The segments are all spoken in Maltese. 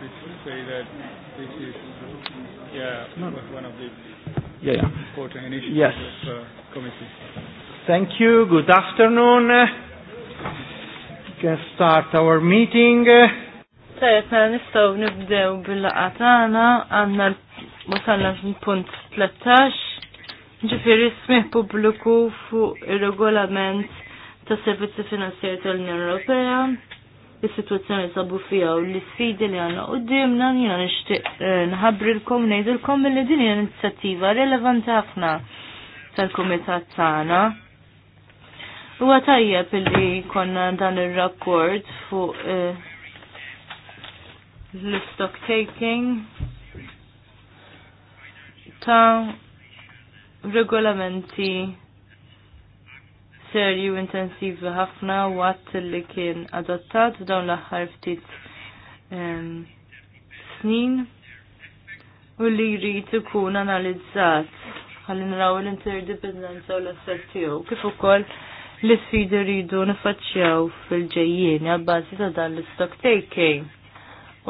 simply say that this is yeah, no. one of the yeah, yeah. important initiatives yes. of uh, committee. Thank you. Good afternoon. We can start our meeting. Tajt, na mela nistaw nibdew bil-laqatana, għanna wasalna punt 13, ġifiri smih publiku fuq il-regolament ta' servizzi tal-Unjoni Ewropea il-situazzjoni sabu fija u l-sfidi li għanna u dimna njena nishtiq eh, l-kom li din inizjattiva relevanti ħafna tal-komitat tagħna. Huwa tajjeb pilli konna dan ir-rapport fuq eh, l-stock taking ta' regolamenti serju intensivi ħafna watt li kien adottat f'dawn l-aħħar ftit ehm, snin u li jrid ikun analizzat ħalli naraw l-interdependenza u l-asset tiegħu kif ukoll l sfidi rridu nifaċċjaw fil-ġejjien għal-bażi ta' dan l-stock taking.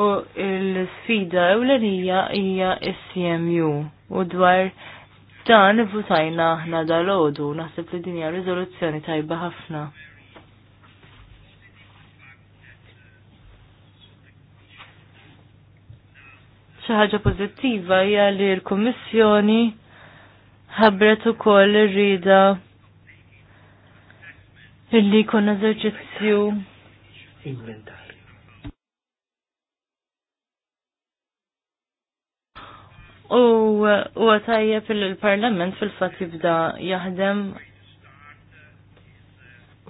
U l-sfida ewlenija hija s-CMU u dwar Dan votajna aħna dal-ħodu, naħseb li dinja rizoluzzjoni tajba ħafna. ħaġa pozittiva hija li l-Kummissjoni ħabbret ukoll ir-rida illi jkun eżerċizzju inventar U għatajja fil-parlament fil-fat jibda jaħdem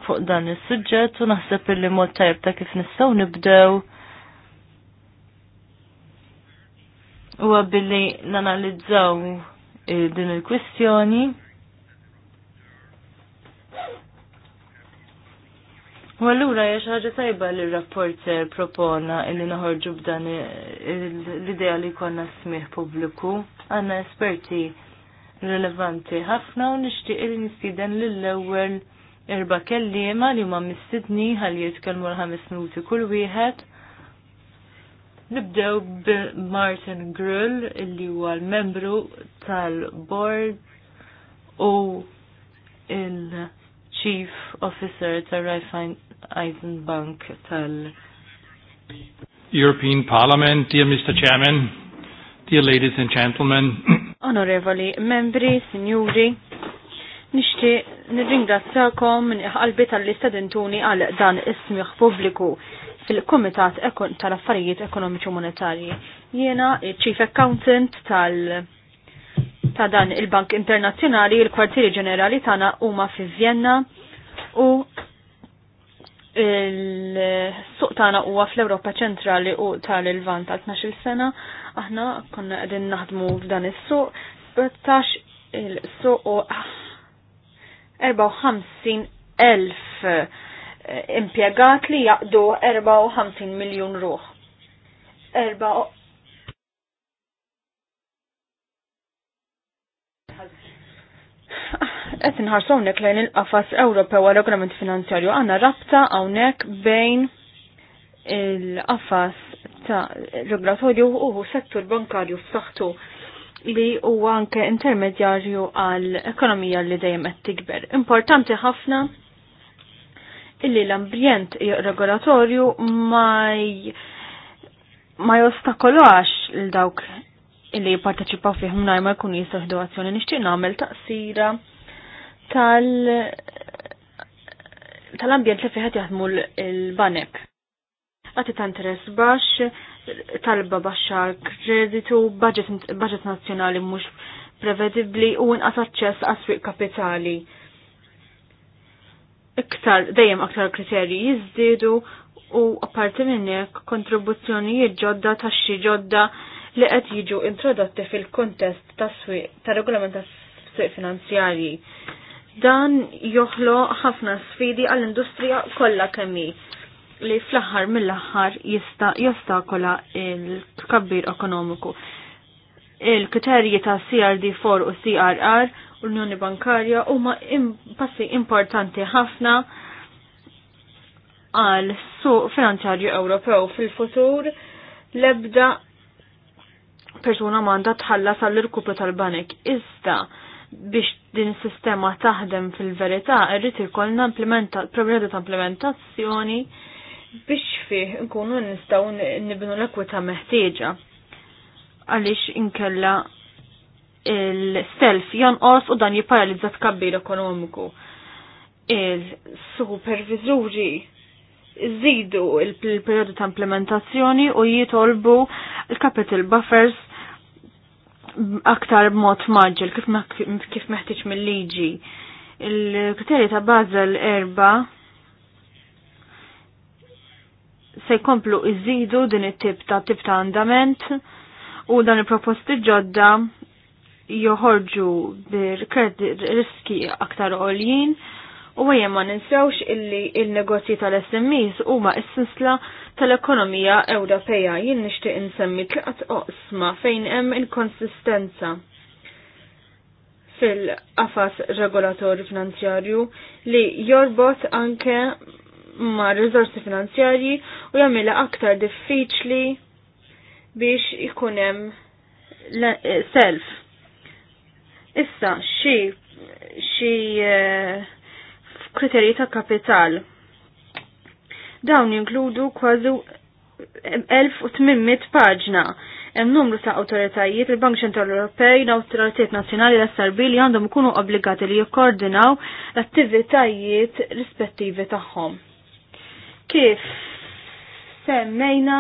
fuq dan is-suġġett u naħseb li mod tajb ta' kif nistaw nibdew u għabilli nanalizzaw eh, din il-kwistjoni U għallura jgħax ħaġa tajba li rapporter propona illi naħorġu b'dan l-idea li konna smih publiku għanna esperti rilevanti ħafna u nishtiq li nistiden l-ewwel erba' kellima li huma mistidni għal jitkellmu l-ħames minuti kull wieħed. Nibdew b'Martin Grill illi huwa l-membru tal-board u il- Chief Officer tar Raiffeisen Bank tal European Parliament, dear Mr. Chairman, dear ladies and gentlemen. Onorevoli membri, signori, nishti nirringrazzakom minn qalbi tal-istadentuni għal dan ismiħ pubbliku fil-Komitat tal-Affarijiet Ekonomiċi Monetarji. Jena Chief Accountant tal- ta' dan il-Bank Internazzjonali, il-kwartieri ġenerali tagħna huma fi Vienna u il-suq tagħna huwa fl-Ewropa ċentrali u tal-Ilvan tal-12 sena. Aħna konna qegħdin naħdmu f'dan is-suq, 13 il-suq u 54,000 elf eh, impjegat li jaqdu 54 miljon ruħ. qed inħarsu hawnhekk lejn il-qafas Ewropew għal regolament finanzjarju għanna rabta hawnhekk bejn il-qafas ta' regolatorju u settur bankarju f'saħħtu li huwa anke intermedjarju għal ekonomija li dejjem qed tikber. Importanti ħafna illi l-ambjent regolatorju ma ma jostakolax l-dawk illi jipparteċipaw fih mingħajr ma jkun jistgħu azzjoni nixtieq nagħmel taqsira tal tal-ambjent li fiħet jaħdmu l-banek. Għati ta' interess baxx, talba baxxa kreditu, budget nazzjonali mhux prevedibli u inqas aċċess għas kapitali. Iktar, dejjem aktar kriterji jiżdiedu u apparti minnek kontribuzzjonijiet ġodda tax-xi ġodda li qed jiġu introdotti fil-kontest ta' swieq ta' regolament ta' swieq finanzjarji. Dan joħlo ħafna sfidi għall-industrija kollha kemm li fl-aħħar mill-aħħar jista' jostakola l kabbir ekonomiku. Il-kriterji ta' CRD4 u CRR l-Unjoni Bankarja huma passi importanti ħafna għal suq finanzjarju Ewropew fil-futur l-ebda persuna manda tħallas għall-irkupru tal-banek. Iżda biex din sistema taħdem fil-verità irrid ikollna problemi ta' implementazzjoni biex fih nkunu nistgħu nibnu l-ekwita meħtieġa. Għaliex inkella il-self jonqos u dan jipparalizza tkabbir ekonomiku. Il-supervizuri iżidu il-periodu ta' implementazzjoni u jitolbu il-capital buffers aktar b'mod maġġel kif meħtieġ mill-liġi. Il-kriterji ta' Basel erba' se jkomplu iżidu din it-tip ta' tip ta' andament u dan il-proposti ġodda joħorġu bir riski aktar għoljin. U għajem ma ninsewx illi il-negozji tal-SMEs huma s-sinsla tal-ekonomija Ewropeja jien nixtieq insemmi tlaqat oqsma fejn hemm inkonsistenza fil-qafas regolatori finanzjarju li jorbot anke ma' rizorsi finanzjarji u jagħmilha aktar diffiċli biex ikun hemm eh, self. Issa xi xi uh, kriterji ta' kapital. Dawn jinkludu kważi 1800 paġna. Hemm numru ta' awtoritajiet, il-Bank Ċentrali Ewropej, l-Awtoritajiet Nazzjonali tas-Sarbi li għandhom ikunu obbligati li jikkoordinaw l-attivitajiet rispettivi tagħhom. Kif semmejna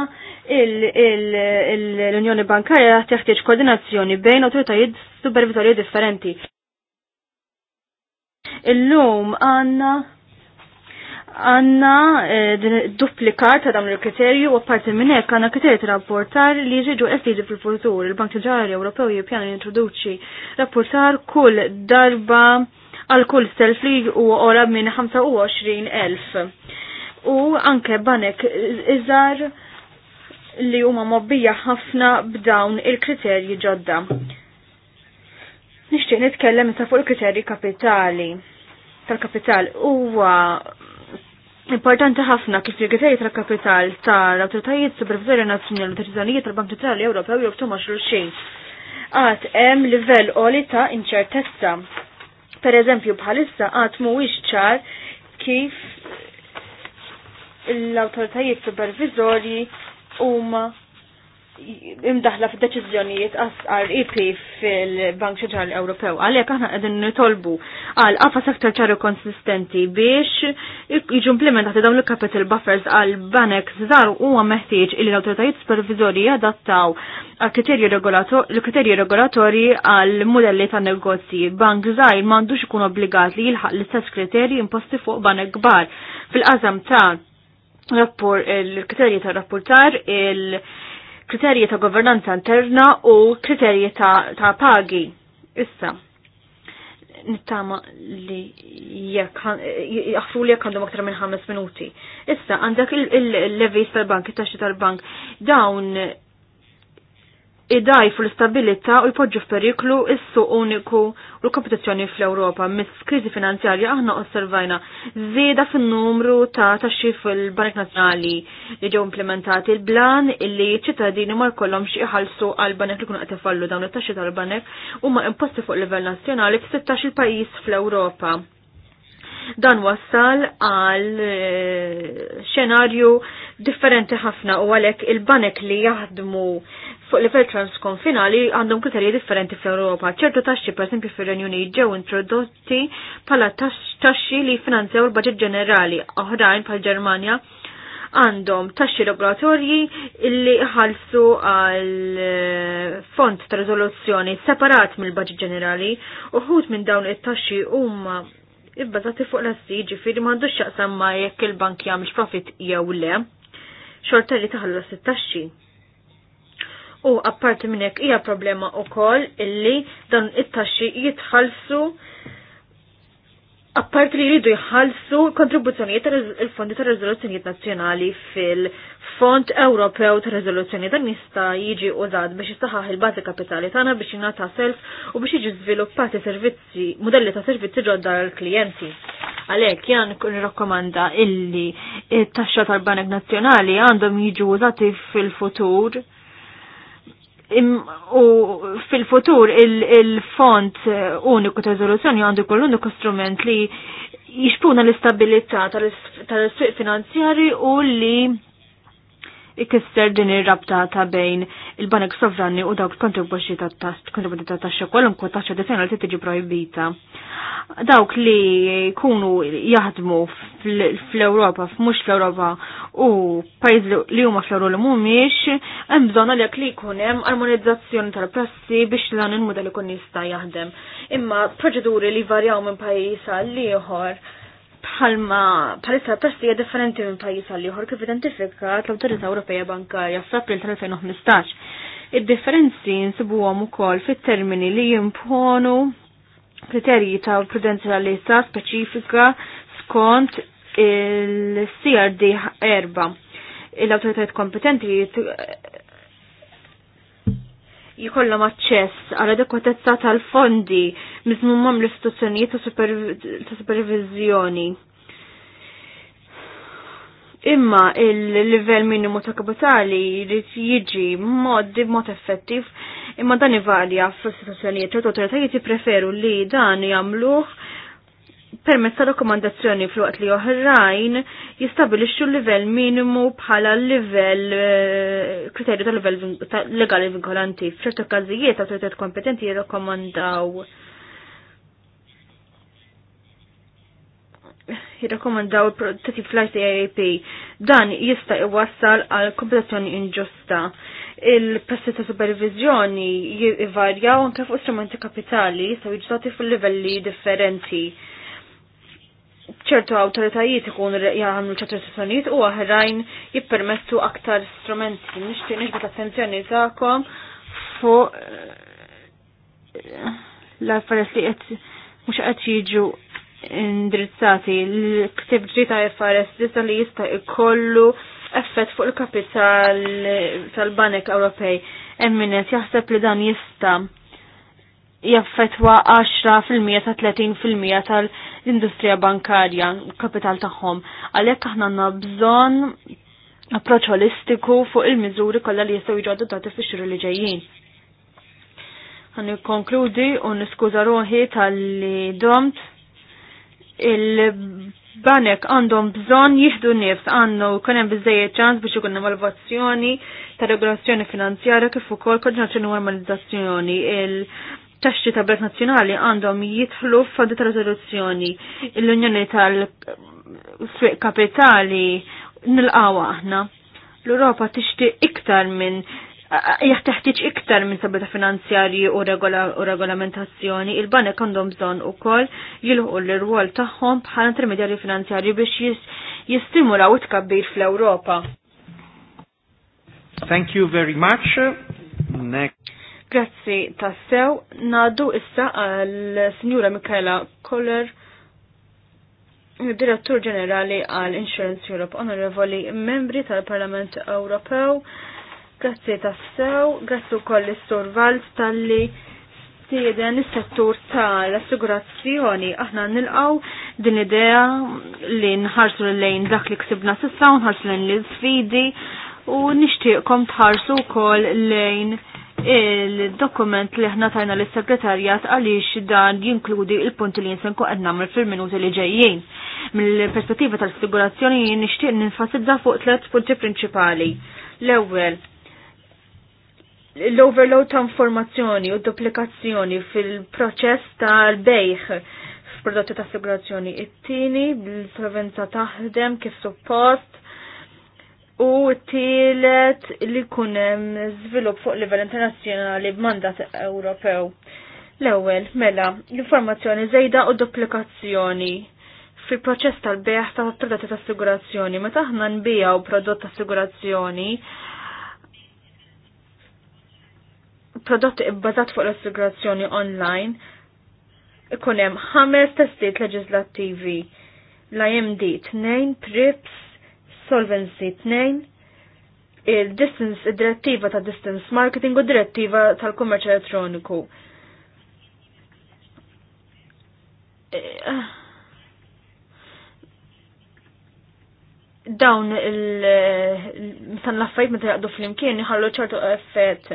l-Unjoni Bankarja teħtieġ koordinazzjoni bejn awtoritajiet supervisorji differenti. Illum għanna għanna eh, duplikat ta' dawn il-kriterju u apparti minn hekk kriterju ta' rapportar li jġiġu estiġi fil-futur. Il-Bank Ċentrali Ewropew jippjana jintroduċi rapportar kull darba għal kull self li huwa ora minn 25,000. U anke banek iżar li huma mobbija ħafna b'dawn il-kriterji ġodda. Nixtieq nitkellem issa fuq il-kriterji kapitali tal-kapital huwa importanti ħafna kif il-kriterji tal-kapital tal-awtoritajiet supervizorja nazzjonali deċiżjonijiet tal-Bank Ċentrali Ewropew jobtu ma' xulxin. Għad hemm livell qoli ta' inċertezza. Per eżempju bħalissa għad mhuwiex ċar kif l-awtoritajiet supervizorji huma imdaħla f'deċiżjonijiet IP e fil-Bank Ċentrali Ewropew. Għalhekk aħna qegħdin nitolbu għal qafas aktar ċaru konsistenti biex jiġu implementati dawn il-capital buffers għal banek żgħar huwa meħtieġ li l-awtoritajiet supervizorji jadattaw l-kriterji regolatorji għal modelli ta' negozji. Bank żgħar m'għandux ikun obbligat li jilħaq l-istess kriterji imposti fuq banek kbar. Fil-qasam ta' rapport il-kriterji ta' rapportar il- kriterji ta' governanza interna u kriterji ta', ta pagi. Issa, nittama li jekk li jekk għandhom aktar minn ħames minuti. Issa għandek il-levis tal-bank, it-taxxi tal-bank, dawn idajfu l-istabilità u jpoġġu f'periklu s suq uniku u l-kompetizzjoni fl-Ewropa. Mis-kriżi finanzjarja aħna osservajna żieda fin-numru ta' taxxi fil-Bank Nazzjonali li ġew implementati l-blan illi ċittadini ma jkollhomx iħallsu għall-banek li kunu qed ifallu dawn it-taxxi tal-banek huma imposti fuq livell nazzjonali f'16 il pajjiż fl-Ewropa. Dan wassal għal e, xenarju differenti ħafna u għalhekk il-banek li jaħdmu fuq livell transkonfinali għandhom kriterji differenti fl europa ċertu taxxi esempio fir-Renju Unit ġew introdotti bħala taxxi li finanzjaw il budget ġenerali oħrajn bħal Ġermanja għandhom taxxi regolatorji illi ħalsu għal eh, font ta' riżoluzzjoni separat mill budget ġenerali uħud minn dawn it-taxxi huma ibbażati fuq l-assi ġifiri m'għandux xaqsam ma' jekk il-bank jagħmel profit jew le xorta li taħallas it-taxxi. U apparti minn hekk hija problema wkoll illi dan it-taxxi jitħallsu apparti li jridu jħallsu kontribuzzjonijiet il-fondi ta' riżoluzzjonijiet nazzjonali fil-Fond Ewropew ta' rezoluzzjoni dan jista' jiġi użat biex jistaħħaħ il-bażi kapitali tagħna biex jingħata self u biex jiġi żviluppati servizzi, modelli ta' servizzi ġodda l klijenti Għalhekk jan nirrakkomanda illi t taxxa tal-Banek Nazzjonali għandhom jiġu użati fil-futur u fil-futur il-font uniku ta' rizoluzzjoni għandu kull uniku strument li jixpuna l-istabilità tal-sfiq finanzjari u li ikisser din ir-rabta ta' bejn il-banek sovrani u dawk kontribuċi ta' taxxa kwalunkwe taxxa li tiġi projbita. Dawk li jkunu jaħdmu fl-Ewropa, mux fl-Ewropa u pajjiżi li huma fl europa li mhumiex, hemm bżonn għalhekk li jkun hemm armonizzazzjoni tal pressi biex dan il-mudell ikun jista' jaħdem. Imma proċeduri li varjaw minn pajjiż għal ieħor bħalma bħalissa tassija differenti minn pajjiż għal ieħor kif identifikat l-Awtorità Ewropea Bankarja f'April tal-2015. Id-differenzi nsibuhom ukoll fit-termini li jimponu kriterji ta' prudenzjalità speċifika skont il-CRD erba' l-autoritajt kompetenti jikollom aċċess għal adekwatezza tal-fondi miżmumhom l-istituzzjonijiet ta' supervizjoni. Imma il-livell minimu ta' kapitali jrid jiġi mod mod effettiv imma dan ivarja fl-istituzzjonijiet ta' autoritajiet jippreferu li dan jagħmluh permezz ta' rakkomandazzjoni fl-waqt li oħrajn jistabilixxu l-livell minimu bħala livell eh, kriterju ta' livell legali vinkolanti. F'ċertu każijiet awtoritajiet kompetenti jirrakkomandaw jirrakkomandaw protetti fl AAP Dan jista' iwassal għal kompetizzjoni inġusta. Il-prassi ta' supervizjoni jivarjaw anke fuq strumenti kapitali jistgħu jiġġdati fil-livelli differenti ċertu awtoritajiet ikun jgħamlu ċertu sessjonijiet u għahrajn jippermessu aktar strumenti. Nixtieq nixbet attenzjoni tagħkom fuq eh, l-affarijiet li qed mhux qed jiġu indirizzati l-ktib ġita FRS disa li jista' ikollu effett fuq il-kapital tal-Banek Ewropej. Eminent jaħseb li dan jista' jaffetwa 10% ta' 30% tal-industrija bankarja, kapital tagħhom. Għalhekk aħna għandna bżonn approċċ holistiku fuq il-miżuri kollha li jistgħu jiġu adottati fix-xhur li ġejjin. Għan konkludi u niskuża ruħi tal-li domt il-banek għandhom bżon jihdu nifs għannu kunem bizzejiet ċans biex ikun evalvazzjoni ta' regolazzjoni finanzjarja kif ukoll koordinazzjoni normalizzazzjoni taxxi ta' Bank Nazzjonali għandhom jitħlu f'għandu ta' rezoluzzjoni l-Unjoni tal-Friq Kapitali qawa aħna. L-Europa tixti iktar minn jgħat teħtieġ iktar minn sabita finanzjarji u regolamentazzjoni, il-banek għandhom bżonn ukoll jilħu l-rwol tagħhom bħala intermedjarji finanzjarji biex jistimula u tkabbir fl-Ewropa. Thank you very much. Next. Grazzi tassew, nadu issa għal Signora Michaela Koller, Direttur Ġenerali għal Insurance Europe, onorevoli membri tal-Parlament Ewropew, grazzi tassew, grazzi u koll l-Istor Valls tal-li tieden is-settur tal-assigurazzjoni aħna nilqaw din idea li nħarsu lejn dak li ksibna sissa u nħarsu lejn l-sfidi u nixtieqkom tħarsu wkoll lejn il-dokument li ħna tajna l-segretarjat għaliex dan jinkludi il-punti li jinsenku għed namel fil-minuti li ġejjien. Mill-perspettiva tal-assigurazzjoni nishtiq ninfasizza fuq tlet punti prinċipali. L-ewwel, l-overload ta' informazzjoni u duplikazzjoni fil-proċess tal-bejħ f'prodotti ta' assigurazzjoni. It-tieni, l provenza taħdem kif suppost, U tielet li kunem zvilup fuq livell internazzjonali b'mandat Ewropew. L-ewwel mela l-informazzjoni żejda u duplikazzjoni fil proċess tal-beħ ta' prodotti ta' assigurazzjoni. Meta aħna nbijaw prodott ta' assigurazzjoni, prodotti ibbażat fuq l-assigurazzjoni online, ikun hemm ħames testijiet leġislattivi l-IMD nejn, trips. Solvency 2, il-distance, id-direttiva ta' distance marketing u direttiva tal-kummerċ elettroniku. E, ah. Dawn il san laffajt meta jaqdu fl-imkien jħallu ċertu effett.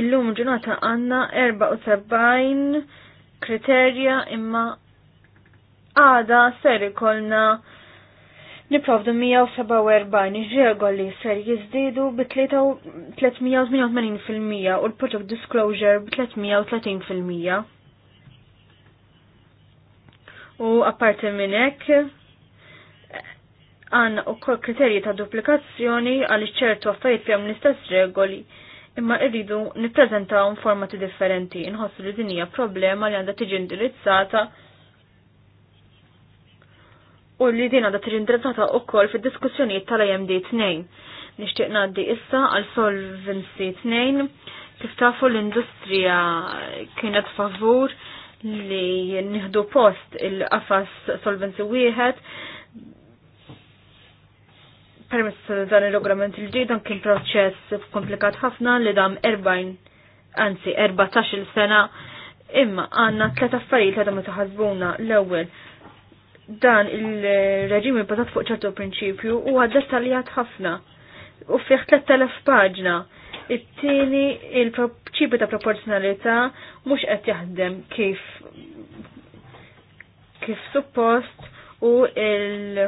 Illum ġurnata għanna 74 kriterja imma għada ser ikolna niprovdu 147 regoli ser jizdidu bi 388% u l-Project Disclosure bi 330%. U apparti minnek, għanna u kol kriterji ta' duplikazzjoni għal ċertu affarijiet li l-istess regoli imma irridu nippreżentaw formati differenti. Inħossu li din hija problema li għandha tiġi indirizzata u li din għadha u wkoll fid-diskussjonijiet tal-IMD 2. Nixtieq ngħaddi issa għal Solvency 2 kif tafu l-industrija kienet favur li nieħdu post il-qafas Solvency wieħed permess dan il-regolament il ġid dan kien proċess komplikat ħafna li dam 40 anzi 14 il sena imma għanna tlet affarijiet li għadhom taħasbuna l-ewwel dan il-reġim bazat fuq ċertu prinċipju u dettaljat ħafna u fih 3000 paġna. It-tieni il-prinċipju ta' proporzjonalità mhux qed jaħdem kif kif suppost u il-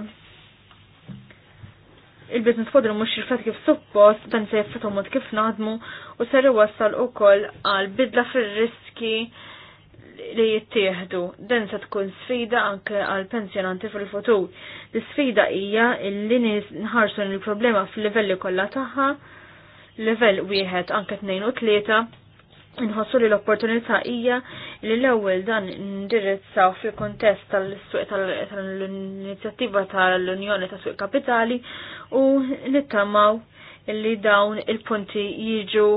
il-business model mux jirfet kif suppost, dan se jiffetu mod kif naħdmu u ser iwassal u koll għal bidla fil-riski li jittieħdu. Dan se tkun sfida anke għal pensjonanti fil-futur. L-sfida hija li nħarsu l-problema fil-livelli kollha tagħha, livell wieħed anke tnejn u tlieta, Inħossu li l-opportunità hija li l-ewwel dan indirizzaw fil-kontest tal-suq tal-inizjattiva tal-Unjoni ta' Suq Kapitali u nittamaw li dawn il-punti jiġu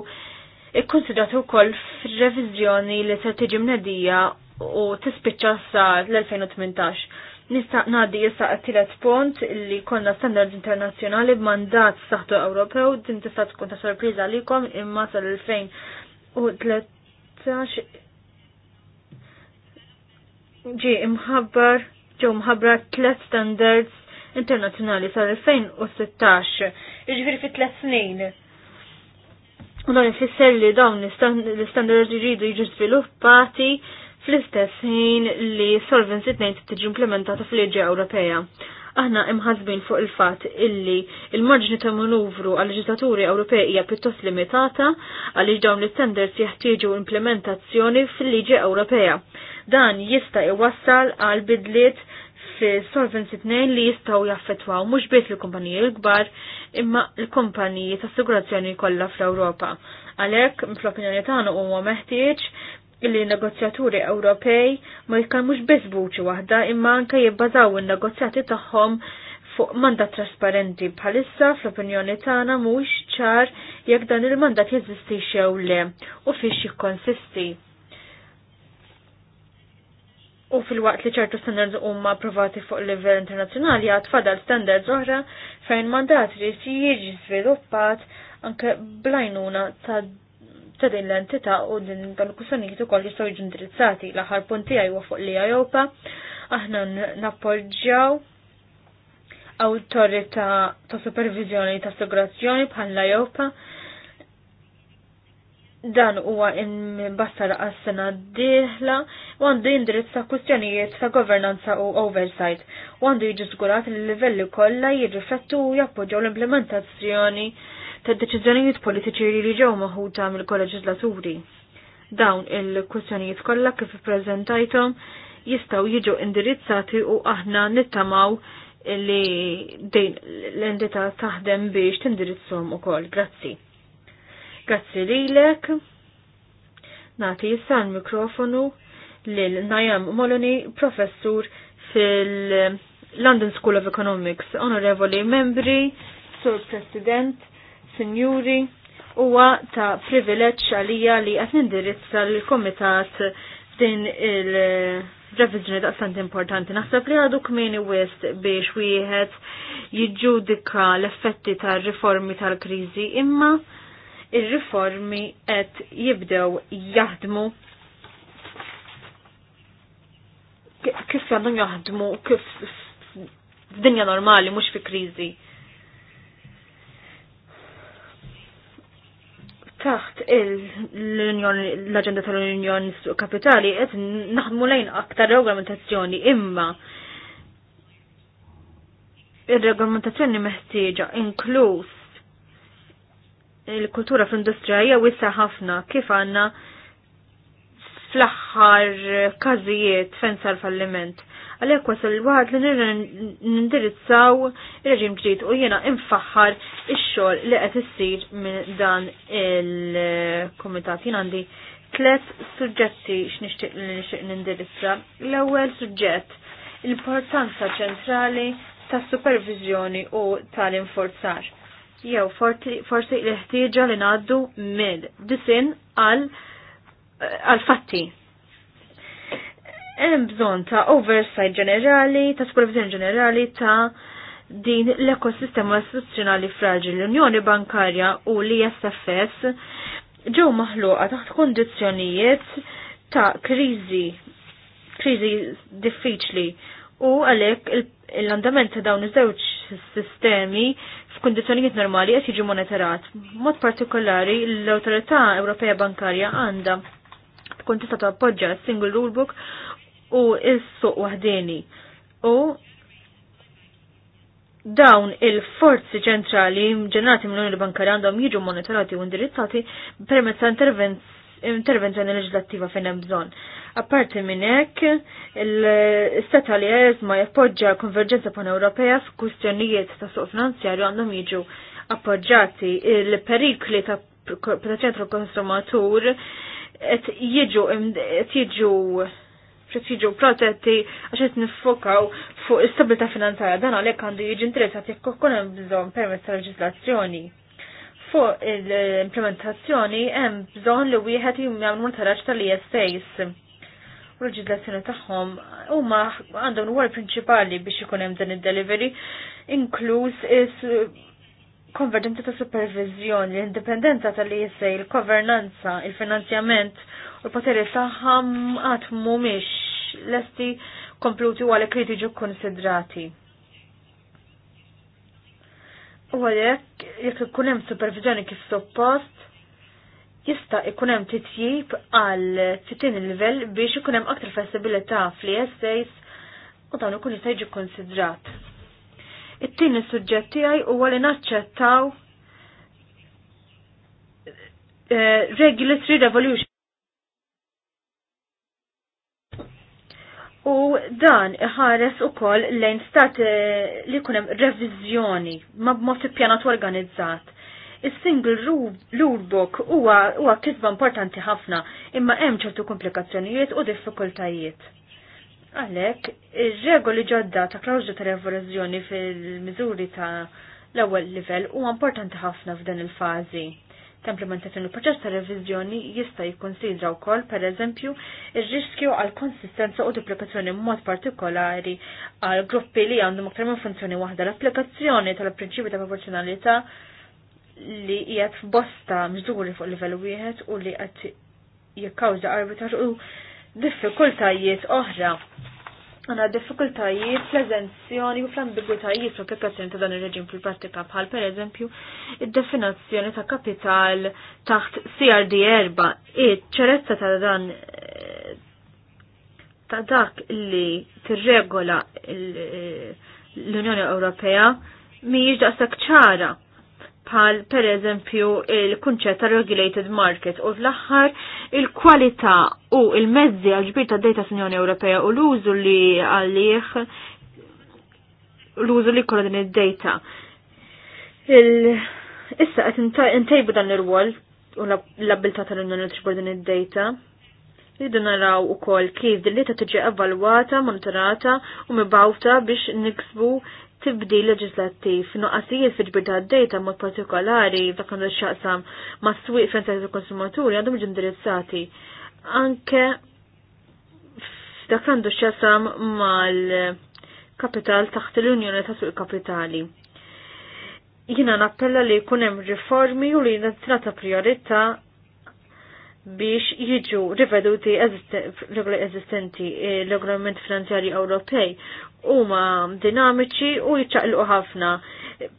ikkonsidrat ukoll fil-revizjoni li se tiġi mnedija u tispiċċa sa l-2018. Nista' ngħaddi issa għattilet pont li konna standards internazzjonali b'mandat saħtu Ewropew din tista' tkun ta' sorpriża għalikom imma sal-2013 ġi imħabbar ġew mħabbra tliet standards internazzjonali l 2016 Jiġifieri fi tliet snin U dan ifisser li dawn l-standards jridu jiġu sviluppati fl-istess ħin li Solvency 2 tiġi implementata fil-Liġi Ewropea. Aħna imħazbin fuq il-fat illi il-marġni ta' manuvru għal leġislaturi Ewropej hija pjuttost limitata għaliex dawn l-standards jeħtieġu implementazzjoni fil-Liġi Ewropea. Dan jista' iwassal għal bidliet fi Solvency 2 li jistgħu jaffettwaw mhux biss l-kumpaniji l-kbar imma l-kumpaniji ta' assigurazzjoni kollha fl-Ewropa. Għalhekk, fl-opinjoni tagħna huwa meħtieġ illi negozjaturi Ewropej ma jitkellmux biss buċi waħda imma anke jibbażaw in-negozjati tagħhom fuq mandat trasparenti bħalissa fl-opinjoni tagħna mhux ċar jekk dan il-mandat jeżistix jew le u fiex jikkonsisti. U fil-waqt li ċertu standards huma approvati fuq livell internazzjonali għad fadal standards oħra fejn mandat li jiġi sviluppat anke blajnuna ta' ta' din l-entità u din tal kussanijiet ukoll jistgħu jiġu indirizzati. L-aħħar punti tiegħi fuq li Ewropa aħna nappoġġjaw autorita ta' supervizjoni ta' assigurazzjoni bħal l Ewropa dan huwa imbassar għas-sena d-dieħla u għandu jindirizza kwistjonijiet ta' governanza u oversight u għandu jiġi żgurat li livelli kollha jirriflettu u jappoġġaw l-implementazzjoni ta' deċiżjonijiet politiċi li ġew maħuta mill-koleġislaturi. Dawn il-kwistjonijiet kollha kif ippreżentajthom jistgħu jiġu indirizzati u aħna nittamaw li din l-entità taħdem biex tindirizzhom ukoll. Grazzi. Grazzi lilek. Nati issa l-mikrofonu lil Najam Moloni, professur fil-London School of Economics, onorevoli membri, sur president, signori, huwa ta' privileġġ għalija li qed nindirizza l-komitat din il-revizjoni sant importanti. Naħseb li għadu kmini west biex wieħed jiġġudika l-effetti tar-riformi tal-kriżi imma il-riformi qed jibdew jaħdmu kif jadhom jaħdmu kif f'dinja normali mhux fi kriżi. Taħt l agenda aġenda tal-Unjoni Suq Kapitali qed naħdmu lejn aktar regolamentazzjoni imma ir-regolamentazzjoni meħtieġa inkluż il-kultura fl-industrija hija wissa ħafna kif għandna fl-aħħar każijiet fejn sar falliment. Għalhekk wasal waħad li nindirizzaw ir-reġim ġdid u jiena infaħħar ix-xogħol li qed issir minn dan il-kumitat. Jien għandi tliet suġġetti x'nixtieq li nixtieq nindirizza. L-ewwel suġġett l-importanza ċentrali tas-supervizjoni u tal-inforzar jew forsi l-ħtieġa li ngħaddu mill disin għal eh, għal fatti. Hemm bżonn ta' oversight ġenerali, ta' supervizjoni ġenerali ta' din l-ekosistema istituzzjonali fragil. l-Unjoni Bankarja u l-ISFS ġew maħluqa taħt kondizzjonijiet ta' kriżi kriżi diffiċli u għalhekk l-andament ta' dawn iż-żewġ sistemi f'kundizzjonijiet normali qed jiġu monitorat. Mod partikolari l-Awtorità Ewropea Bankarja għandha tkun tista' tappoġġja s-single rulebook u s-suq waħdini. U dawn il-forzi ċentrali ġenerati mill-Unjoni Bankarja għandhom jiġu monitorati u indirizzati permezz ta' intervenz intervenzjoni leġislattiva fejn hemm bżonn. Apparti minn hekk, l-Istat li ma jappoġġa konverġenza pan-Ewropea f'kwistjonijiet ta' suq finanzjarju għandhom jiġu appoġġati il-perikli ta' protezzjoni tal-konsumatur qed jiġu qed jiġu jiġu protetti għax qed nifokaw fuq istabilità finanzjarja dan għalhekk għandu jiġi interessat jekk ukoll hemm bżonn permezz tal-leġislazzjoni fuq l-implementazzjoni hemm bżonn li wieħed jagħmel taraġġ tal-ISAs. U l-ġidlazzjoni tagħhom huma għandhom l prinċipali biex ikun hemm dan id-delivery, inkluż is konverġenza ta' supervizjoni, l-indipendenza tal-ISA, il-governanza, il-finanzjament u l-poteri tagħhom għad mhumiex lesti kompluti u għalhekk kritiġu konsidrati. U għalek, jekk ikun hemm supervizjoni kif suppost, jista' ikun hemm titjib għal titin livell biex ikun hemm aktar flessibilità fl-essays u dawn ikun jista' jiġi konsidrat. It-tieni suġġetti tiegħi huwa li naċċettaw eh, regulatory revolution U dan iħares u koll lejn stat eh, li kunem revizjoni ma b'mod ippjanat organizzat. Is-single rule book huwa kisba importanti ħafna imma hemm ċertu komplikazzjonijiet u diffikultajiet. Għalhekk, ir-regoli ġodda ta' klawġa ta' revizjoni fil-miżuri ta' l-ewwel livell huwa importanti ħafna f'dan il-fażi ta' implementazzjoni proċess ta' reviżjoni jista' jikkonsidra wkoll pereżempju ir-riskju għal konsistenza u duplikazzjoni mod partikolari għal gruppi li għandhom aktar minn funzjoni waħda l-applikazzjoni tal-prinċipju ta' proporzjonalità li qiegħed f'bosta miżuri fuq livell wieħed u li qed jikkawża arbitraġġ u diffikultajiet oħra għana diffikultajiet fl u fl-ambigwitajiet fl-applikazzjoni ta' dan il reġim fil-prattika bħal pereżempju id-definazzjoni ta' kapital taħt CRD erba' iċ-ċerezza ta' dan ta' dak li tirregola l-Unjoni Ewropea mhijiex daqshekk ċara pal per eżempju il-kunċett ta' regulated market u fl-aħħar il-kwalità u il-mezzi għal ġbir ta' data fl-Unjoni Ewropea u l-użu li għalih l-użu li kolla din id-data. Issa qed intejbu dan ir wol u l-abilità tal-Unjoni tixbor din id-data. Rridu naraw ukoll kif din data tiġi evalwata, monitorata u mibawta biex niksbu tibdi leġislattiv noqqasijiet fil-ġbir ta' data mod partikolari ta' kandu xaqsam ma' s-swiq il konsumaturi għandhom ġindirizzati. Anke dak għandu xaqsam mal-kapital taħt l-Unjoni ta' Suq Kapitali. Jina nappella li jkun hemm riformi u li trata priorita biex jiġu riveduti regoli eżistenti e, l-regolament finanzjari Ewropej huma dinamiċi u jiċċaqlqu ħafna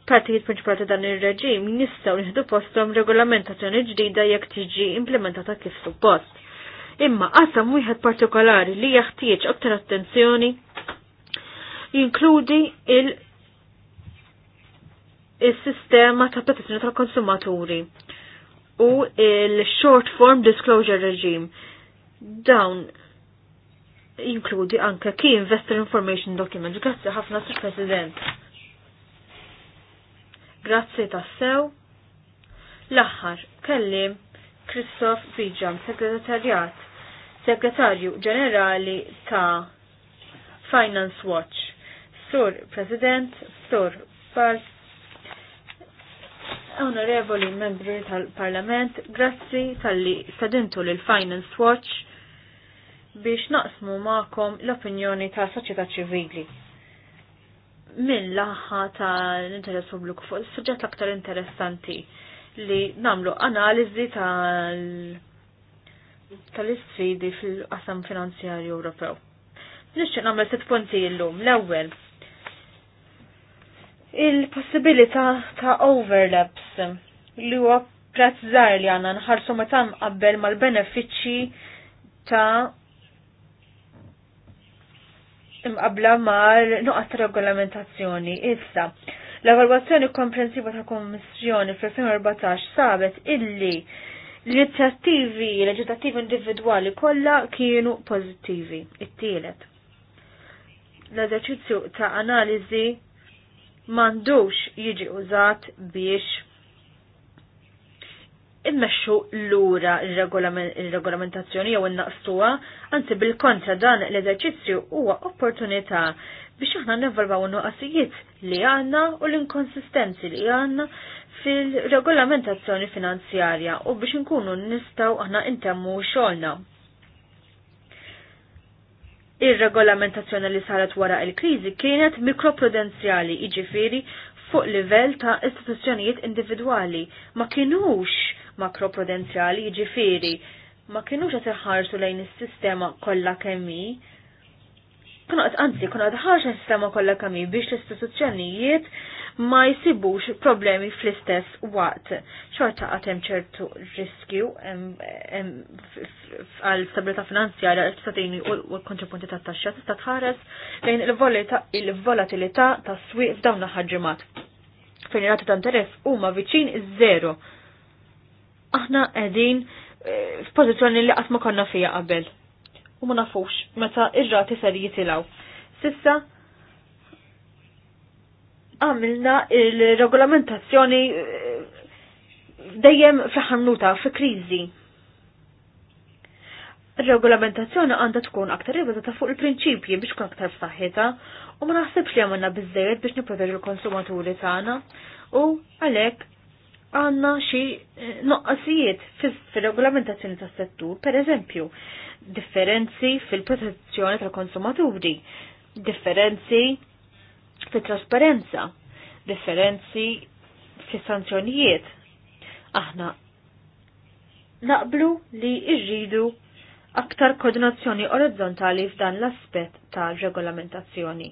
partijiet prinċipali ta' dan ir-reġim jistgħu nieħdu posthom regolamentazzjoni ġdida jekk tiġi implementata kif suppost. Imma qasam wieħed partikolari li jeħtieġ aktar attenzjoni jinkludi il- il-sistema ta' protezzjoni tal-konsumaturi u il-Short Form Disclosure Regime. Dawn jinkludi anke key Investor Information Document. Grazzi ħafna Sir President. Grazzi tassew. L-aħħar kellim Christoph Bijam, Segretarjat, Segretarju Ġenerali ta' Finance Watch. Sur President, Sur Bart, Onorevoli membri tal-Parlament, grazzi tal-li stadintu l-Finance Watch biex naqsmu ma'kom l-opinjoni ta' soċjetà ċivili. Min laħħa tal-interess pubbliku fuq is-suġġett l-aktar interessanti li namlu analiżi tal-isfidi fil-qasam finanzjarju Ewropew. Nixtieq nagħmel sitt punti l-lum. L-ewwel, il-possibilità ta' overlaps li huwa prezz żgħar li għandna nħarsu meta nqabbel mal-benefiċċji ta' imqabla mal nuqqas regolamentazzjoni issa. L-evalwazzjoni komprensiva ta' Kommissjoni fl-2014 sabet illi l-inizjattivi leġislattivi individwali kollha kienu pożittivi. It-tielet. L-eżerċizzju ta' analiżi mandux jiġi użat biex immexxu lura il-regolamentazzjoni jew innaqstuha, anzi bil-kontra dan l-eżerċizzju huwa opportunità biex aħna nevalvaw nuqasijiet li għandna u l-inkonsistenzi li għandna fil-regolamentazzjoni finanzjarja u biex nkunu nistgħu aħna intemmu xogħolna. Ir-regolamentazzjoni li saret wara il-kriżi kienet mikroprudenzjali, iġifiri fuq livell ta' istituzzjonijiet individwali. Ma kienux makroprudenzjali, iġifiri. ma kienux qed iħarsu lejn is-sistema kollha kemm Kuna għanzi, kuna il sistema kollha kemmi biex l-istituzzjonijiet ma jsibux problemi fl-istess waqt. Xorta għatem ċertu riskju għal stabilita finanzjarja l-istatini u l-kontrapunti ta' taxxa tista' tħares lejn il-volatilità ta' swieq f'dawn l-ħarġimat. Fejn rati ta' interess huma viċin iż-żero. Aħna qegħdin eh, f'pożizzjoni li qatt ma konna fija qabel. U ma nafux meta ir-rati ser jitilaw. Sissa għamilna il-regolamentazzjoni eh, dejjem fl-ħannuta, fi kriżi. regolamentazzjoni għandha tkun aktar ibbażata fuq il-prinċipji biex tkun aktar saħħita u ma naħsibx li għamilna bizzejed biex nipproteġu l-konsumaturi tagħna u għalhekk għanna xi eh, noqqasijiet fil-regolamentazzjoni tas settur per eżempju, differenzi fil-protezzjoni tal-konsumaturi, differenzi fit trasparenza referenzi fi sanzjonijiet. Aħna naqblu li irridu aktar koordinazzjoni orizzontali f'dan l-aspett ta' regolamentazzjoni.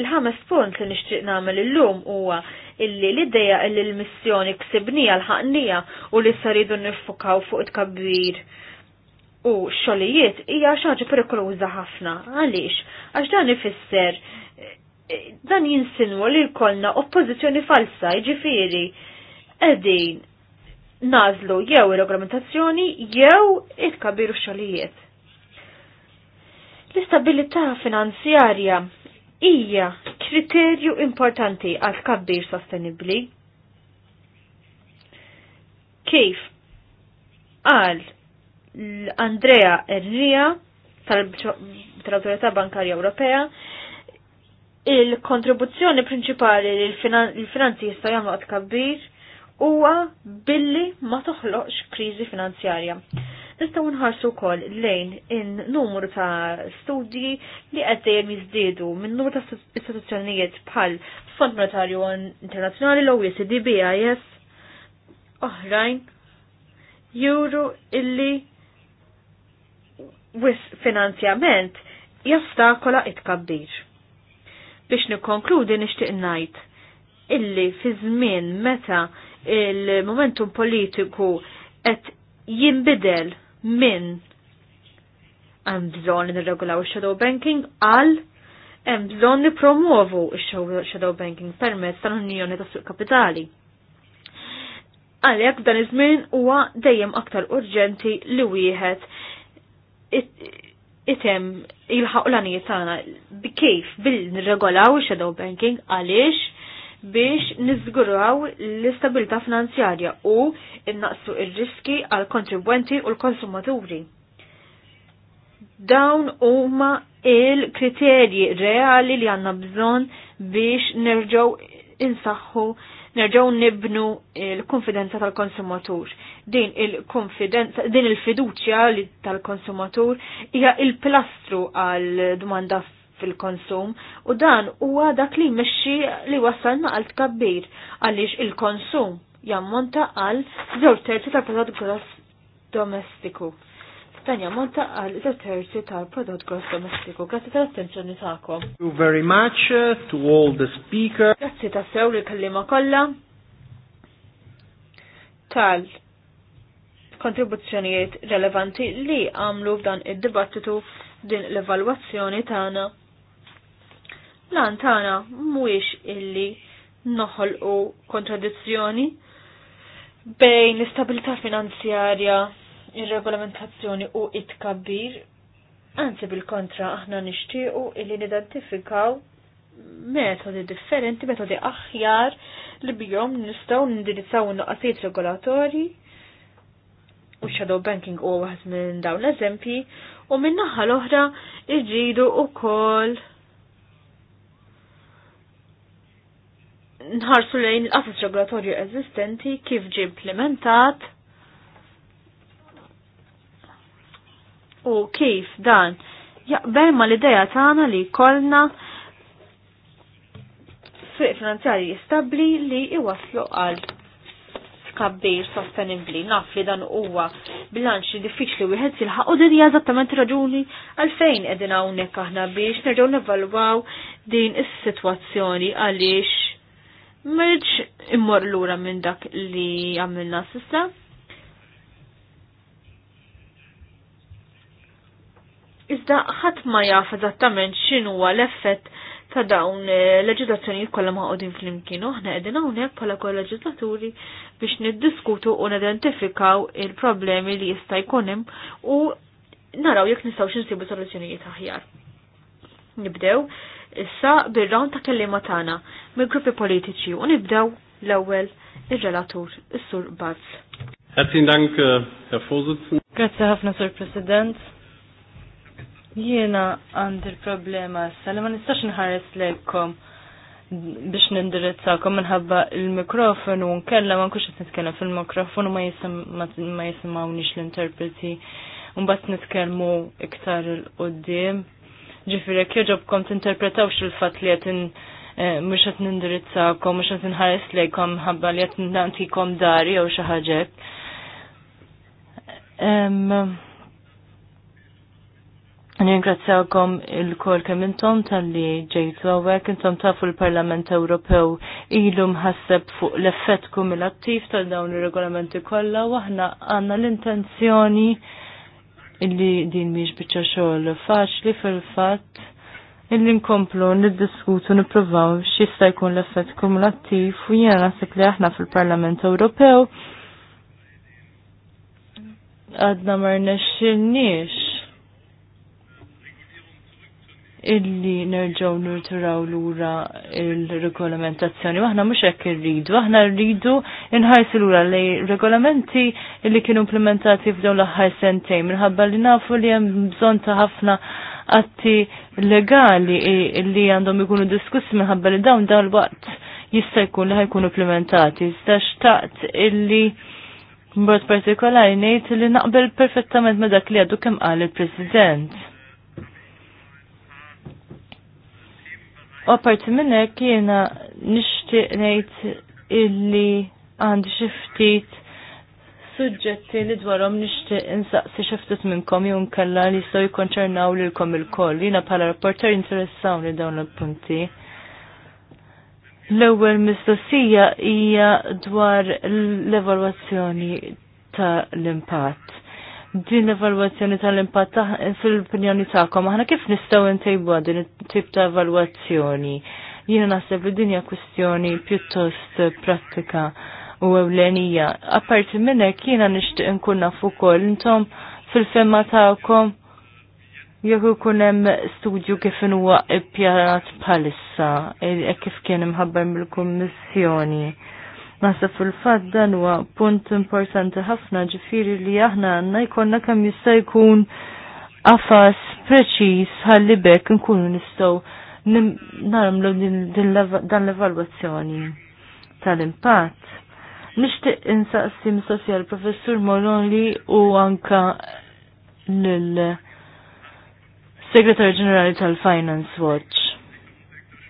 Il-ħames punt li nixtieq nagħmel illum huwa illi l-idea illi l-missjoni ksibnija l-ħaqnija u li saridu nifukaw fuq it-kabbir u xolijiet hija xaġa perikoluża ħafna. Għaliex? Għax dan ifisser eh, dan jinsinwa li jkollna oppożizzjoni falsa, jiġifieri qegħdin nażlu jew ir-regolamentazzjoni jew it-kabiru xolijiet. L-istabilità finanzjarja hija kriterju importanti għal kabbir sostenibbli. Kif? Għal Andrea Erria tal-Autorità Bankarja Ewropea il-kontribuzzjoni prinċipali li l-finanzi jista' jagħmlu tkabbir huwa billi ma toħloqx kriżi finanzjarja. Nistgħu nħarsu wkoll lejn in numru ta' studji li qed dejjem jiżdiedu minn numru ta' istituzzjonijiet bħal Fond Monetarju Internazzjonali l-OECD BIS oħrajn juru illi wis finanzjament jastakola it-kabbir. Biex nikkonkludi nixtieq najt illi fi żmien meta il-momentum politiku qed jinbidel minn hemm bżonn ix shadow banking għal hemm bżonn nippromovu shadow banking permezz tal-Unjoni tas Suq Kapitali. Għalhekk dan iż-żmien huwa dejjem aktar urġenti li wieħed item il-ħaq l-għanijiet tagħna kif bil-regolaw shadow banking għaliex biex niżguraw l istabilta finanzjarja u innaqsu ir-riski għal kontribwenti u l-konsumaturi. Dawn huma il-kriterji reali li għandna bżonn biex nerġgħu insaħħu nerġgħu nibnu l-konfidenza tal-konsumatur. Din il-konfidenza, din il-fiduċja tal-konsumatur hija il plastru għal domanda fil-konsum u dan huwa dak li jmexxi li wassalna għal tkabbir għaliex il-konsum jammonta għal żewġ terzi tal-prodott gross domestiku dan Monta għal iżda terzi tal-prodott gross domestiku. Grazzi tal-attenzjoni tagħkom. Thank you very much uh, to all the speakers. Grazzi ta' sew li kellima kollha tal kontribuzzjonijiet relevanti li għamlu f'dan id-dibattitu din l-evalwazzjoni tagħna. Lan tagħna mhuwiex illi noħolqu kontradizzjoni bejn l-istabilità finanzjarja ir-regolamentazzjoni u it-kabbir, anzi bil-kontra aħna nixtiequ illi nidentifikaw metodi differenti, metodi aħjar li bihom nistgħu nindirizzaw in-noqasijiet regolatorji u shadow banking u għaz minn dawn eżempji u minn naħa l-oħra irġidu u kol nħarsu lejn l-qafas regolatorju eżistenti kif ġi implementat u kif dan jaqbel ma l-ideja tagħna li kolna suq finanzjarji jistabli li iwaslu għal kabbir sostenibli. Naf li dan huwa bilanċ diffiċli wieħed silħaq u din hija eżattament raġuni għalfejn qegħdin hawnhekk aħna biex nerġgħu nevalwaw din is-sitwazzjoni għaliex merġ immor lura minn dak li għamilna s s'issa. Iżda ħadd ma jaf eżattament x'inhuwa l-effett ta' dawn il-leġislazzjoni eh, kollha ma qogħdin flimkien aħna qegħdin hawnhekk bħala kol leġislaturi biex niddiskutu u nidentifikaw il-problemi li jista' jkun hemm u naraw jekk nistgħu x'insibu soluzzjonijiet aħjar. Nibdew issa bir rawn ta' kelliema tagħna mill-gruppi politiċi u nibdew l-ewwel ir-relatur is-Sur Bazz. Herzlichen Dank, eh, Herr Vorsitzender. Grazie ħafna, Sur President Jiena għandi l-problema issa li ma nistax nħares lejkom biex nindirizzakom minħabba il-mikrofonu nkella ma nkux qed nitkellem fil-mikrofonu ma jisimgħunix l-interpreti mbagħad nitkellmu iktar il-qudiem. Ġifieri jekk t tinterpretawx il-fatt li qed eh, mhux qed nindirizzakom mhux qed inħares lejkom ħabba li qed nantikom dari jew xi ħaġek. Ningrazzjawkom il-kol kemm intom tal-li ġejtu għawek, intom tafu l-Parlament Ewropew ilu mħasseb fuq l-effett kumulattiv tal dawn ir-regolamenti kollha u aħna għandna l-intenzjoni illi din miex biċċa xogħol faċli fil-fatt illi nkomplu niddiskutu nippruvaw xista jkun l-effett kumulattiv u jiena naħseb li aħna fil-Parlament Ewropew għadna marna xilniex illi nerġaw l lura il-regolamentazzjoni. Waħna mhux hekk irridu, aħna rridu l lura li regolamenti illi kienu implementati f'dawn l-aħħar sentejn minħabba li nafu li hemm bżonn ta' ħafna atti legali illi għandhom ikunu diskussi minħabba li dawn dawn waqt jista' jkun li ħajkunu implementati. Sta xtaqt illi Mbagħad partikolari ngħid li naqbel perfettament ma' dak li għadu kemm qal il-President U apparti minn hekk jiena nixtieq ngħid illi għandi xi ftit suġġetti li dwarhom nixtieq insaqsi xiftit minnkom jew nkella li jistgħu jikkonċernaw lilkom ilkoll. Jiena bħala rapporter interessawni dawn il-punti. L-ewwel mistoqsija hija dwar l-evalwazzjoni ta' l-impatt din l evalwazzjoni tal-impatt fil-opinjoni tagħkom aħna kif nistgħu ntejbu din it-tip ta' evalwazzjoni. Jiena naħseb li din hija kwistjoni pjuttost prattika u ewlenija. Apparti minn hekk jiena nixtieq inkun naf ukoll intom fil-femma tagħkom jekk ikun hemm studju kif huwa ppjanat bħalissa, e kif kien ħabba mill-kummissjoni Nasa fil-fatt dan huwa punt importanti ħafna ġifieri li aħna għandna jkollna kemm jista' jkun qafas preċiż ħalli bekk nkunu nistgħu naramlu dan l-evalwazzjoni tal-impatt. Nishtiq insaqsi mistoqsi l professur Molonli u anka l segretarju ġenerali tal-Finance Watch.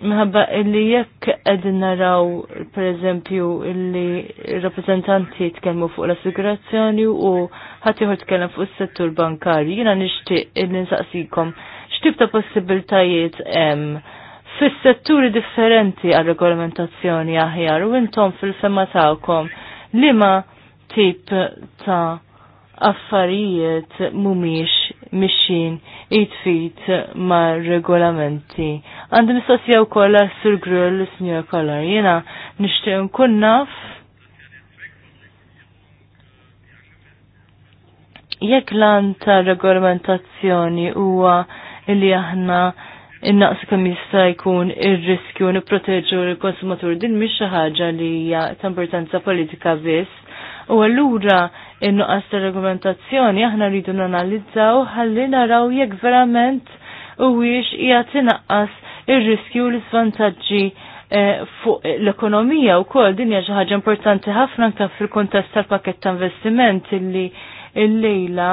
Mħabba illi jekk qegħdin naraw pereżempju illi rappreżentanti tkellmu fuq l-assigurazzjoni u ħadd ieħor tkellem fuq is-settur bankarju, Jina nixtieq illi nsaqsikom x'tib ta' possibiltajiet hemm fis-setturi differenti għal regolamentazzjoni aħjar u intom fil-fema tagħkom liema tip ta' affarijiet mumiex mixin it-fit ma' regolamenti. Għandu mistoqsija għaw kolla sur grill s-njur kolla, Jena nishtiqn nkun naf jekk lan ta' regolamentazzjoni huwa li aħna innaqs kemm jista' jkun ir-riskju nipproteġu l-konsumatur din mhix xi ħaġa li hija ta' importanza politika biss U allura in-nuqqas ta' argumentazzjoni aħna rridu nanalizzaw ħalli naraw jekk verament u wiex qiegħed il ir-riskju l svantagġi eh, fuq l-ekonomija u kol xi ħaġa importanti ħafna anke fil-kontest tal pakett ta' investiment illi l-lejla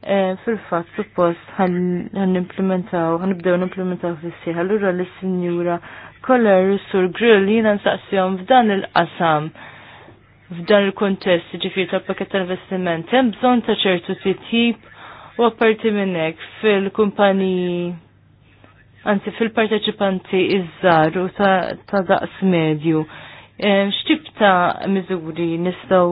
eh, fil-fat suppost għan implementaw, għan nibdew n-implementaw fissi, għallura l-signura koller sur grill jina nsaqsijom f'dan il-qasam f'dan il-kontest ġifir ta' pakket ta' investiment hemm bżonn ta' ċertu titjib u apparti minn hekk fil-kumpaniji anzi fil-parteċipanti iż-żar u ta' daqs medju. X'tip ta' miżuri nistgħu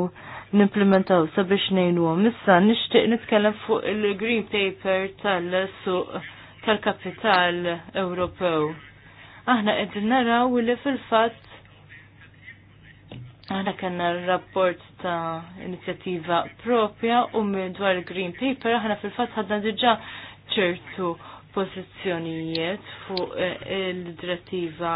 nimplementaw sabiex ngħinuhom Issa nixtieq nitkellem fuq il-green paper tal-suq tal-kapital Ewropew. Aħna qegħdin naraw li fil-fatt Għana kena rapport ta' inizjattiva propja u minn dwar il-Green Paper għana fil-fat għadna diġa ċertu pozizjonijiet fuq eh, il-direttiva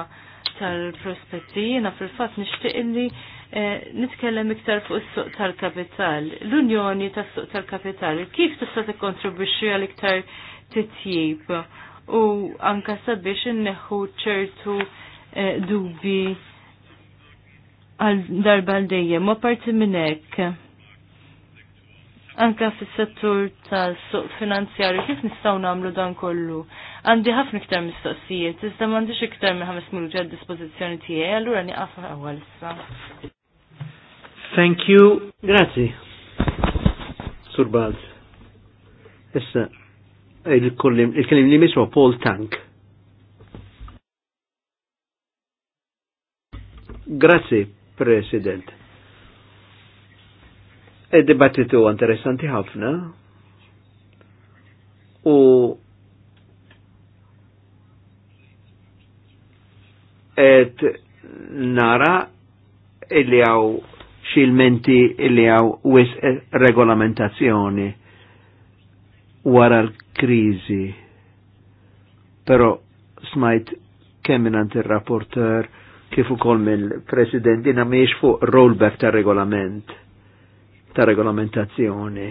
tal-prospetti. Jena fil-fat nishtiq li eh, nitkellem iktar fuq is-suq tal-kapital. L-Unjoni tas-suq tal-kapital kif tista' tikkontribwixxi għal iktar t-tjib u anka sabiex inneħħu ċertu eh, dubi għal darba l dejjem ma parti minn hekk. Anka fis-settur tal suq finanzjarju kif nistgħu nagħmlu dan kollu? Għandi ħafna iktar mistoqsijiet, iżda m'għandix iktar minn ħames minuti għad dispozizjoni tiegħi, allura nieqaf ewwel issa. Thank you. Grazzi. Sur Balz. Issa il-kellim li miswa Paul Tank. Grazzi, President. Id-dibattitu e interessanti ħafna u et nara illi għaw xilmenti illi għaw wis regolamentazzjoni wara l-krizi. Pero smajt kemminant il-rapporter kif ukoll mill-President dina mhijiex fuq rollback ta' regolament ta' regolamentazzjoni.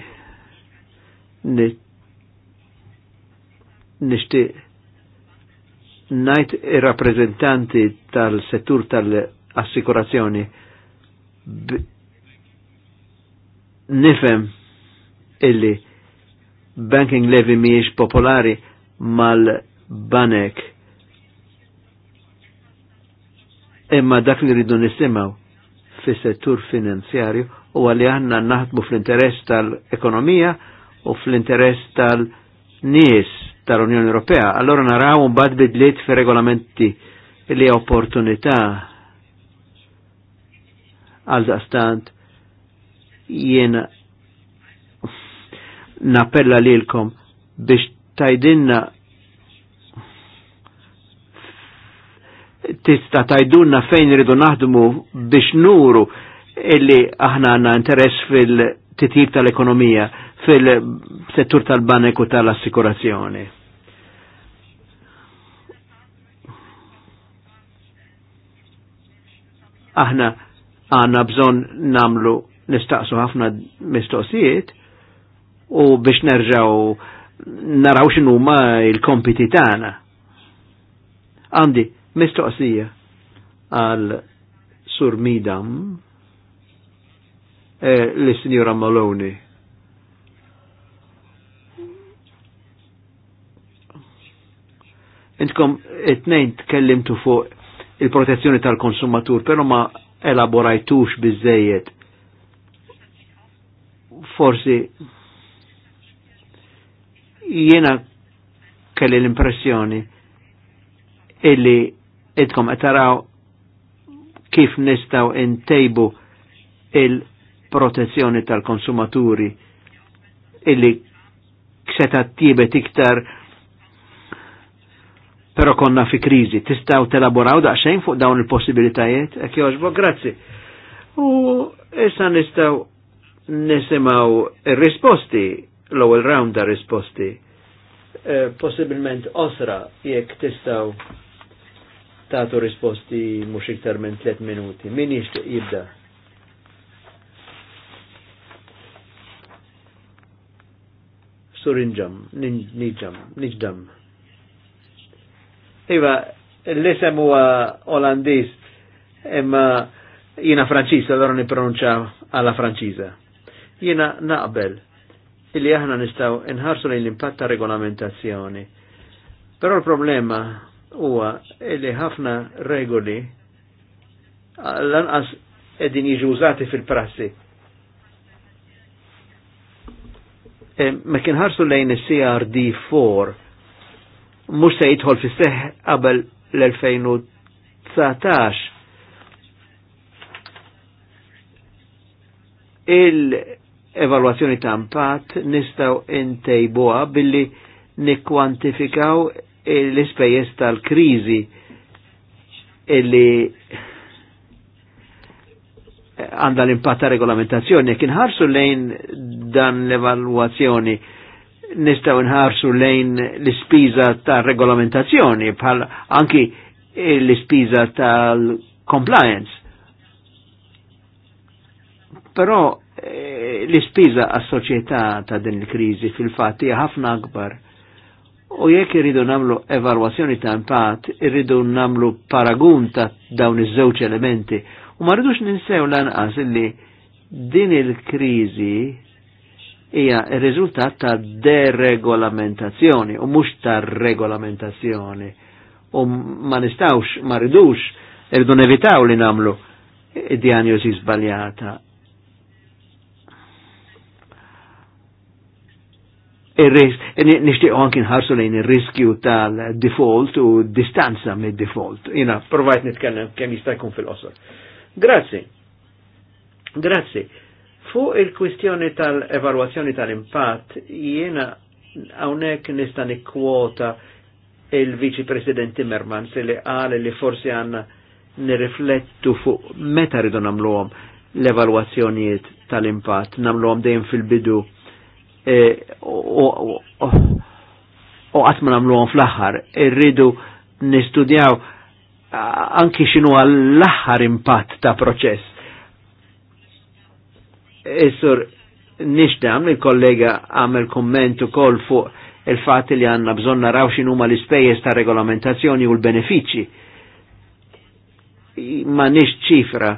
Nixtieq ngħid ir-rappreżentanti tal-settur tal-assikurazzjoni nifhem illi banking levy mhijiex popolari mal-banek Imma dak li rridu nisimaw fis settur finanzjarju u għalli għanna naħdmu fl-interess tal-ekonomija u fl-interess tal-nies tal-Unjoni Ewropea. Allora naraw un bad bidliet fi regolamenti li opportunità għal daqstant jiena nappella lilkom biex tajdinna tista' tajdunna fejn rridu naħdmu biex nuru illi aħna għandna interess fil-titjib tal-ekonomija fil-settur tal-banek u tal-assikurazzjoni. Aħna għanna bżon namlu nistaqsu ħafna mistoqsijiet u biex nerġaw naraw xinu ma il-kompiti tagħna. Għandi, Mistoqsija għal Sur Midam e, Signora Maloni. Intkom it-nejn tkellimtu fuq il-protezzjoni tal-konsumatur, pero ma elaborajtux bizzejiet. Forsi jiena kelli l-impressjoni illi idkom għetaraw kif nistaw intejbu il-protezzjoni tal-konsumaturi illi kseta tibet iktar pero konna fi krizi. Tistaw telaboraw daqxejn fuq dawn il-possibilitajiet? Ek joġbo, grazzi. U issa nistaw nisimaw il-risposti, l-ewel round ta' risposti. Eh, possibilment osra jekk tistaw Tatu risposti mux iktar minn 3 minuti. Min jishtiq jibda? Surinġam, niġam, niġdam. Iva, l-isem huwa Olandiż, imma jiena Franċiż, allora nippronunċa għala franċiza. Jina naqbel illi aħna nistaw nħarsu lejn l impatta regolamentazzjoni. Però il problema huwa li ħafna regoli lanqas edin jiġu użati fil-prassi. E, ma kien ħarsu lejn il-CRD4 mux se jidħol fi seħ qabel l-2019. Il-evaluazzjoni ta' impatt nistaw intejbuha billi nikkwantifikaw E l-ispejjeż tal-kriżi illi għandha l-impatt ta' regolamentazzjoni. jekk inħarsu lejn dan l-evalwazzjoni nistgħu nħarsu lejn l-ispiża ta' regolamentazzjoni bħal anki l-ispiża tal-compliance. Però eh, l-ispiża għas-soċjetà ta' din il-kriżi fil-fatt hija ħafna akbar U jekk irridu namlu evalwazzjoni ta' impatt, irridu namlu paragun ta' dawn iż-żewġ elementi. U ma rridux ninsew lanqas li din il-kriżi hija r-riżultat ta' deregolamentazzjoni u mhux ta' regolamentazzjoni. U ma nistgħux, ma rridux, irridu nevitaw li namlu diagnosi sbagliata nishtiqo anki nħarsu lejn il-riskju tal-default u distanza mid default Jina, provajt nitkellem kem jistajkun fil-qosor. Grazzi. Grazzi. Fuq il-kwistjoni tal evaluazzjoni tal-impatt, jiena hawnhekk nista' nikkwota il-Viċi President se li qal li forsi għanna nirriflettu fuq meta rridu nagħmluhom l evaluazzjoniet tal-impatt, nagħmluhom dejjem fil-bidu u eh, għatma għan fl-axar, irridu nistudjaw anki xinu għall-axar impatt ta' proċess. Issur, nixdam il-kollega għamel kommentu kol fuq il-fat li għanna bżon naraw xinu ma l-ispejjeż ta' regolamentazzjoni u l benefici Ma nix ċifra,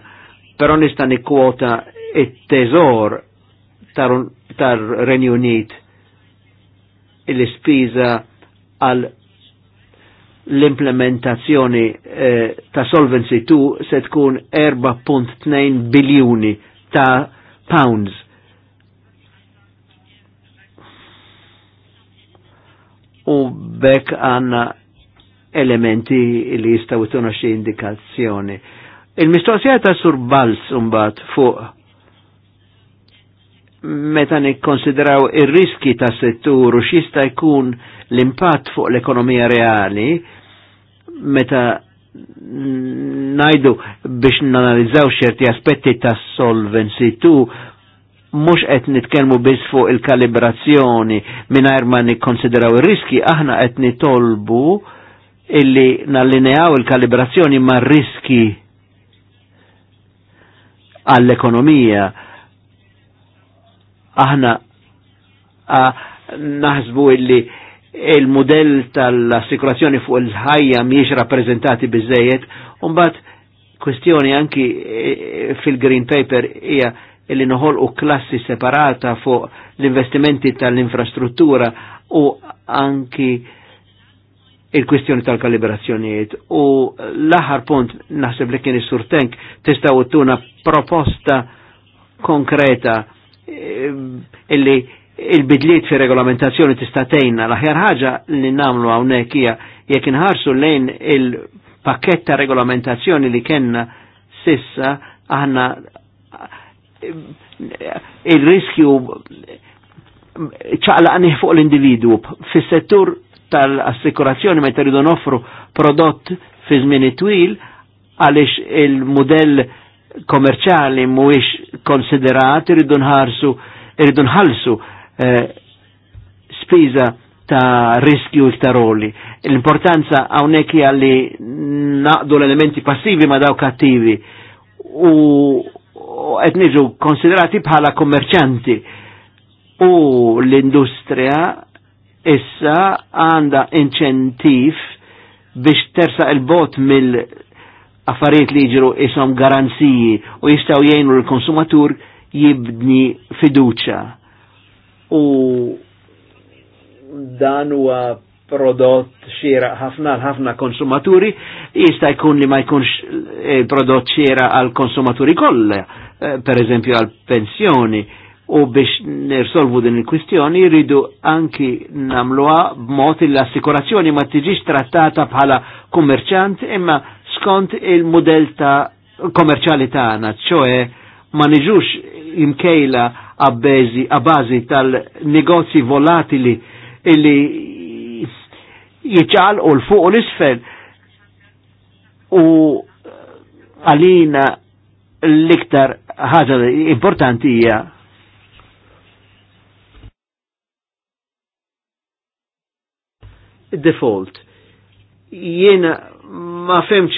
pero nista' nikkwota it-teżor tar-Renju Unit l-ispiża għal l-implementazzjoni eh, ta' Solvency 2 se tkun 4.2 biljuni ta' pounds. U bekk għanna elementi li jistaw tuna xie indikazzjoni. Il-mistoqsija ta' surbalz umbat fuq meta nikkonsidraw ir-riski ta' settur u xista jkun l-impatt fuq l-ekonomija reali, meta najdu biex nanalizzaw xerti aspetti ta' solvency tu mux qed nitkellmu biss fuq il-kalibrazzjoni mingħajr ma nikkonsidraw ir-riski, aħna qed nitolbu illi nallineaw il-kalibrazzjoni ma' riski għall-ekonomija aħna naħsbu illi il-modell tal-assikurazzjoni fuq il-ħajja miex rappresentati bizzejiet, unbat kwestjoni anki e, e, fil-Green Paper hija illi noħol u klassi separata fuq l-investimenti tal-infrastruttura u anki il-kwestjoni tal-kalibrazzjonijiet. U l-aħar punt naħseb li kien is-surtenk tista' tuna proposta konkreta Ehm, illi il-bidliet fi regolamentazzjoni tista' tgħinna l-aħjar ħaġa li nagħmlu hawnhekk hija jekk inħarsu lejn il-pakketta regolamentazzjoni li kenna sissa aħna eh, il-riskju ċaqlaqni fuq l-individu fis-settur tal-assikurazzjoni meta rridu noffru prodott fi żmien twil għaliex il-modell kommerċali mhuwiex konsiderat irridu nħarsu irridu nħallsu eh, spiża ta' riskju iktar oli. L-importanza hawnhekk hija li naqdu l-elementi passivi ma' dawk kattivi u qed niġu konsiderati bħala kommerċanti u l-industrija issa għandha inċentif biex tersa il-bot mill affarijiet li jġru isom garanziji u jistaw jgħinu l-konsumatur jibni fiduċa. U dan huwa prodott xiera ħafna ħafna konsumaturi jista' jkun li ma jkunx eh, prodott xiera għal konsumaturi kollha, eh, per eżempju għal pensjoni u biex nirsolvu din il-kwistjoni rridu anki namluha b'mod il-assikurazzjoni ma tiġix trattata bħala kummerċant imma skont il model ta' komerċali ta' għana, ċoħe ma niġux imkejla għabazi tal-negozji volatili illi jieċal u l-fuq u l-isfel u għalina l-iktar ħaġa importanti hija default. Jiena ma fimx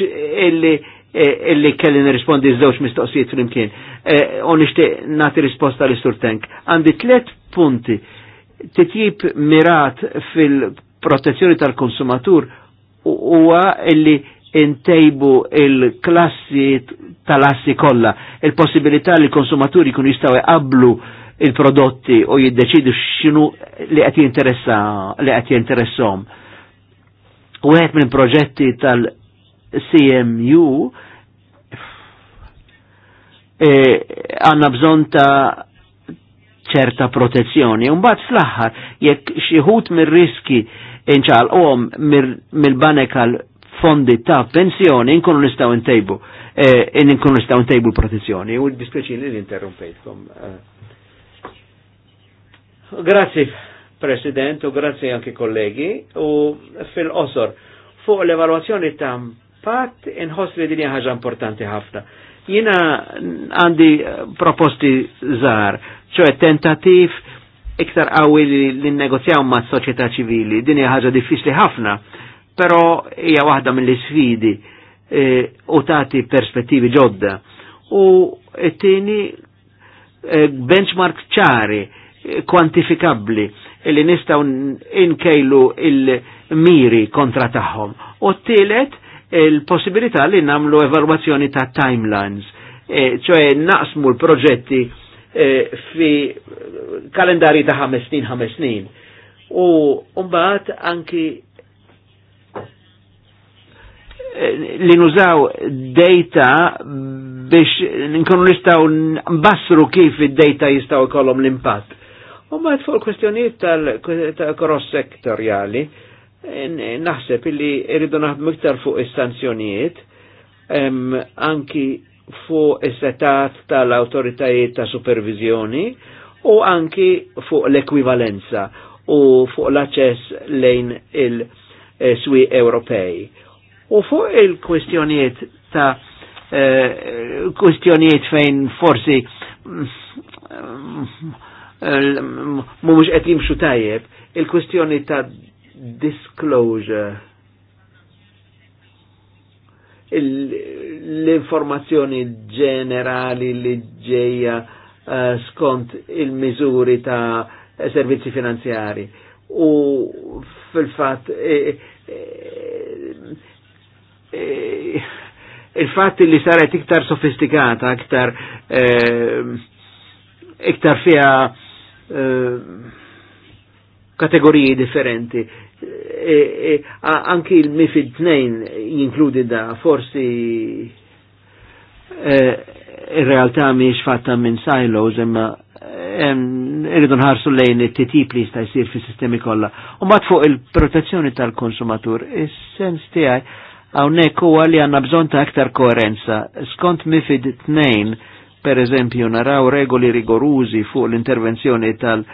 illi eh, illi kelli nirrispondi żewġ mistoqsijiet flimkien. Eh, u nixtieq nagħti risposta li sur tank. Għandi tliet punti titjib mirat fil-protezzjoni tal-konsumatur huwa illi intejbu il-klassi tal-assi kollha, il-possibilità li l-konsumaturi jkunu jistgħu jqablu il-prodotti u jiddeċidu x'inhu li qed jinteressa li qed jinteressahom. U għed minn proġetti tal- CMU e, għanna bżon ta' ċerta protezzjoni. Umbat fl-aħħar, jekk xieħut mir-riski inċal u mill-banek għal fondi ta' pensjoni, inkunu nistaw intejbu, inkunu e, nistaw intejbu protezzjoni. U dispieċi li l-interrumpejtkom. E. Grazzi, President, u grazie anki kollegi, u fil osor fuq l-evaluazzjoni ta' impatt inħoss li din ħaġa importanti ħafna. Jiena għandi eh, proposti żgħar, ċoe tentativ iktar qawwi li, li negozjaw ma' soċjetà ċivili, din hija ħaġa diffiċli ħafna, però hija waħda mill-isfidi eh, u tagħti perspettivi ġodda. U t-tieni eh, benchmark ċari, kwantifikabbli li nistgħu inkejlu il-miri kontra tagħhom. U t-tielet il-possibilità li namlu evalwazzjoni ta' timelines, e, ċoħe naqsmu l-proġetti e, fi kalendari ta' ħames snin, ħames snin. U mbagħad anki e, li nużaw data biex nkunu nistaw nbassru kif id-data jistaw ikollhom l-impatt. U mbagħad fuq il-kwestjonijiet tal-cross sektorjali naħseb illi irridu naħdmu iktar fuq is-sanzjonijiet, anki fuq is-setat tal awtoritajiet ta' supervizjoni u anki fuq l-ekwivalenza u fuq l-aċċess lejn il-swi Ewropej. U fuq il-kwestjonijiet ta' kwistjonijiet eh, kwestjonijiet fejn forsi mm, mm, mm, mhumiex qed jimxu tajjeb, il-kwestjoni ta' disclosure l-informazzjoni ġenerali li ġeja uh, skont il mizuri ta' servizzi finanzjari u fil-fat eh, eh, il-fat li saret iktar sofistikata, iktar iktar fija kategoriji differenti. E, e, anki il-mifid 2 jinkludi da forsi e, in realtà miex fatta minn silos imma irridu nħarsu lejn it-titip li jista' jsir fis-sistemi kollha. U mat fuq il-protezzjoni tal-konsumatur, is-sens tiegħi hawnhekk huwa li għandna bżonn ta' aktar koerenza. Skont mifid tnejn, per eżempju, naraw regoli rigorużi fuq l-intervenzjoni tal-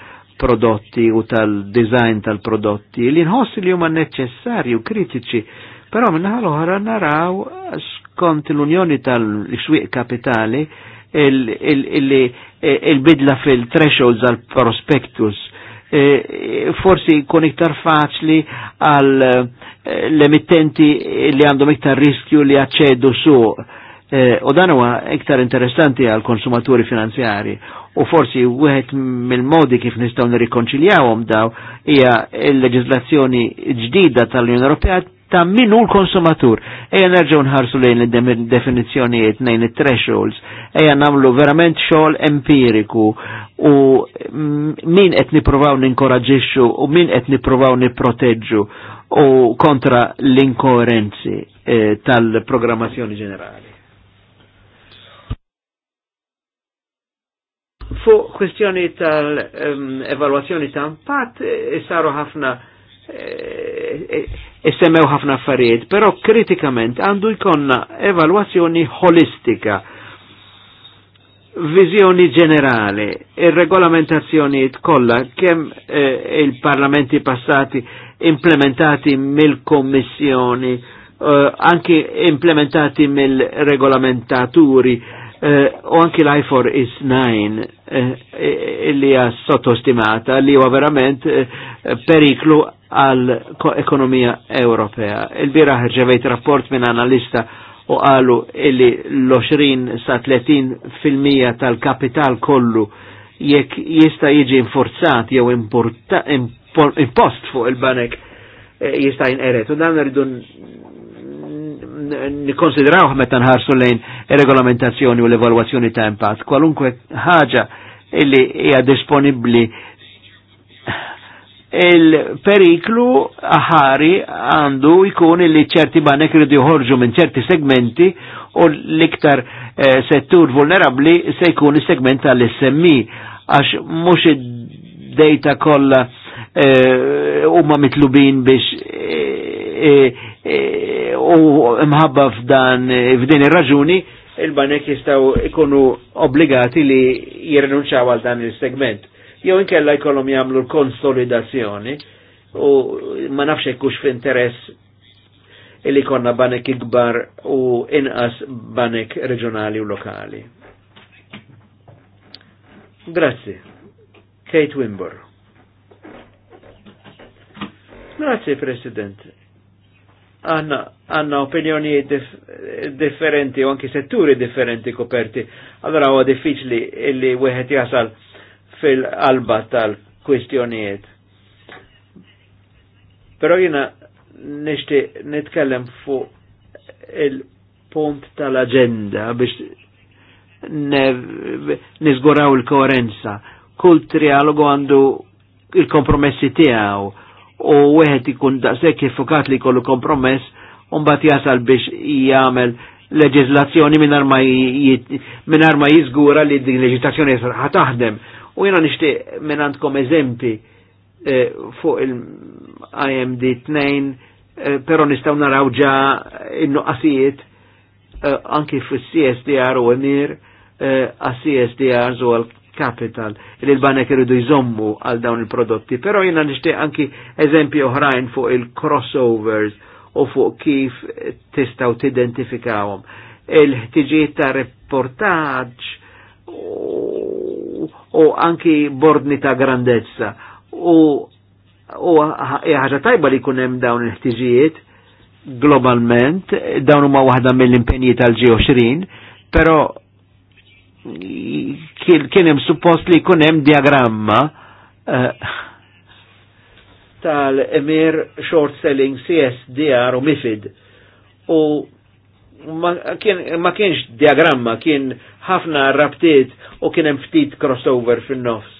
tal-prodotti u tal-design tal-prodotti li nħoss li huma neċessarju kritiċi, però minnaħa l-oħra naraw skont l-Unjoni tal-Xwieq Kapitali il-bidla fil-thresholds għal prospectus e, forsi kun iktar faċli għal eh, l-emittenti li għandhom iktar riskju li acceddu suq Eh, u dan huwa iktar interessanti għal konsumaturi finanzjari u forsi wieħed mill-modi kif nistgħu nirrikonċiljawhom daw hija l-leġiżlazzjoni ġdida tal-Unjoni Ewropea ta' minnu l-konsumatur. Eja nerġaw nħarsu lejn il-definizjonijiet, nejn it thresholds eja namlu verament xogħol empiriku u mm, min qed nippruvaw ninkoraġixxu u min qed nippruvaw nipproteġġu u kontra l-inkoerenzi eh, tal-programmazzjoni ġenerali. Fuq kwestjoni tal-evaluazzjoni ta' impatt, e, e, saru ħafna issemmew e, ħafna affarijiet, però kritikament għandu jkonna evaluazzjoni holistika, viżjoni ġenerali, ir-regolamentazzjonijiet kollha kemm il-parlamenti passati implementati mill-kommissjoni, anki implementati mill-regolamentaturi Eh, u anki l-iPhone is 9 eh, illi hija sottostimata li huwa verament eh, periklu għal ekonomija Ewropea. Il-bira ħerġevejt rapport minn analista u għalu illi l-20 sa 30 fil tal-kapital kollu jekk jista jiġi inforzat jew impost fuq il-banek jista jinqeret. U dan rridu nikonsidrawh meta nħarsu lejn regolamentazzjoni u l-evalwazzjoni ta' impatt. Kwalunkwe ħaġa illi hija disponibbli il-periklu aħari għandu jkun li ċerti banek jridu joħorġu minn ċerti segmenti u l-iktar eh, settur vulnerabli se jkun il-segment tal-SMI e, għax mux id-data kolla eh, huma eh, mitlubin biex eh, eh E, u mħabba f'dan f'din ir-raġuni il-banek jistaw ikunu obbligati li jirrinunċaw għal dan il-segment. Jew inkella jkollhom jagħmlu l-konsolidazzjoni u ma nafx hekk f'interess li konna banek ikbar u inqas banek reġjonali u lokali. Grazzi. Kate Wimbor. Grazie President għanna opinjoni dif, differenti u anki setturi differenti koperti. Allora huwa diffiċli illi wieħed jasal fil-qalba tal-kwistjonijiet. Però jina nishti nitkellem fuq il-punt tal-agenda biex nizguraw il-koerenza. Kull trialogu għandu il-kompromessi tiegħu u wieħed ikun daqshekk kifukat li jkollu kompromess u mbagħad jasal biex jagħmel leġislazzjoni mingħajr ma mingħajr jiżgura li din leġislazzjoni ħa taħdem. U jiena nixtieq minn għandkom eżempi eh, fuq il-IMD 2 eh, però nistgħu naraw ġa in-nuqqasijiet eh, anki fis-CSDR u emir għas csdr u għal capital li l-banek iridu jżommu għal dawn il-prodotti, però jina nishtiq anki eżempji oħrajn fuq il-crossovers u fuq kif tistaw tidentifikawhom. Il-ħtiġijiet ta' reportaġġ u anki bordni ta' grandezza u u ħaġa tajba li kunem dawn il-ħtiġijiet globalment, dawn huma waħda mill-impenji tal-G20, pero kien hemm suppost li jkun hemm diagramma eh, tal-emir short selling CSDR u MIFID u ma, kien, ma kienx diagramma kien ħafna rabtiet u kien hemm ftit crossover fin-nofs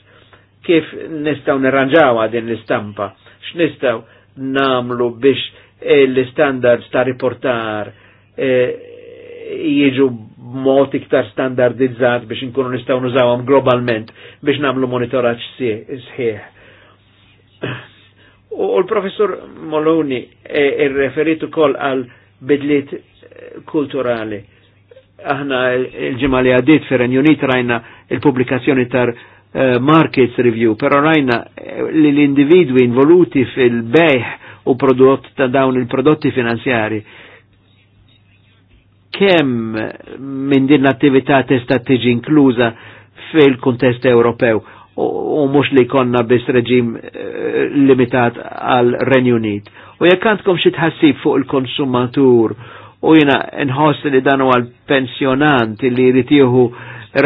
kif nistaw nirranġawa din l-istampa x'nistgħu namlu biex eh, l-standards ta' riportar eh, jiġu b'mod iktar standardizzat biex inkunu nistgħu nużawhom globalment biex nagħmlu monitoraġġ sħiħ. U l-professur Moloni e, irreferit ukoll għal bidliet e, kulturali. Aħna il ġimali li għaddit fir-Renju Unit rajna il-pubblikazzjoni tar e, markets review, però rajna li l-individwi involuti fil-bejħ u prodott ta' dawn il-prodotti finanzjari kemm minn din l-attività tista' tiġi inkluża fil-kuntest Ewropew u mhux li jkollna biss reġim eh, limitat għal Renju Unit. U jekk għandkom xi tħassib fuq il-konsumatur u jiena nħoss li danu għal pensjonanti li jrid jieħu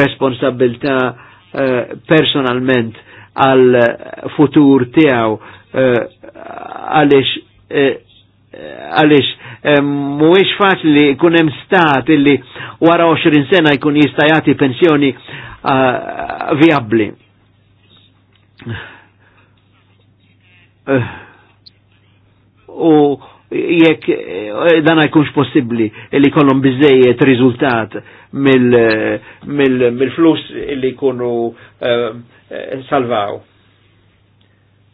responsabilità eh, personalment għal futur tiegħu eh, għaliex għaliex muwix faċli jkun hemm stat illi wara 20 sena jkun jistajati pensjoni uh, viabbli. Eh. U uh, jekk eh, dan jkunx possibli li kollom bizzejiet riżultat mill-flus mil, mil li kunu uh, eh, salvaw.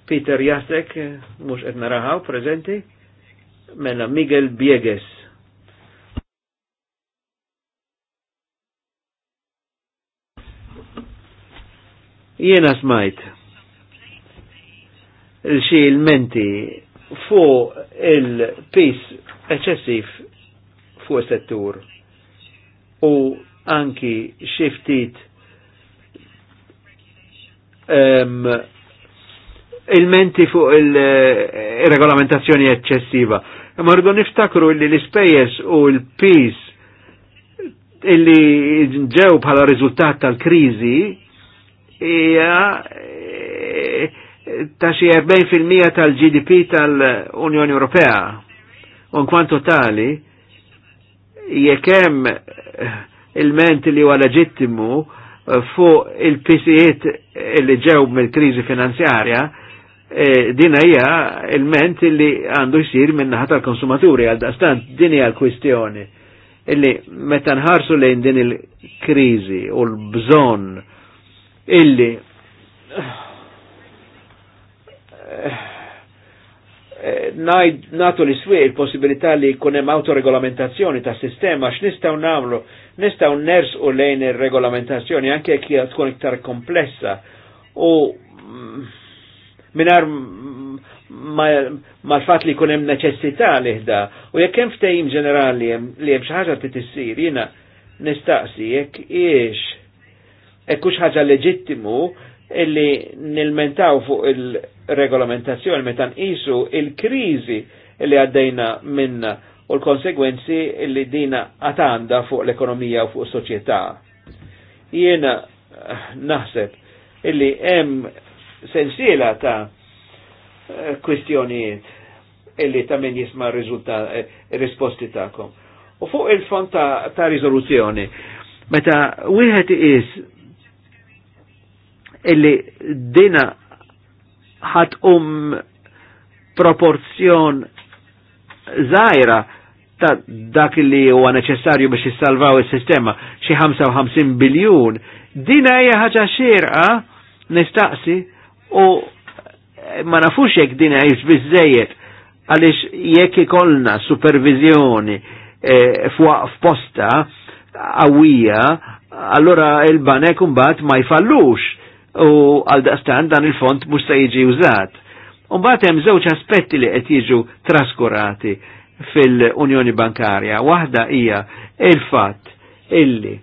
Peter Jasek, mux etna raħaw, prezenti? mela Miguel Bieges. Jiena smajt il-xi il-menti fuq il-pis eċessif fuq settur u anki xiftit um, il-menti fuq il-regolamentazzjoni eccessiva. Ma rridu niftakru li l-ispejjeż u l peace illi ġew bħala riżultat tal-kriżi hija eh, ta' xi 40% tal-GDP tal-Unjoni Ewropea. U kwanto tali, jekk hemm eh, il-ment li huwa leġittimu eh, fuq il-pisijiet li ġew mill-kriżi finanzjarja, E, din hija il-ment li għandu jsir minnaħat tal-konsumaturi għal daqstant din hija l-kwistjoni illi meta nħarsu lejn din il krizi u l bżon illi natu li swi il-possibilità li kunem autoregolamentazzjoni ta' sistema x'nistgħu nagħmlu, nistgħu u lejn ir-regolamentazzjoni anke jekk tkun iktar komplessa u mm, minar ma l-fat li kunem neċessità liħda, U jekk hemm ftehim ġenerali li hemm xi ħaġa trid issir, jiena nistaqsi jekk iex hekk hux ħaġa leġittimu illi nilmentaw fuq il-regolamentazzjoni meta nqisu il-kriżi li għaddejna minna u l-konsegwenzi li dina għatanda fuq l-ekonomija u fuq s-soċjetà. Jiena naħseb illi hemm sensiela ta' eh, kwistjonijiet illi ta' min jisma eh, risposti ta'kom. U fuq il-fond ta', ta rizoluzzjoni, meta wieħed is illi dina ħat um proporzjon zaħira ta' dak li huwa neċessarju biex jissalvaw is-sistema xi 55 biljun, dina hija ħaġa xierqa nistaqsi u ma nafux jek din għajx bizzejiet għalix jekk ikollna supervizjoni eh, f'posta għawija, allora il-banek umbat ma jfallux u għal daqstan dan il-font mux se jiġi użat. Umbat hemm żewġ aspetti li qed jiġu traskurati fil-Unjoni Bankarja. Waħda hija il-fatt illi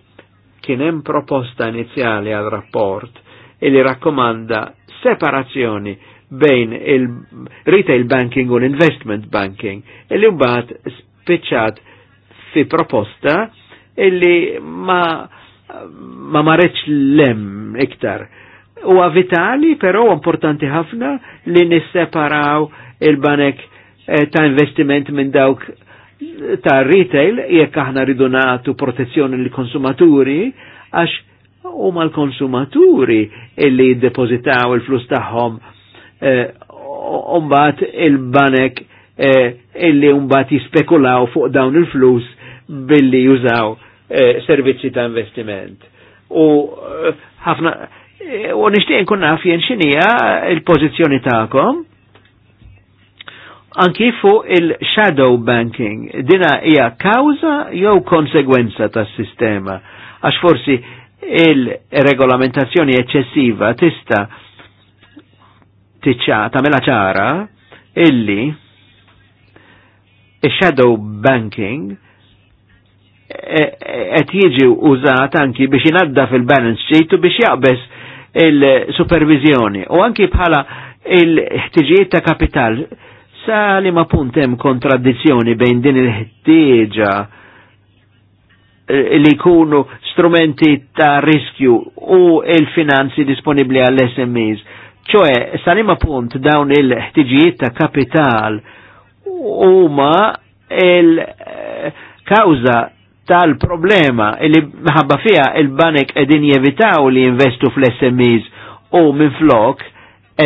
kien hemm proposta inizjali għal rapport illi rakkomanda separazzjoni bejn il-retail banking u l-investment banking, illi mbagħad spiċċat fi proposta illi ma ma marreċ lem iktar. U vitali, però importanti ħafna li nisseparaw il-banek eh, ta' investiment minn dawk eh, ta' retail, jekk aħna ridu nagħtu protezzjoni l-konsumaturi, għax u mal-konsumaturi illi jiddepozitaw il-flus tagħhom eh, umbat il-banek eh, illi umbat jispekulaw fuq dawn il-flus billi jużaw eh, servizzi ta' investiment. U ħafna, u nishtiq nkun naf xinija il-pozizjoni ta'kom anki fuq il-shadow banking. Dina hija kawza jew konsegwenza tas-sistema għax forsi il-regolamentazzjoni eccessiva tista tiċċa tamela ċara illi il-shadow banking qed e, jiġi użat anki biex jinadda fil balance sheet u biex jaqbes il-supervizjoni u anki bħala il-ħtiġijiet ta' kapital sa li ma puntem kontradizzjoni bejn din il-ħtieġa Eh, li jkunu strumenti ta' riskju u il-finanzi disponibli għall-SMEs. ċoe, sanima punt dawn il-ħtiġijiet ta' kapital huma il-kawza eh, tal-problema li ħabba fija il-banek edin jevitaw li jinvestu fl-SMEs u minn flok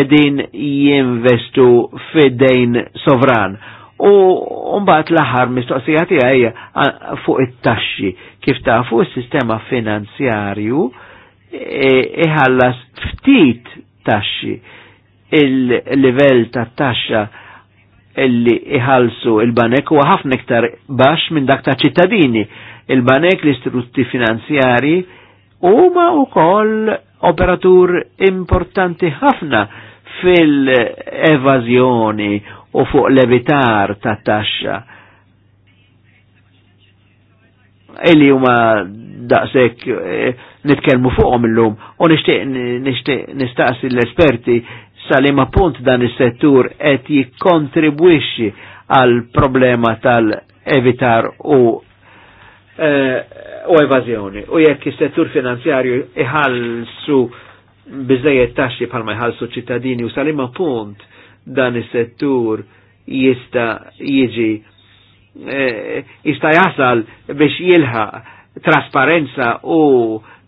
edin jinvestu fid-dejn sovran. U mbagħad l-aħħar mistoqsija tiegħi fuq it-taxxi. Kif tafu s-sistema finanzjarju e, iħallas ftit taxxi il-livell ta' taxxa illi iħalsu il-banek huwa ħafna iktar baxx minn dak ta' ċittadini. Il-banek l-istrutti finanzjari huma wkoll operatur importanti ħafna fil-evażjoni u fuq levitar ta' taxxa illi huma daqshekk eh, nitkellmu fuqhom illum u nixtieq nistaqsi l-esperti salim punt dan is-settur qed jikkontribwixxi għal problema tal-evitar u eh, u evażjoni. U jekk is-settur finanzjarju iħallsu biżejjed taxxi bħalma jħallsu ċittadini u salim punt dan is-settur jista' jiġi Eh, jista' jasal biex jilħa trasparenza u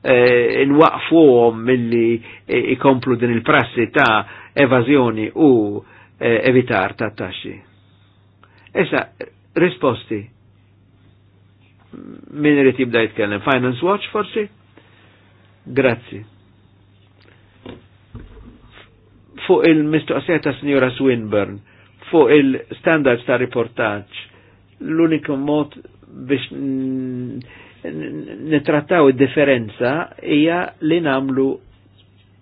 eh, nwaqfuhom milli eh, ikomplu din il-prassi ta' evażjoni u evitar ta' taxxi. Issa, risposti. Min irid jibda jitkellem? Finance Watch forsi? Grazzi. Fuq il-mistoqsija ta' Signora Swinburne, fuq il-standards ta' riportaġġ l-uniku mod biex nitrattaw il differenza hija li namlu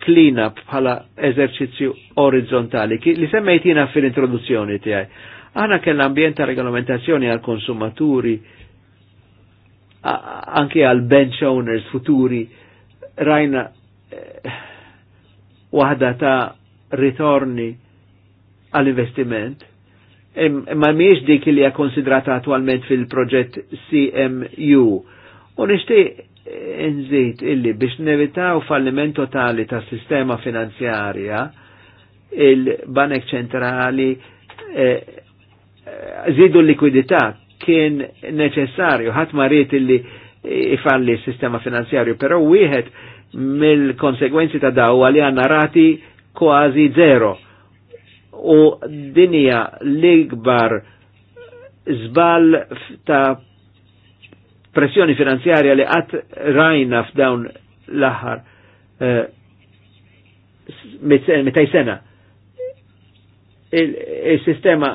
clean-up bħala eżerċizzju orizzontali li semmejtina fil-introduzzjoni tiegħi. Aħna kellna ambjent ta' regolamentazzjoni għal konsumaturi anke għal bench owners futuri rajna eh, ta' ritorni għall-investiment imma miex dik li hija konsidrata attualment fil-proġett CMU. U nixtieq eh, nżid illi biex nevitaw falliment totali ta' sistema finanzjarja il-Banek ċentrali eh, eh zidu l-likwidità kien neċessarju, ħadd marit illi ifalli s-sistema finanzjarju, però wieħed mill-konsegwenzi ta' daw li għanna rati kważi zero u dinja l-ikbar zbal ta' pressjoni finanzjarja li għat rajna f'dawn l-aħħar eh, mitaj sena. Il-sistema, il sistema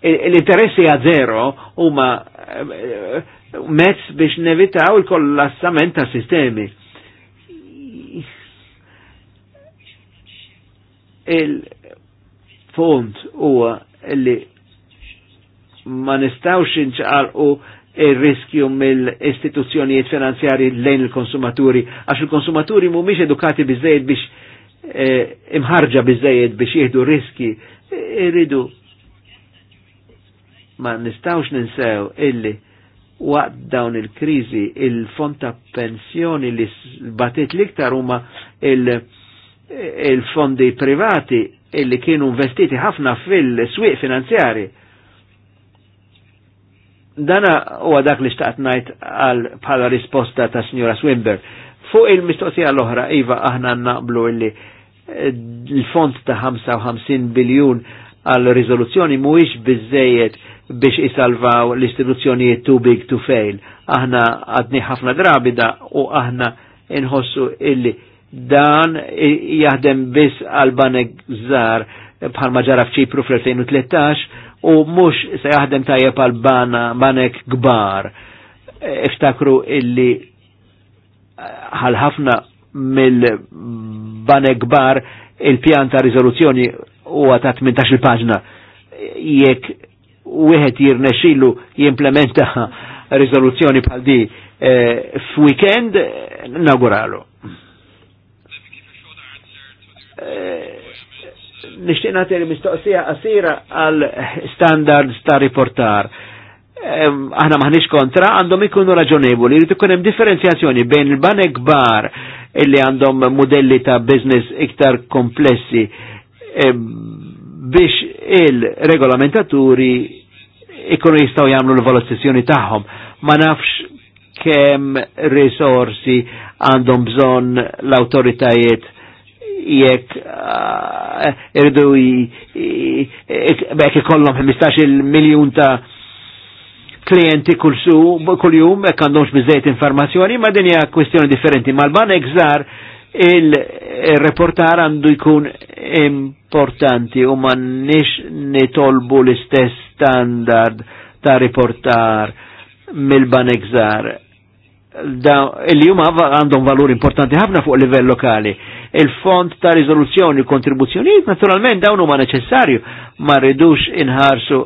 eh, l interessi għad a zero huma eh, mezz biex nevitaw il-kollassament ta' sistemi. il punt huwa li ma nistawx inċaqalqu il-riskju mill-istituzzjonijiet finanzjari lejn il-konsumaturi, għax il-konsumaturi mhumiex edukati biżejjed biex eh, imħarġa biżejjed biex jieħdu riski, irridu. Ma nistawx ninsew illi waqt dawn il-krizi il-fond ta' pensjoni li batit liktar huma il-fondi privati illi kienu investiti ħafna fil-swieq finanzjari. Dana huwa dak li xtaqt ngħid għal bħala risposta ta' Sinjora Swimber. Fuq il-mistoqsija l-oħra, Iva, aħna naqblu illi eh, l-fond ta' 55 biljun għal rizoluzzjoni mhuwiex biżejjed biex isalvaw l-istituzzjonijiet too big to fail. Aħna għadni ħafna drabi da u aħna inħossu illi dan jaħdem biss għal banek żgħar bħal maġara ġara f'Ċipru fl-2013 u mhux se jaħdem tajjeb għal banek kbar. E, iftakru illi e, għal ħafna mill-banek kbar il-pjan ta' riżoluzzjoni huwa ta' 18 il-paġna jekk wieħed jirnexilu jimplementa rizoluzzjoni bħal di e, f'weekend naguralu. Eh, nishtiq nagħti mistoqsija qasira għal standards ta' riportar. Aħna maħniex kontra, għandhom ikunu raġonevoli, jrid ikun hemm differenzjazzjoni bejn il-banek bar illi għandhom modelli ta' business iktar komplessi biex il-regolamentaturi ikunu jistaw jamlu l-valutazzjoni tagħhom. Ma nafx kemm risorsi għandhom bżon l-autoritajiet jekk eh, irdu jekk ikollhom 15 miljun ta' klienti kull su kull jum jekk għandhomx biżejjed informazzjoni, ma din hija kwestjoni differenti. Mal-banek żgħar il-reportar għandu jkun importanti u ma nix nitolbu l-istess standard ta' reportar mill-banek żgħar il-jum għandhom valur importanti ħafna fuq livell lokali. Il-fond ta' u kontribuzzjoni, naturalment dawn huma neċessarju, ma rridux inħarsu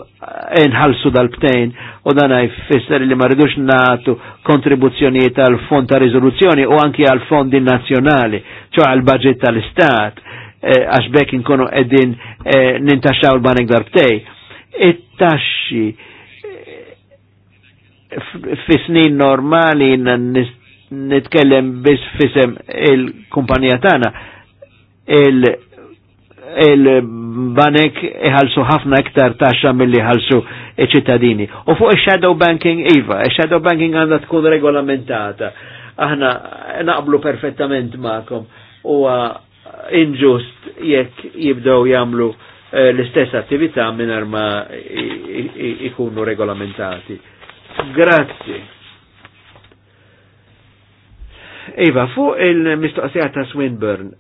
inħalsu dal-btejn u dan jfisser li ma rridux natu kontribuzzjoni tal fond ta' rizoluzzjoni u anki għal fondi nazzjonali, ċo għal budget tal-istat, e, għax bekin bekk inkunu qegħdin e, nintaxxaw l-banek darbtej. It-taxxi fi snin normali nitkellem bis fisem il-kumpanija tana il-banek il iħalsu ħafna iktar taxxa mill-li ħalsu ċittadini. U fuq il-shadow banking iva, il-shadow banking għandha tkun regolamentata. Aħna naqblu perfettament ma'kom u inġust jekk jibdew jagħmlu eh, l-istess attività minn ma ikunu regolamentati. Grazzi. Iva, fuq il-mistoqsija ta' Swinburne,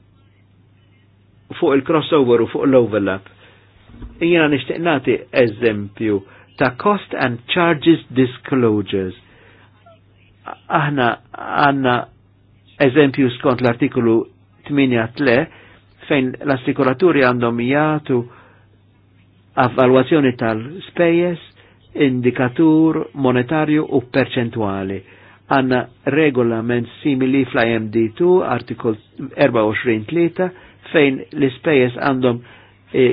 fuq il-crossover u fuq l-overlap, jena nishtiq nati eżempju ta' cost and charges disclosures. Aħna għanna eżempju skont l-artikolu 8.3 fejn l-assikuraturi għandhom jgħatu avvalwazzjoni tal-spejjes indikatur monetarju u perċentuali. Għanna regolament simili fl-IMD2, artikol 24-3, fejn l-ispejjeż għandhom eh,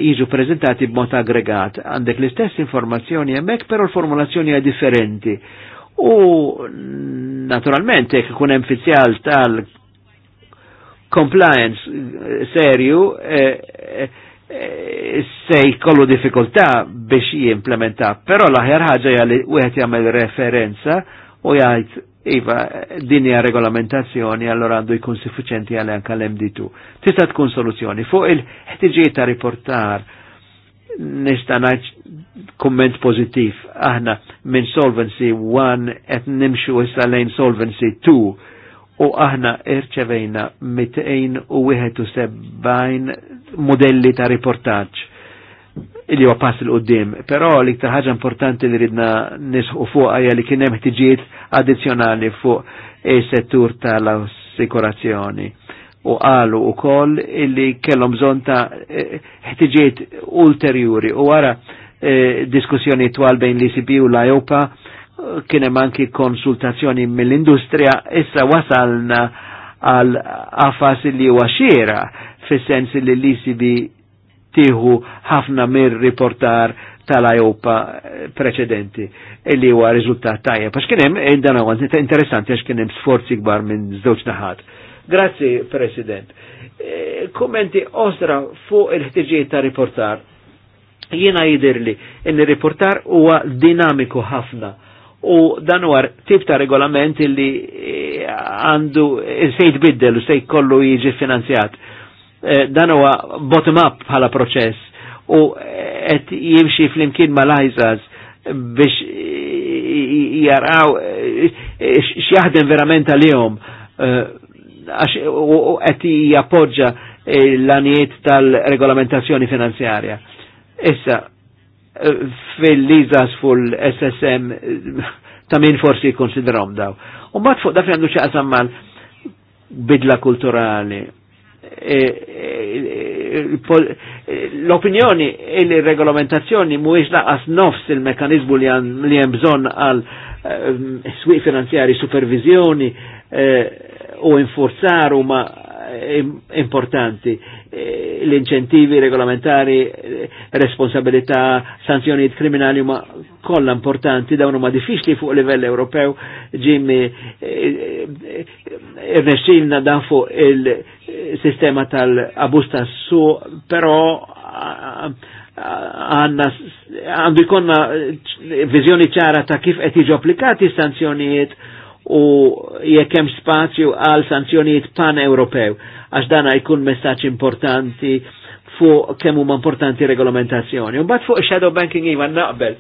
jiġu prezentati b'mod aggregat. Għandek l-istess informazzjoni hemmhekk, però l-formulazzjoni hija differenti. U naturalment jekk ikun hemm fizzjal tal-compliance eh, serju, eh, eh, Eh, se jkollu diffikultà biex jimplementa, però l-aħjar ħaġa li wieħed jagħmel referenza u jgħid iva din hija regolamentazzjoni allora għandu jkun suffiċenti għal anke l-MD2. Tista' tkun soluzzjoni. Fuq il-ħtiġijiet ta' riportar nista' ngħid kumment pożittiv aħna minn Solvency 1 qed nimxu issa lejn Solvency 2 u aħna irċevejna 271 modelli ta' riportaġġ li huwa pass il-qoddim. Però l-iktar ħaġa importanti li ridna nisħu fuq hija li kien hemm ħtiġijiet addizzjonali fuq is-settur tal-assikurazzjoni. U qalu wkoll illi kellhom bżonn ta' ħtiġijiet ulterjuri u wara e, diskussjoni twal bejn l-ICP u l-IOPA kien hemm anki konsultazzjoni mill-industrija issa wasalna għal qafas li huwa xiera fis sensi li l-ICB tieħu ħafna mir riportar tal-Ajopa eh, preċedenti illi huwa riżultat tajjeb. Pax kien hemm għan, eh, interessanti għax kien hemm sforzi kbar minn żewġ naħat. Grazzi, President. Eh, kommenti osra fuq il-ħtiġijiet ta' riportar. Jiena jidirli, in-riportar huwa dinamiku ħafna u dan war tip ta' regolamenti li għandu sejt biddel u se jkollu jiġi finanzjat. Eh, dan huwa bottom up bħala proċess u qed eh, jimxi flimkien mal-ISAs biex jaraw eh, x'jaħdem verament għalihom għax u qed jappoġġa l-anijiet tal-regolamentazzjoni finanzjarja. Issa, fil-lizas ful-SSM ta' min forsi konsiderom daw. U mbagħad fuq dak li għandu xi mal bidla kulturali Eh, eh, eh, l-opinjoni e l-regolamentazzjoni mhuwiex laqas nofs il-mekanizmu li hemm bżonn għal ehm, swieq finanzjari supervizjoni u infurzar huma importanti. Eh, l-inċentivi regolamentari, eh, responsabilità, sanzjonijiet kriminali ma kollha importanti dawn huma diffiċli fuq livell Ewropew ġimmi eh, irnexxilna dan fuq il-sistema tal-abus tas-su, però għanna għandu jkonna viżjoni ċara ta' kif qed jiġu applikati sanzjonijiet u jekk hemm spazju għal sanzjonijiet pan-Ewropew għax dana jkun messaġġ importanti fuq kemm huma importanti regolamentazzjoni. Un bat fuq shadow banking jiva naqbel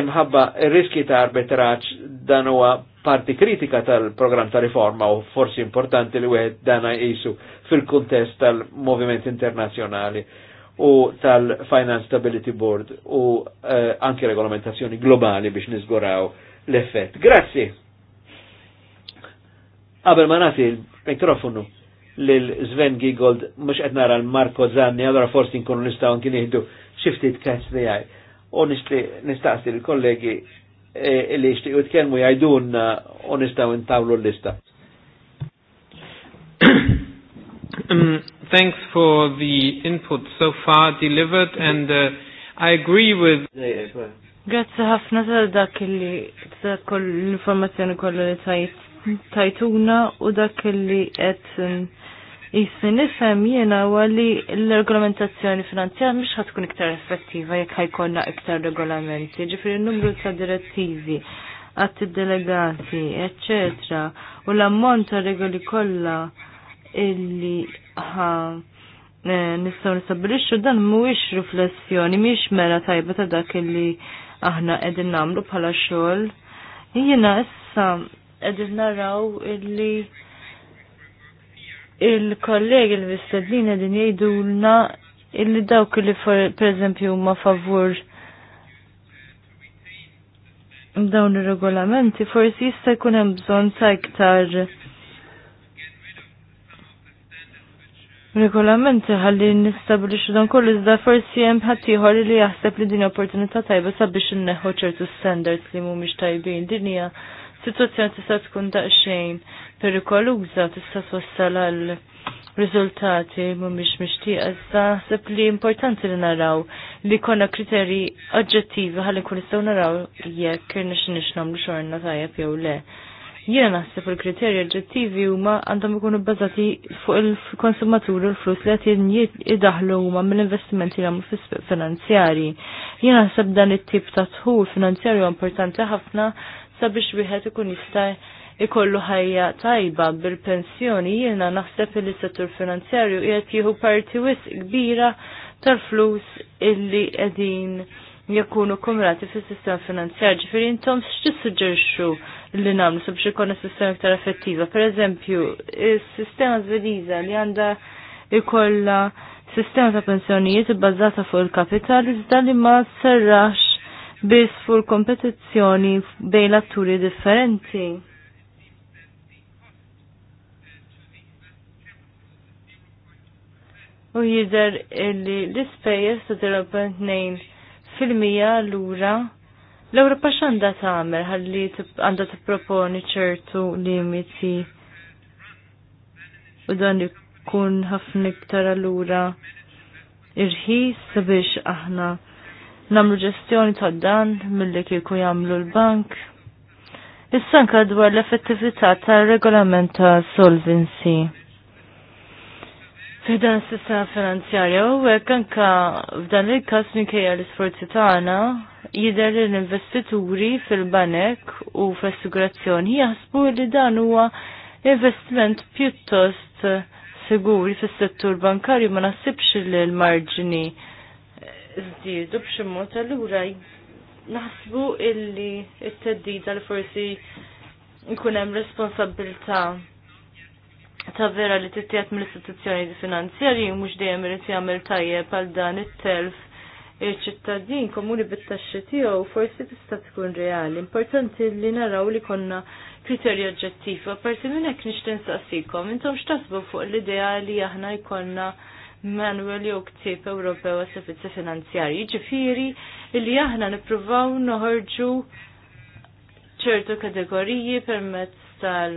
imħabba riski ta' arbitraġġ dan huwa parti kritika tal program ta' riforma u forsi importanti li wieħed dana jisu fil-kuntest tal-moviment internazzjonali u tal-Finance Stability Board u eh, anki regolamentazzjoni globali biex nizguraw l-effett. Grazzi. Għabel ma nati il-mikrofonu lil Sven Giegold mux qed nara l-Marko Zanni, allora forsi nkunu nistgħu anki nieħdu xi ftit e, li għaj. U nistaqsi l-kollegi li xti jixtiequ jitkellmu jajdun u nistgħu ntawlu l-lista. Um, thanks for the input so far delivered and uh, I agree with Grazie ħafna tal dak li ta' l-informazzjoni kollu li tajtuna u dak li qed um, jisni nifhem jiena li l-regolamentazzjoni finanzjarja mhux ħad tkun iktar effettiva jekk ħajkollna iktar regolamenti, Ġifri n-numru ta' direttivi għat delegati eccetera, u l-ammont ta' regoli kollha illi ħa eh, nistaw nistabilixxu dan mhuwiex riflessjoni mhix mera tajba ta' dak illi aħna qegħdin nagħmlu bħala xogħol. Jiena issa qegħdin naraw illi il-kollegi l-vistadlina din jgħidulna illi dawk li per eżempju ma favur dawn ir-regolamenti forsi jista' jkun hemm bżonn ta' iktar regolamenti ħalli nistabilixu dan kollu iżda forsi hemm ħadd ieħor li jaħseb li din opportunità tajba sabiex inneħħu ċertu standards li mhumiex tajbin. Din hija situazzjoni tista' tkun daqsxejn perikoluża tista' twassal għal riżultati mhumiex mixtieqa iżda ħseb li importanti li naraw li konna kriterji oġġettivi ħalli nkun nistgħu naraw jekk kienna nix nagħmlu xorna tajjeb jew le. Jiena naħseb il-kriterji oġġettivi huma għandhom ikunu bbażati fuq il-konsumaturi u l-flus li qed jidaħlu huma mill-investimenti li għamlu finanzjarji. Jiena naħseb dan it-tip ta' tħul finanzjarju importanti ħafna sabiex wieħed ikun jista' ikollu ħajja tajba bil-pensjoni jiena naħseb li settur finanzjarju qiegħed jieħu parti wisq kbira tal-flus illi qegħdin jakunu kumrati fis sistema finanzjar. Ġifieri intom x'tissuġġerixxu li nagħmlu sabiex ikollna sistema iktar effettiva. Pereżempju, is-sistema Żvediża li għandha ikollha sistema ta' pensjonijiet ibbażata fuq il-kapital iżda li ma serrax biss fuq kompetizzjoni bejn l-atturi differenti. U jidher li l-ispejjeż ta' 0.2 fil-mija lura l-Ewropa x'għandha tagħmel ħalli għandha tipproponi ċertu limiti u dan ikun ħafna iktar allura irħis sabiex aħna namlu ġestjoni ta' dan milli kieku jagħmlu l-bank. Issa anke dwar l-effettività tar-regolament ta' solvency. F'dan s-sistema finanzjarja u għek anka f'dan il-kas minkejja l-isforzi tagħna jidher li l-investituri fil-banek u fl-assigurazzjoni jaħsbu li dan huwa investiment pjuttost siguri fis-settur bankarju ma nasibx li l-marġini żdiedu b'xi mod allura naħsbu illi t-teddida li forsi nkun hemm responsabilità ta' vera li tittijat mill-istituzzjoni finanzjarji mhux dejjem irid jagħmel tajjeb għal dan it-telf il-ċittadin komuni bit-taxxi tiegħu forsi tista' tkun reali. Importanti li naraw li konna kriterji oġġettivi. Apparti minn hekk nixtieq nsaqsikom, intom x'tasbu fuq l-idea li aħna jkollna Manuel jew ktieb Ewropew għas servizzi finanzjarji. Ġifieri li aħna nippruvaw noħorġu ċertu kategoriji permezz tal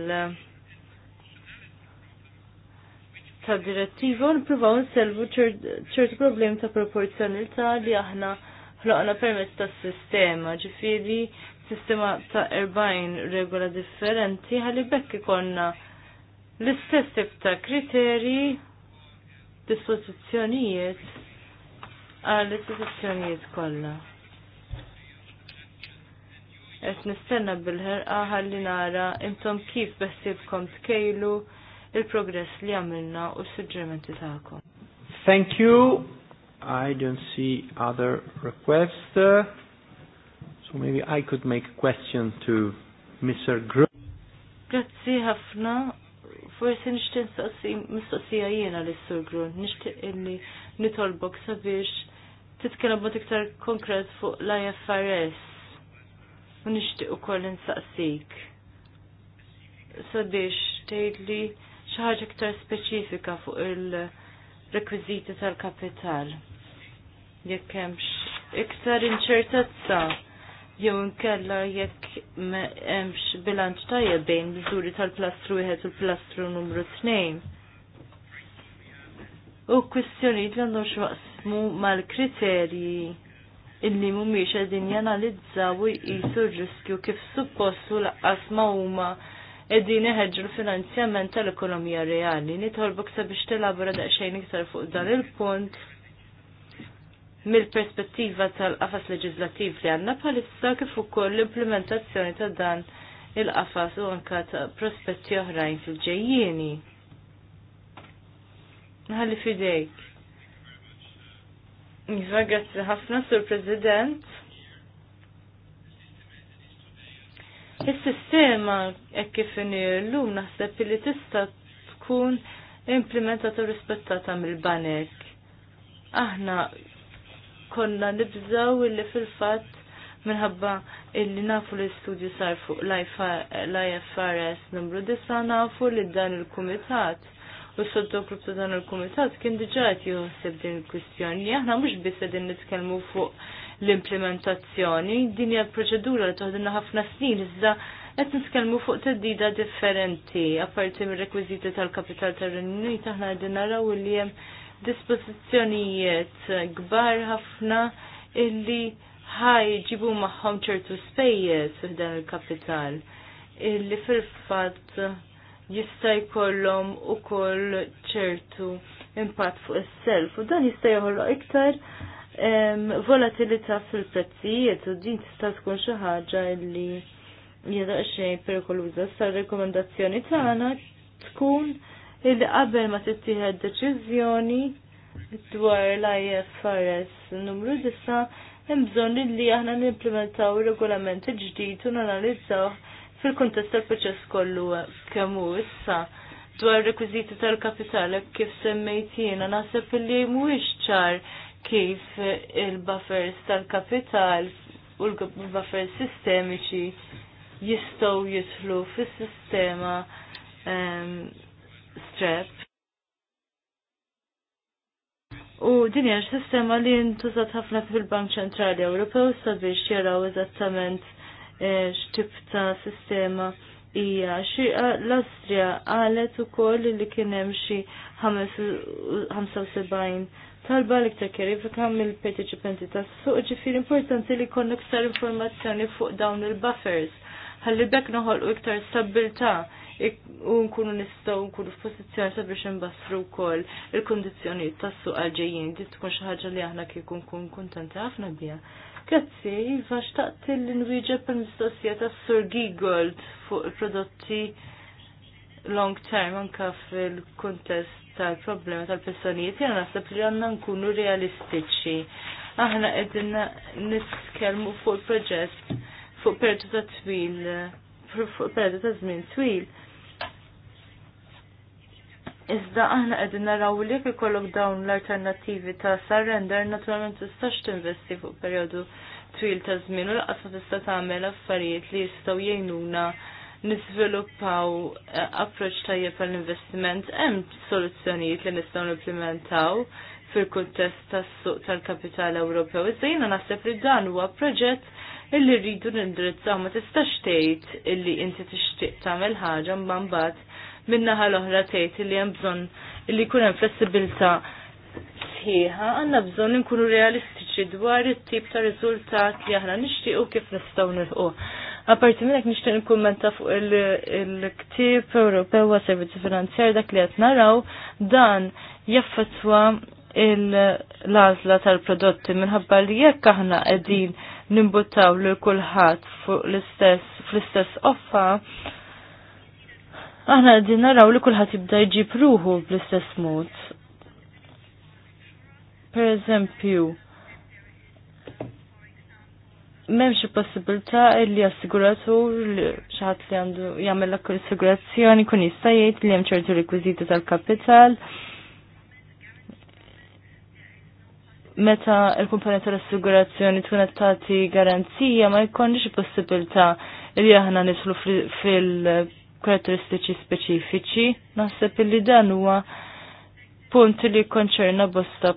ta' direttiva u nippruvaw nselvu ċertu problem ta' proporzjonalità li aħna ħloqna permezz tas sistema ġifieri sistema ta' 40 regola differenti ħalli bekk ikonna l-istess tip ta' kriterji dispożizzjonijiet għal istituzzjonijiet kollha. Qed nistenna bil-ħerqa ħalli nara imtom kif beħsiebkom tkejlu il-progress li għamilna u s-suġġerimenti tagħkom. Thank you. I don't see other requests. So maybe I could make a question to Mr. Gro. Grazzi ħafna Forsi nixtieq mistoqsija jiena li sur Grun, nixtieq illi nitolbok sabiex titkellem mod iktar konkret fuq l-IFRS. U nixtieq ukoll nsaqsik. Sabiex tgħidli xi ħaġa iktar speċifika fuq il-rekwiżiti tal-kapital. Jekk hemmx iktar inċertezza jew inkella jekk hemmx bilanċ tajjeb bejn miżuri tal-plastru wieħed u l-plastru numru tnejn. U kwistjonijiet li għandhom x'waqsmu mal-kriterji illi mhumiex qegħdin janalizzaw u jqisu r-riskju kif suppostu laqqas ma huma qegħdin iħeġġu l-finanzjament tal-ekonomija reali. Nitolbok sabiex tilabora daqsxejn iktar fuq dan il-punt mill-perspettiva tal-qafas leġislattiv li għanna bħalissa kif ukoll l-implementazzjoni ta' dan il-qafas u anka ta' prospetti oħrajn fil-ġejjieni. Ħalli fidejk. Iva, grazzi ħafna, Sur President. Is-sistema hekk kif llum naħseb li tista' tkun implementata u rispettata mill-banek. Aħna konna nibżaw illi fil-fat minħabba illi nafu l-istudju sar fuq l-IFRS numru 9 nafu li dan il-komitat u s-sottokrup ta' dan il-komitat kien diġat juħseb din il-kwistjoni li aħna mux bisa din nitkelmu fuq l-implementazzjoni din hija proċedura li toħdilna ħafna snin iżda qed nitkellmu fuq teddida differenti apparti mir-rekwiżiti tal-kapital tar-Renju Unit aħna qegħdin naraw li hemm dispożizzjonijiet kbar ħafna illi ħaj ġibu maħħom ċertu spejjeż f'dan il-kapital illi fil-fatt jista' jkollhom ukoll ċertu impatt fuq is-self u dan jista' joħolq iktar volatilità fil-prezzijiet u din tista' tkun xi ħaġa illi jadaq xejn perikoluża. Sa rekomendazzjoni tagħna tkun illi qabel ma tittieħed deċiżjoni dwar l-IFRS numru 9 hemm bżonn li aħna nimplementaw ir-regolament ġdid u nanalizzaw fil-kuntest tal-proċess kollu kemm hu issa dwar rekwiżiti tal-kapital kif semmejt jiena naħseb illi mhuwiex ċar kif il-buffers tal-kapital u l-buffers sistemiċi jistgħu jidħlu fis-sistema ehm, strep. U din hija sistema li ntużat ħafna fil-Bank Ċentrali Ewropew sabiex jaraw eżattament eh, x'tip ta' sistema hija xi l-Astrija qalet ukoll li kien hemm xi 75 talba li ktar kerifika mill-participenti tas-suq ġifieri importanti li jkollna iktar informazzjoni fuq dawn il-buffers ħalli bekk noħolqu iktar stabilta' u nkunu nistgħu nkunu f'pożizzjoni sabiex imbassru wkoll il-kundizzjonijiet tas-suq għalġejjin di tkun xi ħaġa li aħna kieku nkun kuntenti ħafna biha. Grazzi, Iva, xtaqt l-inwieġeb per mistoqsija tas-Sur Gigold fuq il-prodotti long term anka fil-kuntest tal-problema tal-personijiet, jena nasab li għanna nkunu realistiċi. Aħna qegħdin nitkellmu fuq il-proġett fuq perdu ta' twil, fuq perdu ta' żmien twil Iżda aħna qegħdin naraw li ikollok dawn l-alternattivi ta' surrender naturalment tistax tinvesti fuq perjodu twil ta' żmien u laqas ma tista' tagħmel affarijiet li jistgħu jgħinuna nisviluppaw eh, approċċ tajjeb għall-investiment hemm soluzzjonijiet li nistgħu nimplementaw fil-kuntest tas-suq tal-kapital Ewropew. Iżda jiena naħseb li dan huwa proġett illi rridu nindirizzaw ma tistax tgħid illi inti tixtieq tagħmel ħaġa mbagħad minna l-oħra tgħid li hemm bżonn li jkun hemm flessibilità sħiħa, għandna bżonn inkunu realistiċi dwar it-tip ta' riżultat li aħna nixtiequ kif nistgħu nilħu. Aparti minn hekk nixtieq nikkummenta fuq il-ktieb Ewropew għas servizzi finanzjari dak li qed naraw dan jaffettwa l-għażla tal-prodotti minħabba li jekk aħna qegħdin nimbuttaw li kulħadd fuq l-istess fl-istess offa aħna qegħdin naraw li kulħadd jibda jġib ruħu bl-istess mod. Per eżempju, memx possibilità li assiguratur li xaħat li għandu jagħmel kull assigurazzjoni kun jista' jgħid li hemm ċertu rekwiżiti tal-kapital. Meta l-kumpanija tal-assigurazzjoni tkun qed tagħti garanzija ma jkollniex possibilità li aħna nidħlu fil karatteristiċi speċifiċi, naħseb li dan huwa punt li konċerna bosta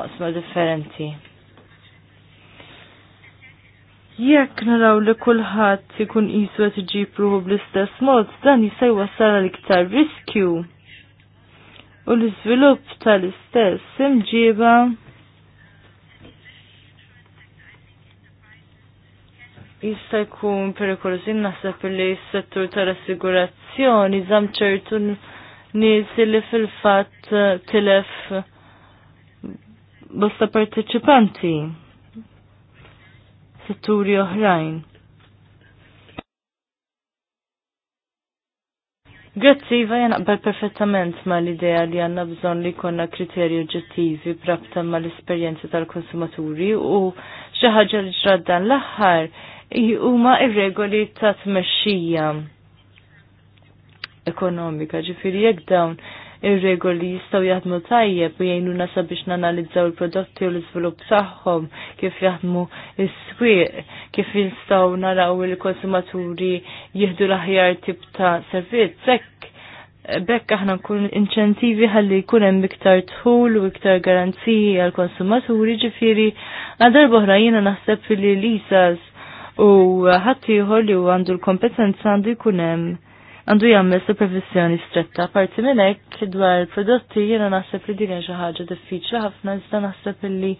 oqsma differenti. Jekk naraw li kulħadd ikun qisu qed iġib ruħu bl-istess mod, dan jista' jwassal l-iktar riskju. U l-iżvilupp tal-istess imġiba jista' jkun perikolużi naħseb li s-settur tal-assigurazzjoni żamm ċertu nies li fil-fatt eh, tilef bosta parteċipanti setturi oħrajn. Grazzi, Iva, jenaqbel perfettament ma l-idea li għanna bżon li konna kriterji oġġettivi prabta ma l-esperienza tal-konsumaturi u xaħġa li ġraddan l-axħar huma ir-regoli ta' tmexxija ekonomika, ġifieri jekk dawn ir-regoli jistgħu jaħdmu tajjeb u jgħinuna sabiex nanalizzaw il-prodotti u l-iżvilupp tagħhom kif jaħdmu is-swieq, kif jistgħu naraw il-konsumaturi jieħdu l-aħjar tip ta' servizz, hekk bekk aħna nkun inċentivi ħalli jkun hemm iktar tħul u iktar garanziji għall konsumaturi ġifieri għadarba oħra jiena naħseb fil-lisas u ħaddieħor li għandu l-kompetenza għandu jkun hemm għandu jagħmel supervizjoni stretta. Parti minn hekk dwar prodotti jiena naħseb li din hija xi ħaġa diffiċli ħafna iżda naħseb li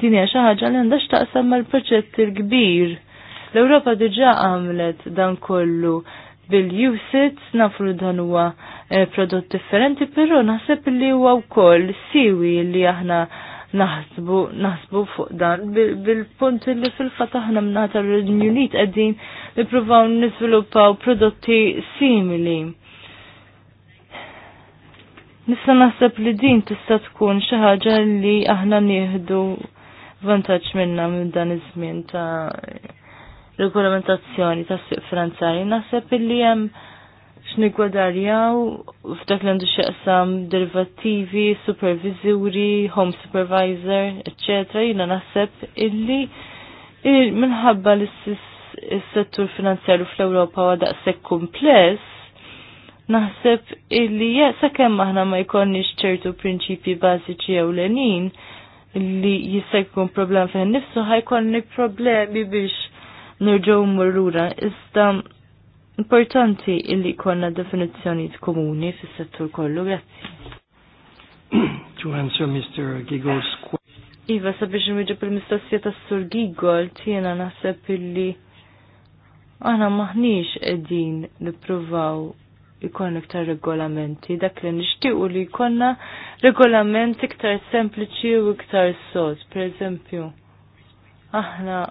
din hija xi ħaġa li għandha x'taqsam mal-proġett il-kbir. L-Ewropa diġa' għamlet dan kollu bil-usit, nafru dan huwa eh, prodott differenti, però naħseb li huwa wkoll siwi li aħna naħsbu naħsbu fuq dan bil-punt li fil-fatt aħna mnata r-Unit qegħdin provaw niżviluppaw prodotti simili. Nista' naħseb li din tista' tkun xi ħaġa li aħna nieħdu vantaġġ minnha minn dan iż-żmien ta' regolamentazzjoni ta' suq Franzari. Naħseb li hemm x'niggwadarjaw f'dak li għandu x'jaqsam derivattivi, supervisuri, home supervisor, etc. jiena naħseb illi minħabba li s-settur finanzjaru fl-Ewropa għadaq daqshekk kumpless, naħseb illi jaqsa kemm aħna ma jkollniex ċertu prinċipji bażiċi ewlenin li jista' jkun problem fejn nifsu ħajkollni problemi biex nerġgħu mmurrura. Iżda Importanti illi konna definizjoni komuni fis-settur kollu, grazzi. to answer Mr. Giggle's question. Iva, sabiex nwiġib il-mistoqsija tas sur Giggle, tiena naħseb illi aħna maħniex qegħdin nippruvaw ikon iktar regolamenti, dak li nixtiequ li jkollna regolamenti iktar sempliċi u iktar sot. Per eżempju, aħna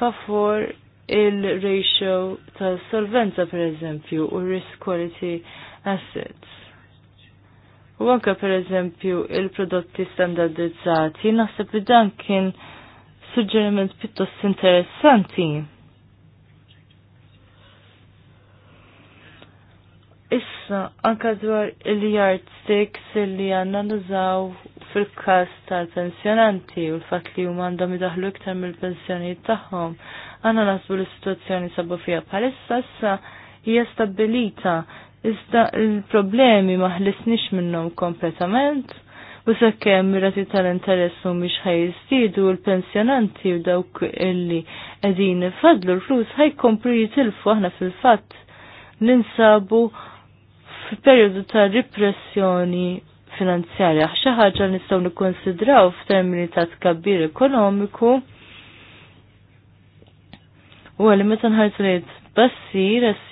favor il-ratio ta' solvenza per eżempju u risk quality assets. U anka per eżempju il-prodotti standardizzati, naħseb li dan kien suġġeriment pittost interessanti. Issa, anka dwar il-yardsticks li għanna nużaw fil-kas tal-pensjonanti u l-fat li huma għandhom idaħlu iktar mill-pensjonijiet tagħhom għanna nasbu l-situazzjoni sabu fija palissa issa hija stabilita iżda l-problemi maħlisnix minnhom kompletament u sakkemm mirati tal interessu u mhix ħajjiżdiedu l-pensjonanti u dawk illi qegħdin ifadlu l-flus ħajkomplu jitilfu aħna fil-fatt ninsabu f'perjodu ta' repressjoni finanzjarja. ħaġa nistgħu nikkonsidraw f'termini ta' tkabbir ekonomiku u għalli meta nħarsu li SCMU,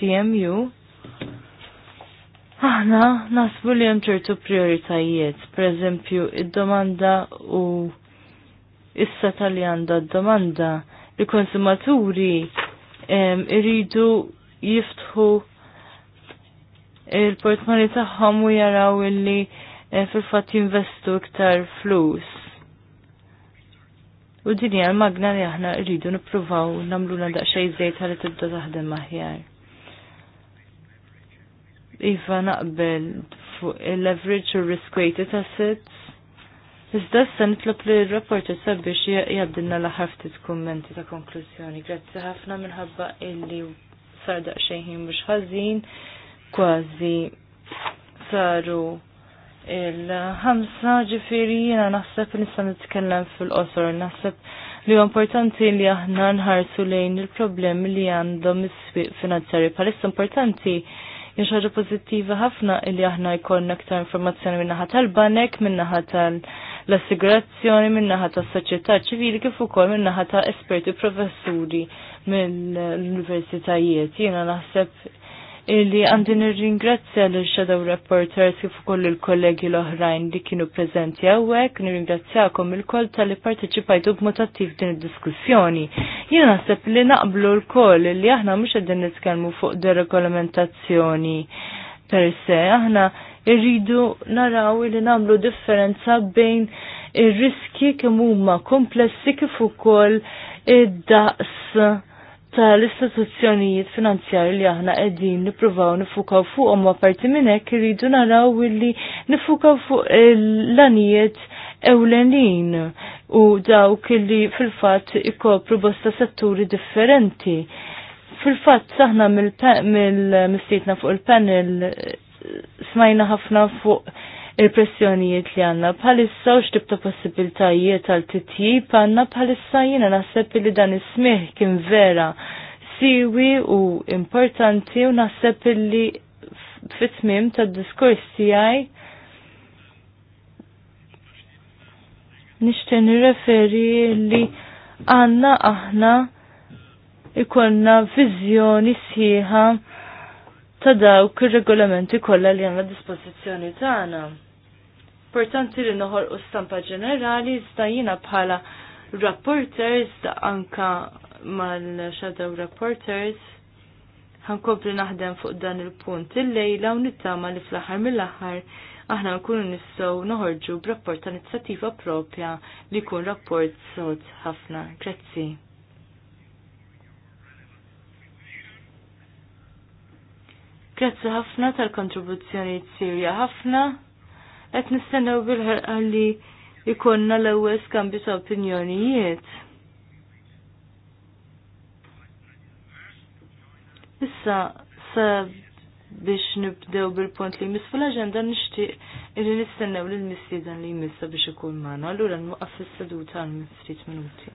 cmu aħna nasbu li hemm ċertu prioritajiet, pereżempju id-domanda u issa tal-li għandha d-domanda li konsumaturi irridu jiftħu il-portmani tagħhom u jaraw illi eh, fil-fatt jinvestu iktar flus U dini għal l-magna li aħna rridu nippruvaw nagħmluna daqsxejn żejt ħalli tibda taħdem aħjar. Iva naqbel fuq il-leverage u risk-weighted assets Iżda issa nitlob li r-rapporter sabiex jgħaddilna l laħafti ftit kummenti ta' konklużjoni. Grazzi ħafna minħabba illi sar daqsxejn mhux ħażin, kważi saru il-ħamsa ġifiri jena naħseb nista' nitkellem fil-qosor, naħseb li importanti li aħna nħarsu lejn il-problemi li għandhom is-swieq finanzjari. Palissa importanti jinxħaġa pozittiva ħafna li aħna jkollna aktar informazzjoni minnaħa tal-banek, minnaħa tal-assigurazzjoni, minnaħa tas-soċjetà ċivili kif ukoll minnaħa ta' esperti professuri mill-universitajiet. Jiena naħseb illi għandi nirringrazzja l shadow Reporters kif ukoll il-kollegi l-oħrajn li kienu preżenti hawnhekk, nirringrazzjakom il-koll tal-li parteċipajtu b'mod attiv din id-diskussjoni. Jiena naħseb li naqblu l-koll li aħna mhux qegħdin nitkellmu fuq deregolamentazzjoni per se, aħna irridu naraw li nagħmlu differenza bejn ir-riski kemm huma komplessi kif ukoll id-daqs tal-istituzzjonijiet finanzjarji li aħna qegħdin nippruvaw nifukaw fuqhom ma minn hekk irridu naraw illi nifukaw fuq l-anijiet ewlenin u dawk illi fil-fatt ikopru bosta setturi differenti. Fil-fatt saħna mill-mistietna fuq il-panel smajna ħafna fuq il-pressjonijiet li għanna bħalissa u xtibta ta' possibiltajiet għal titjib għanna bħalissa jina naħseb li dan ismiħ kien vera siwi u importanti u naħseb li fitmim ta' diskors tijaj nishtin referi li għanna aħna ikonna vizjoni sħiħa ta' dawk ir-regolamenti kollha li għandna dispożizzjoni tagħna. Importanti li noħor u stampa ġenerali, iżda jina bħala rapporters, da anka mal-shadow rapporters, ħankompli naħdem fuq dan il-punt il-lejla u nittama li fl-aħħar mill-aħħar aħna nkunu nistgħu noħorġu b'rapport ta' inizjattiva propja li jkun rapport sod ħafna. Grazzi. Grazzi ħafna tal-kontribuzzjoni sirja ħafna qed nistennew bil-ħerqa li ikonna l-ewwel skambju ta' opinjonijiet. Issa sa biex nibdew bil-punt li jmiss fl-aġenda nixtieq li nistennew lil missieden li jmissa biex ikun magħna. Allura nwaqqaf is-seduta għal ftit minuti.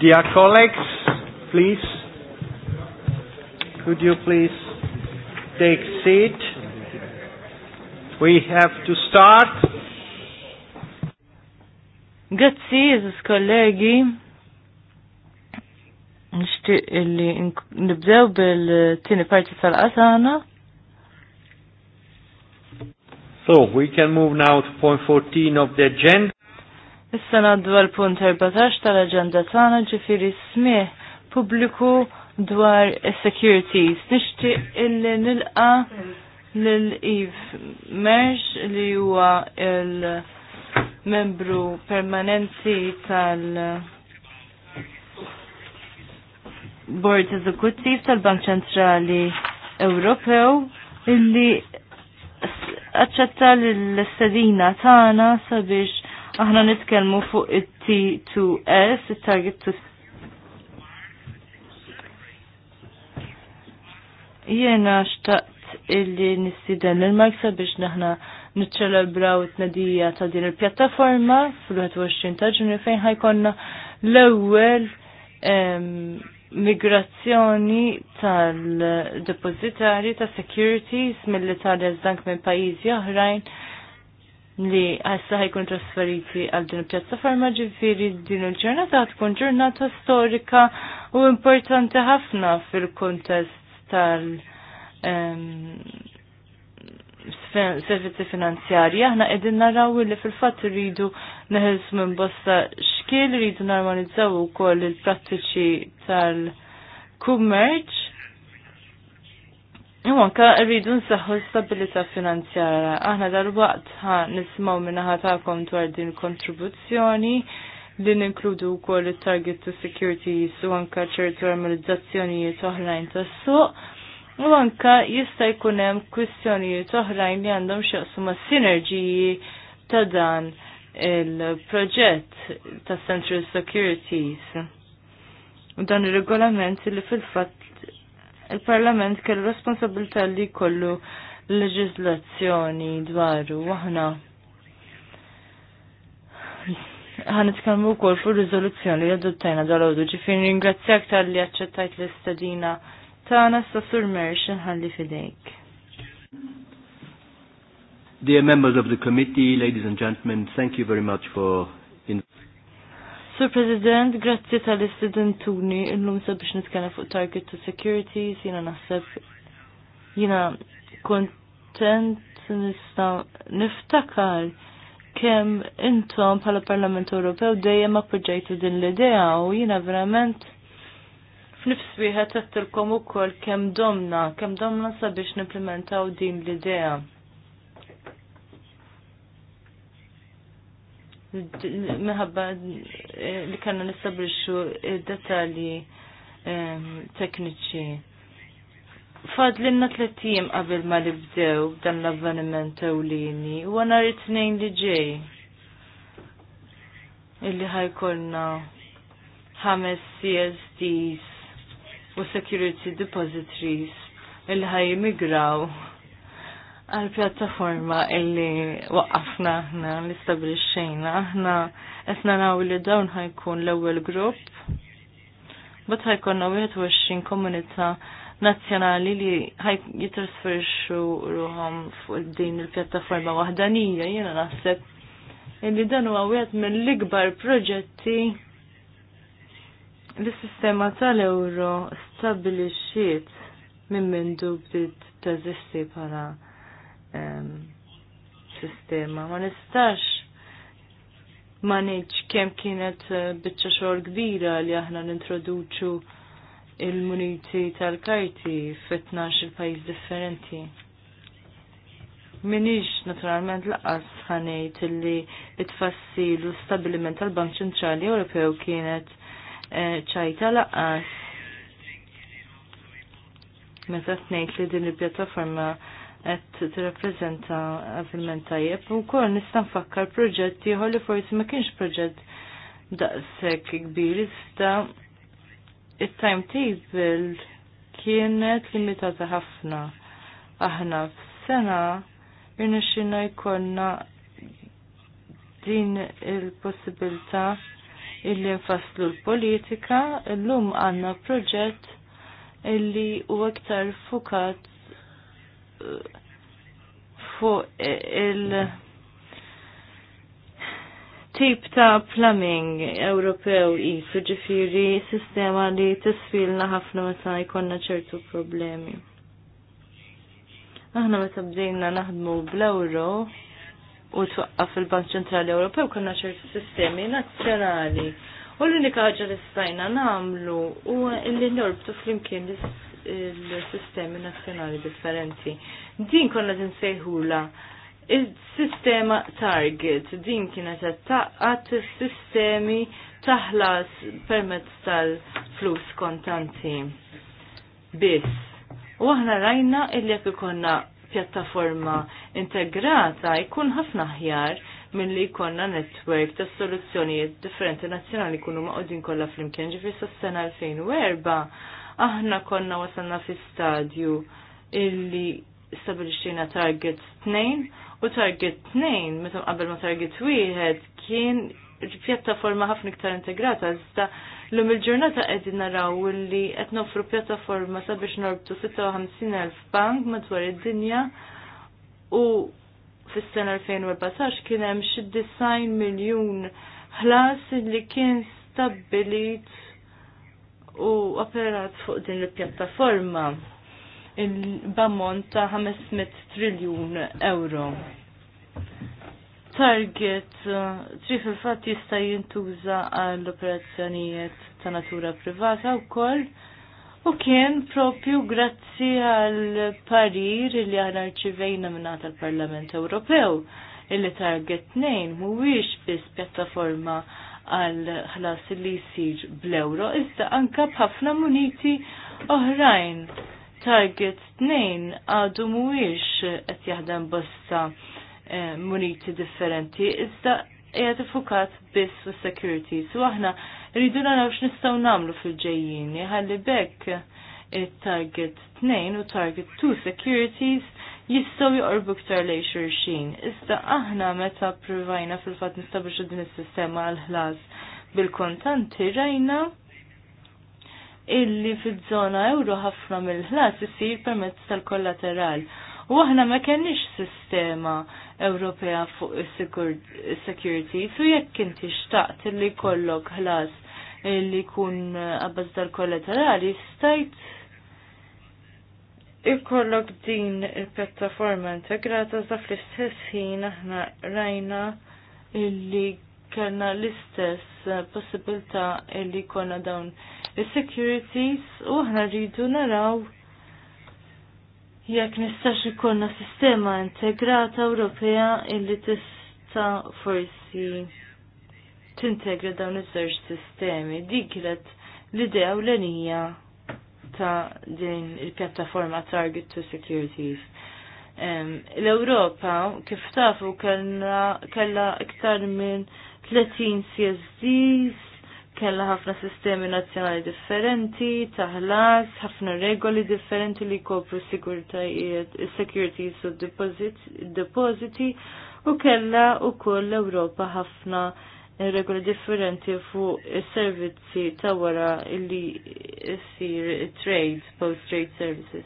Dear colleagues, please, could you please take seat? We have to start. Grazie, eżis kollegi. Nishtiq illi nibdew bil-tini parti tal-qasana. So, we can move now to point 14 of the agenda sena dwar punt 14 tal-agenda tagħna ġifieri smih pubbliku dwar securities. Nixtieq illi nilqa lil iv Mersh li huwa il-membru permanenti tal- Bord Eżekuttiv tal-Bank Ċentrali Ewropew illi aċċetta l sedina tagħna sabiex aħna nitkellmu fuq it-T2S, it-Target to Jena xtaqt illi nissiden il marksa biex naħna niċċelebraw it-nadija ta' din il-pjattaforma fl-21 ta' ġunju fejn ħajkonna l-ewwel migrazzjoni tal-depozitari ta' securities mill-Italja zdank minn pajjiżi oħrajn li għassa ħajkun trasferiti għal din il farma ġifiri din il-ġurnata tkun ġurnata storika u importanti ħafna fil-kontest tal- servizzi finanzjarji, aħna qegħdin naraw li fil-fatt rridu neħels minn bosta xkiel rridu normalizzaw ukoll il-prattiċi tal-kummerċ Iwanka rridu nsaħħu stabilita finanzjara. Aħna dal-waqt ħa nismaw minnaħa tagħkom dwar din kontribuzzjoni li ninkludu wkoll it-target to securities u anka ċertu armonizzazzjonijiet oħrajn tas-suq. U anka jista' jkun hemm kwistjonijiet oħrajn li għandhom x'jaqsu ma' sinerġiji ta' dan il-proġett ta' Central Securities. U dan ir regolamenti li fil-fatt il-Parlament kell responsabilità li kollu leġizlazzjoni dwaru aħna ħan itkellmu wkoll fuq riżoluzzjoni li adottajna dal-għodu ġifieri ringrazzjak tal-li aċċettajt l-istadina tagħna sa sur Mersh inħalli fidejk. Dear members of the committee, ladies and gentlemen, thank you very much for Sur President, grazzi tal-istudentuni illum sabiex nitkellem fuq Target to security, jiena naħseb jiena kontent nista niftakar kemm intom bħala Parlament Ewropew dejjem appoġġejtu din l-idea u jiena verament f'nifs wieħed qedtilkom ukoll kemm domna, kemm domna sabiex nimplementaw din l-idea. minħabba eh, li kanna nistabrixxu dettalji ehm, tekniċi. Fadlinna tliet qabel ma li bdew dan l-avveniment ewlieni u nhar it-tnejn li ġej illi ħajkolna ħames CSDs u security depositories illi ħaj migraw għal-pjattaforma illi waqqafna ħna li istabilixxejna ħna qed naraw li dawn ħajkun l-ewwel grupp. Bat ħajkonna 21 komunità nazzjonali li jitrasferxu ruħom fuq din il-pjattaforma waħdanija jiena naħseb illi dan huwa wieħed mill-ikbar proġetti li sistema tal-euro stabilixxiet minn mindu bdiet teżisti bħala sistema. Ma nistax manejġ kem kienet eh, bitċa xogħol kbira li aħna nintroduċu il-muniti tal-karti fitnax il-pajis differenti. Minix naturalment laqas ħanejt illi it-fassil u stabiliment tal-Bank ċentrali Ewropew kienet eh, ċajta e, laqas. Meta tnejt li din il-pjattaforma qed tirrappreżenta avvilment tajjeb u wkoll nista' nfakkar proġett ieħor li forsi ma kienx proġett daqshekk kbir iżda it-timetable kienet limitata ħafna. Aħna f'sena irnexxina jkollna din il-possibilità illi nfasslu l-politika, l-lum għanna proġett illi u aktar fukat fuq il- tip ta' plumbing Ewropew jisu ġifiri sistema li tisfilna ħafna meta jkollna ċertu problemi. Aħna meta bdejna naħdmu bl-euro u twaqqaf il-Bank Ċentrali Ewropew konna ċertu sistemi nazzjonali. U l-unika ħaġa li stajna nagħmlu huwa illi norbtu flimkien il-sistemi nazzjonali differenti. Din konna tinsejħula il-sistema target, din kienet taqqat il-sistemi taħlas permezz tal-flus kontanti. Biss. U aħna rajna illi jekk ikonna pjattaforma integrata jkun ħafna ħjar minn li jkollna netwerk ta' soluzzjonijiet differenti nazzjonali jkunu maqodin kollha flimkien ġifri sas-sena 2004 aħna konna wasalna fi stadju illi stabilixxina target 2 u target 2 meta qabel ma target 1 kien pjattaforma ħafna iktar integrata zda l-lum il-ġurnata qegħdin naraw illi qed nofru pjattaforma sabiex norbtu 56,000 bank madwar id-dinja u fis-sena 2014 kien hemm xi design miljun ħlas li kien stabbilit u operat fuq din il-pjattaforma il-bammont ta' 500 triljun euro. Target eh, tri fil-fat jista jintuża għall operazzjonijiet ta' natura privata u koll u kien propju grazzi għal parir li għana rċivejna minna tal-Parlament Ewropew li target 2 mhuwiex biss pjattaforma għal ħlas li jsir bl-euro, iżda anka b'ħafna muniti oħrajn. Target 2 għadu mhuwiex qed jaħdem bosta eh, muniti differenti, iżda qiegħed ifukat biss fis security. So aħna rridu għax nistaw nagħmlu fil ġejjini ħalli bekk it-target 2 u target 2 securities jistgħu joqorbu iktar lej xurxin. Iżda aħna meta provajna fil-fatt nistabrixu din is-sistema għal ħlas bil-kontanti rajna illi fil-żona euro ħafna mill-ħlas isir permezz tal-kollateral. U aħna ma kenniex sistema Ewropea fuq is-security, su jekk inti xtaqt li kollok ħlas li kun abbazz tal kollaterali stajt ikollok din il-pjattaforma integrata za fl-istess ħin aħna rajna illi kellna l-istess possibilità illi konna dawn is-securities u aħna rridu naraw jekk nistax ikollna sistema integrata Ewropea illi tista' forsi tintegra dawn iż-żewġ sistemi. Dik kienet l-idea u l-enija ta' din il-pjattaforma Target to Securities. Um, L-Europa kif tafu kella iktar minn 30 CSDs, kella ħafna sistemi nazzjonali differenti, taħlas, ħafna regoli differenti li kopru securities u depositi, u kella u koll l-Europa ħafna regoli differenti fuq is-servizzi ta' wara illi issir trade, post-trade services.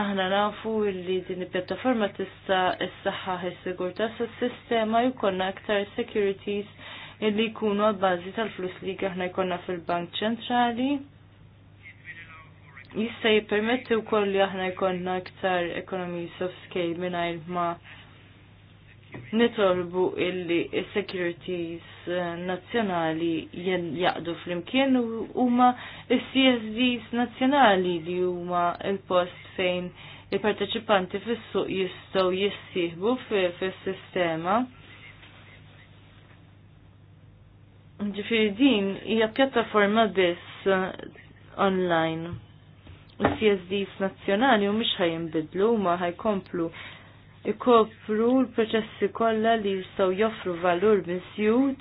Aħna nafu illi din il-pjattaforma tista' s-saħħaħ is-sigurtà sas-sistema jukonna aktar securities illi jkunu għal-bażi tal-flus li aħna jkollna fil-Bank Ċentrali. Jista' jippermetti wkoll li aħna jkollna aktar economies of scale mingħajr ma' nitolbu illi securities eh, nazzjonali jaqdu fl-imkien u huma s-CSDs nazzjonali li huma il-post fejn il-parteċipanti fis-suq jistgħu jissieħbu fis-sistema. Ġifieri din hija pjattaforma biss eh, online. Is-CSDs nazzjonali u mhux ħajinbidlu huma ħajkomplu ikopru l-proċessi kollha li jistgħu joffru valur minn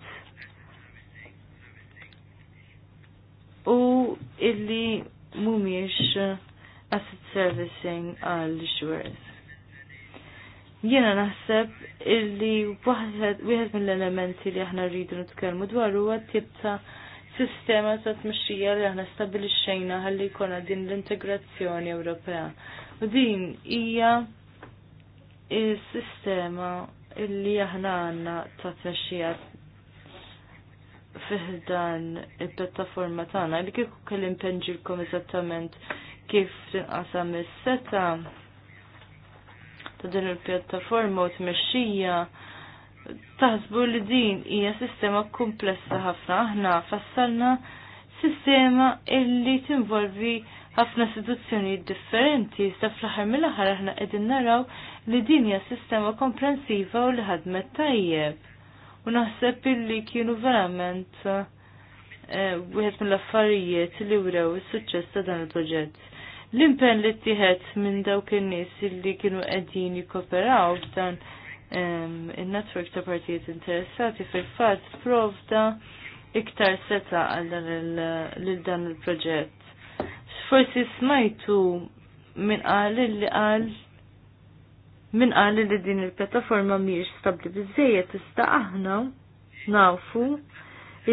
u illi mhumiex asset servicing għal xwers. Jiena naħseb illi wieħed mill-elementi li aħna rridu nitkellmu dwar huwa tip ta' sistema ta' tmexxija li aħna stabilixxejna ħalli jkollna din l-integrazzjoni Ewropea. U din hija il-sistema illi aħna għanna ta' tmexxija fiħdan il-pjattaforma tagħna li kieku kellim penġilkom eżattament kif tinqasam is-seta ta' din il-pjattaforma u tmexxija taħsbu li din hija sistema komplessa ħafna aħna fassalna sistema illi tinvolvi ħafna situazzjoni differenti, sta fl-aħħar mill-aħħar aħna qegħdin naraw li din hija sistema komprensiva u li ħadmet tajjeb. U naħseb illi kienu verament eh, wieħed mill-affarijiet li wraw is-suċċess ta' dan il-proġett. L-impenn li ttieħed minn dawk in-nies li kienu qegħdin jikkoperaw f'dan eh, il-network ta' partijiet interessati fil-fatt provda iktar seta għal dan il-proġett forsi smajtu min qal li qal min qal li din il-pjattaforma mhijiex stabbli biżejjed tista' aħna nafu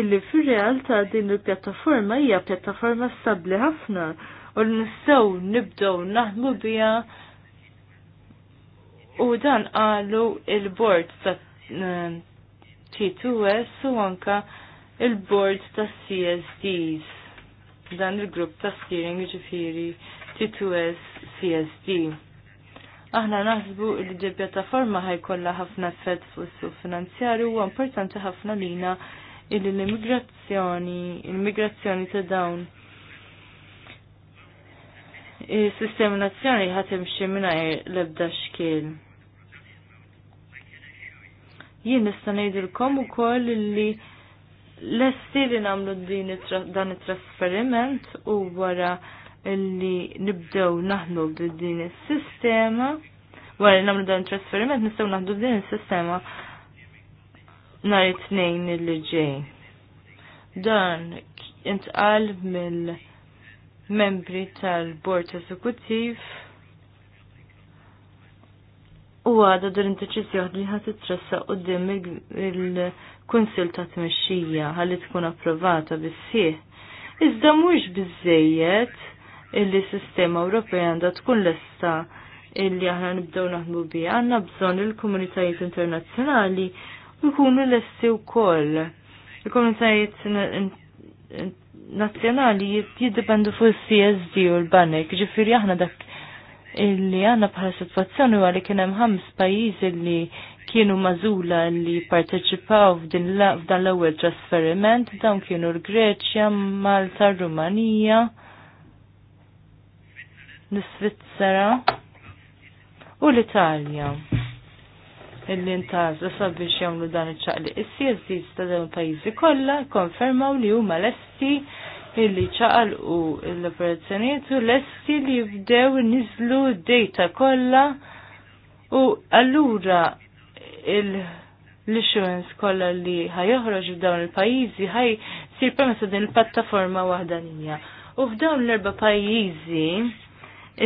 illi fir-realtà din il-pjattaforma hija pjattaforma stabbli ħafna u nistgħu nibdew naħdmu biha u dan qalu il-bord ta' eh, T2S u anka il-bord ta' CSDs dan il-grupp ta' steering ġifiri T2S CSD. Aħna naħsbu li di pjattaforma ħajkolla ħafna effett fuq s finanzjarju u importanti ħafna lina illi l-immigrazzjoni, l-immigrazzjoni ta' dawn il-sistema nazzjonali ħat imxi mingħajr l-ebda xkiel. Jien nista' ngħidilkom ukoll li Lesti li namlu dan it-trasferiment u wara li nibdew naħlu din is-sistema wara li namlu dan il trasferiment nistgħu naħdu b'din is-sistema nhar it-tnejn li ġej. Dan intqal mill-membri tal-Bord Eżekuttiv u għada din id-deċiżjoni li trasa u qudiem il- kunsil ta' tmexxija ħalli tkun approvata bis-sieħ. Iżda mhux biżejjed illi sistema Ewropea għandha tkun lesta illi aħna nibdew naħdmu bi għandna bżonn il-komunitajiet internazzjonali jkunu lesti wkoll. Il-komunitajiet nazzjonali jiddependu fuq is-CSD u l-banek, ġifieri aħna dak illi għandna bħala sitwazzjoni għalli kien hemm ħames pajjiżi li kienu mażula li parteċipaw f'dan l-ewwel trasferiment, dawn kienu l-Greċja, Malta, Rumanija, l-Svizzera u l-Italja. Illi ntażla sabiex jagħmlu dan iċ-ċaqli. Is-CSDs ta' dawn pajjiżi kollha konfermaw li huma lesti illi ċaqalqu l-operazzjonijiet u lesti li jibdew niżlu d-data kollha u allura l-issuance kollha li ħajoħroġ f'dawn il-pajjiżi ħaj sir permessa din il-pattaforma waħdanija. U f'dawn l-erba' pajjiżi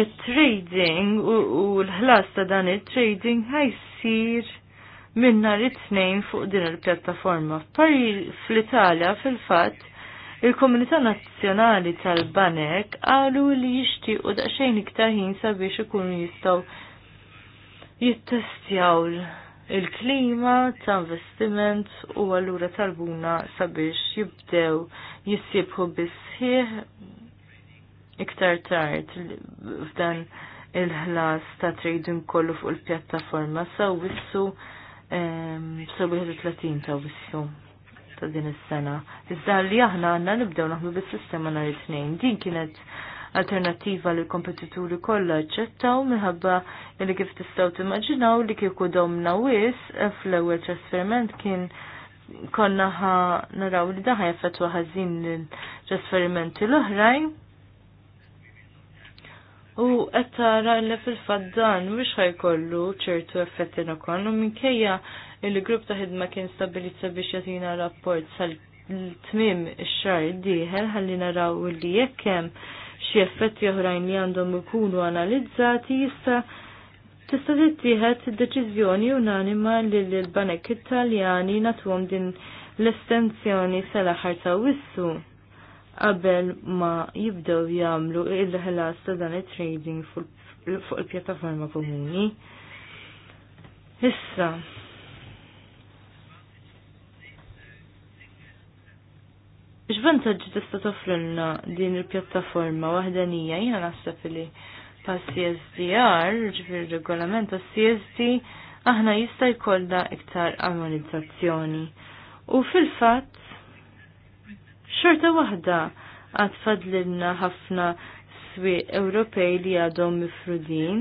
il-trading u l-ħlas ta' dan il-trading ħaj minn nhar it-tnejn fuq din il-pjattaforma. Fl-Italja fil-fatt il-Komunità Nazzjonali tal-Banek qalu li jixtiequ daqsxejn iktar ħin sabiex ikunu jistgħu jittestjaw il-klima ta' investiment u għallura buna sabiex jibdew jissibħu bisħieħ iktar tard f'dan il-ħlas ta' trading kollu fuq il-pjattaforma sa' wissu sa' 31 ta' wissu ta' din is-sena. Iżda li aħna għandna nibdew naħmu bis-sistema nhar it-tnejn. Din kienet alternativa li kompetituri kollha ċettaw minħabba li kif tistgħu timmaġinaw li kieku domna wis eh, fl-ewwel trasferiment kien konna ħa naraw li daħħa jaffettwa ħażin l-trasferimenti l-oħrajn. U qed tara li fil faddan mux ħajkollu ċertu effetti ukoll u minkejja il-grupp ta' ħidma kien stabilizza biex jatina rapport sal-tmim ix-xar diħel ħalli naraw li jekk hemm xi effetti oħrajn li għandhom ikunu analizzati jista' tista' tittieħed deċiżjoni unanima li l-Banek Italjani natwom din l-estenzjoni sal-aħħar ta' wissu qabel ma jibdew jagħmlu il-ħelas ta' dan it-trading fuq il-pjattaforma komuni. Issa, X'vantaġġi tista' toffrilna din il-pjattaforma waħdanija jina naħseb li pa' CSDR, ġifir regolament ta' CSD, aħna jista' jkollna iktar armonizzazzjoni. U fil-fatt xorta waħda għad fadlilna ħafna swi Ewropej li għadhom mifrudin.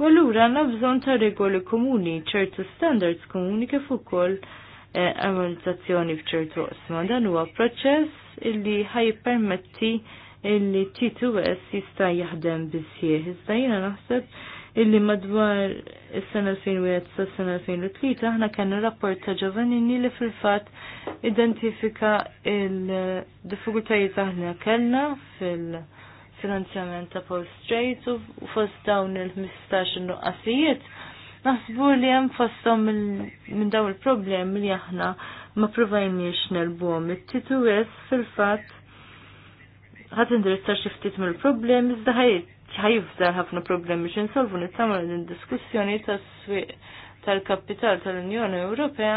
U allura għandna bżonn ta' regoli komuni, ċertu standards komuni kif ukoll Eh, armonizzazzjoni f'ċertu qsma. Dan huwa proċess illi ħajpermetti illi T2S jista' jaħdem bisħieħ. Iżda jiena naħseb illi madwar is-sena 2001 sa sena 2003 aħna kellna rapport ta' ġovanini li fil-fatt identifika il-diffikultajiet aħna kellna fil- finanzjament ta' Paul Strait u fost dawn il-15 nuqqasijiet Naħsbu li hemm fostom minn daw il-problemi li aħna ma provajniex nelbuhom. It-titu fil-fatt ħat indirizza xi ftit mill-problemi iżda ħajfżar ħafna problemi xi nsolvu nittamel din diskussjoni tas-swieq tal-kapital tal-Unjoni Ewropea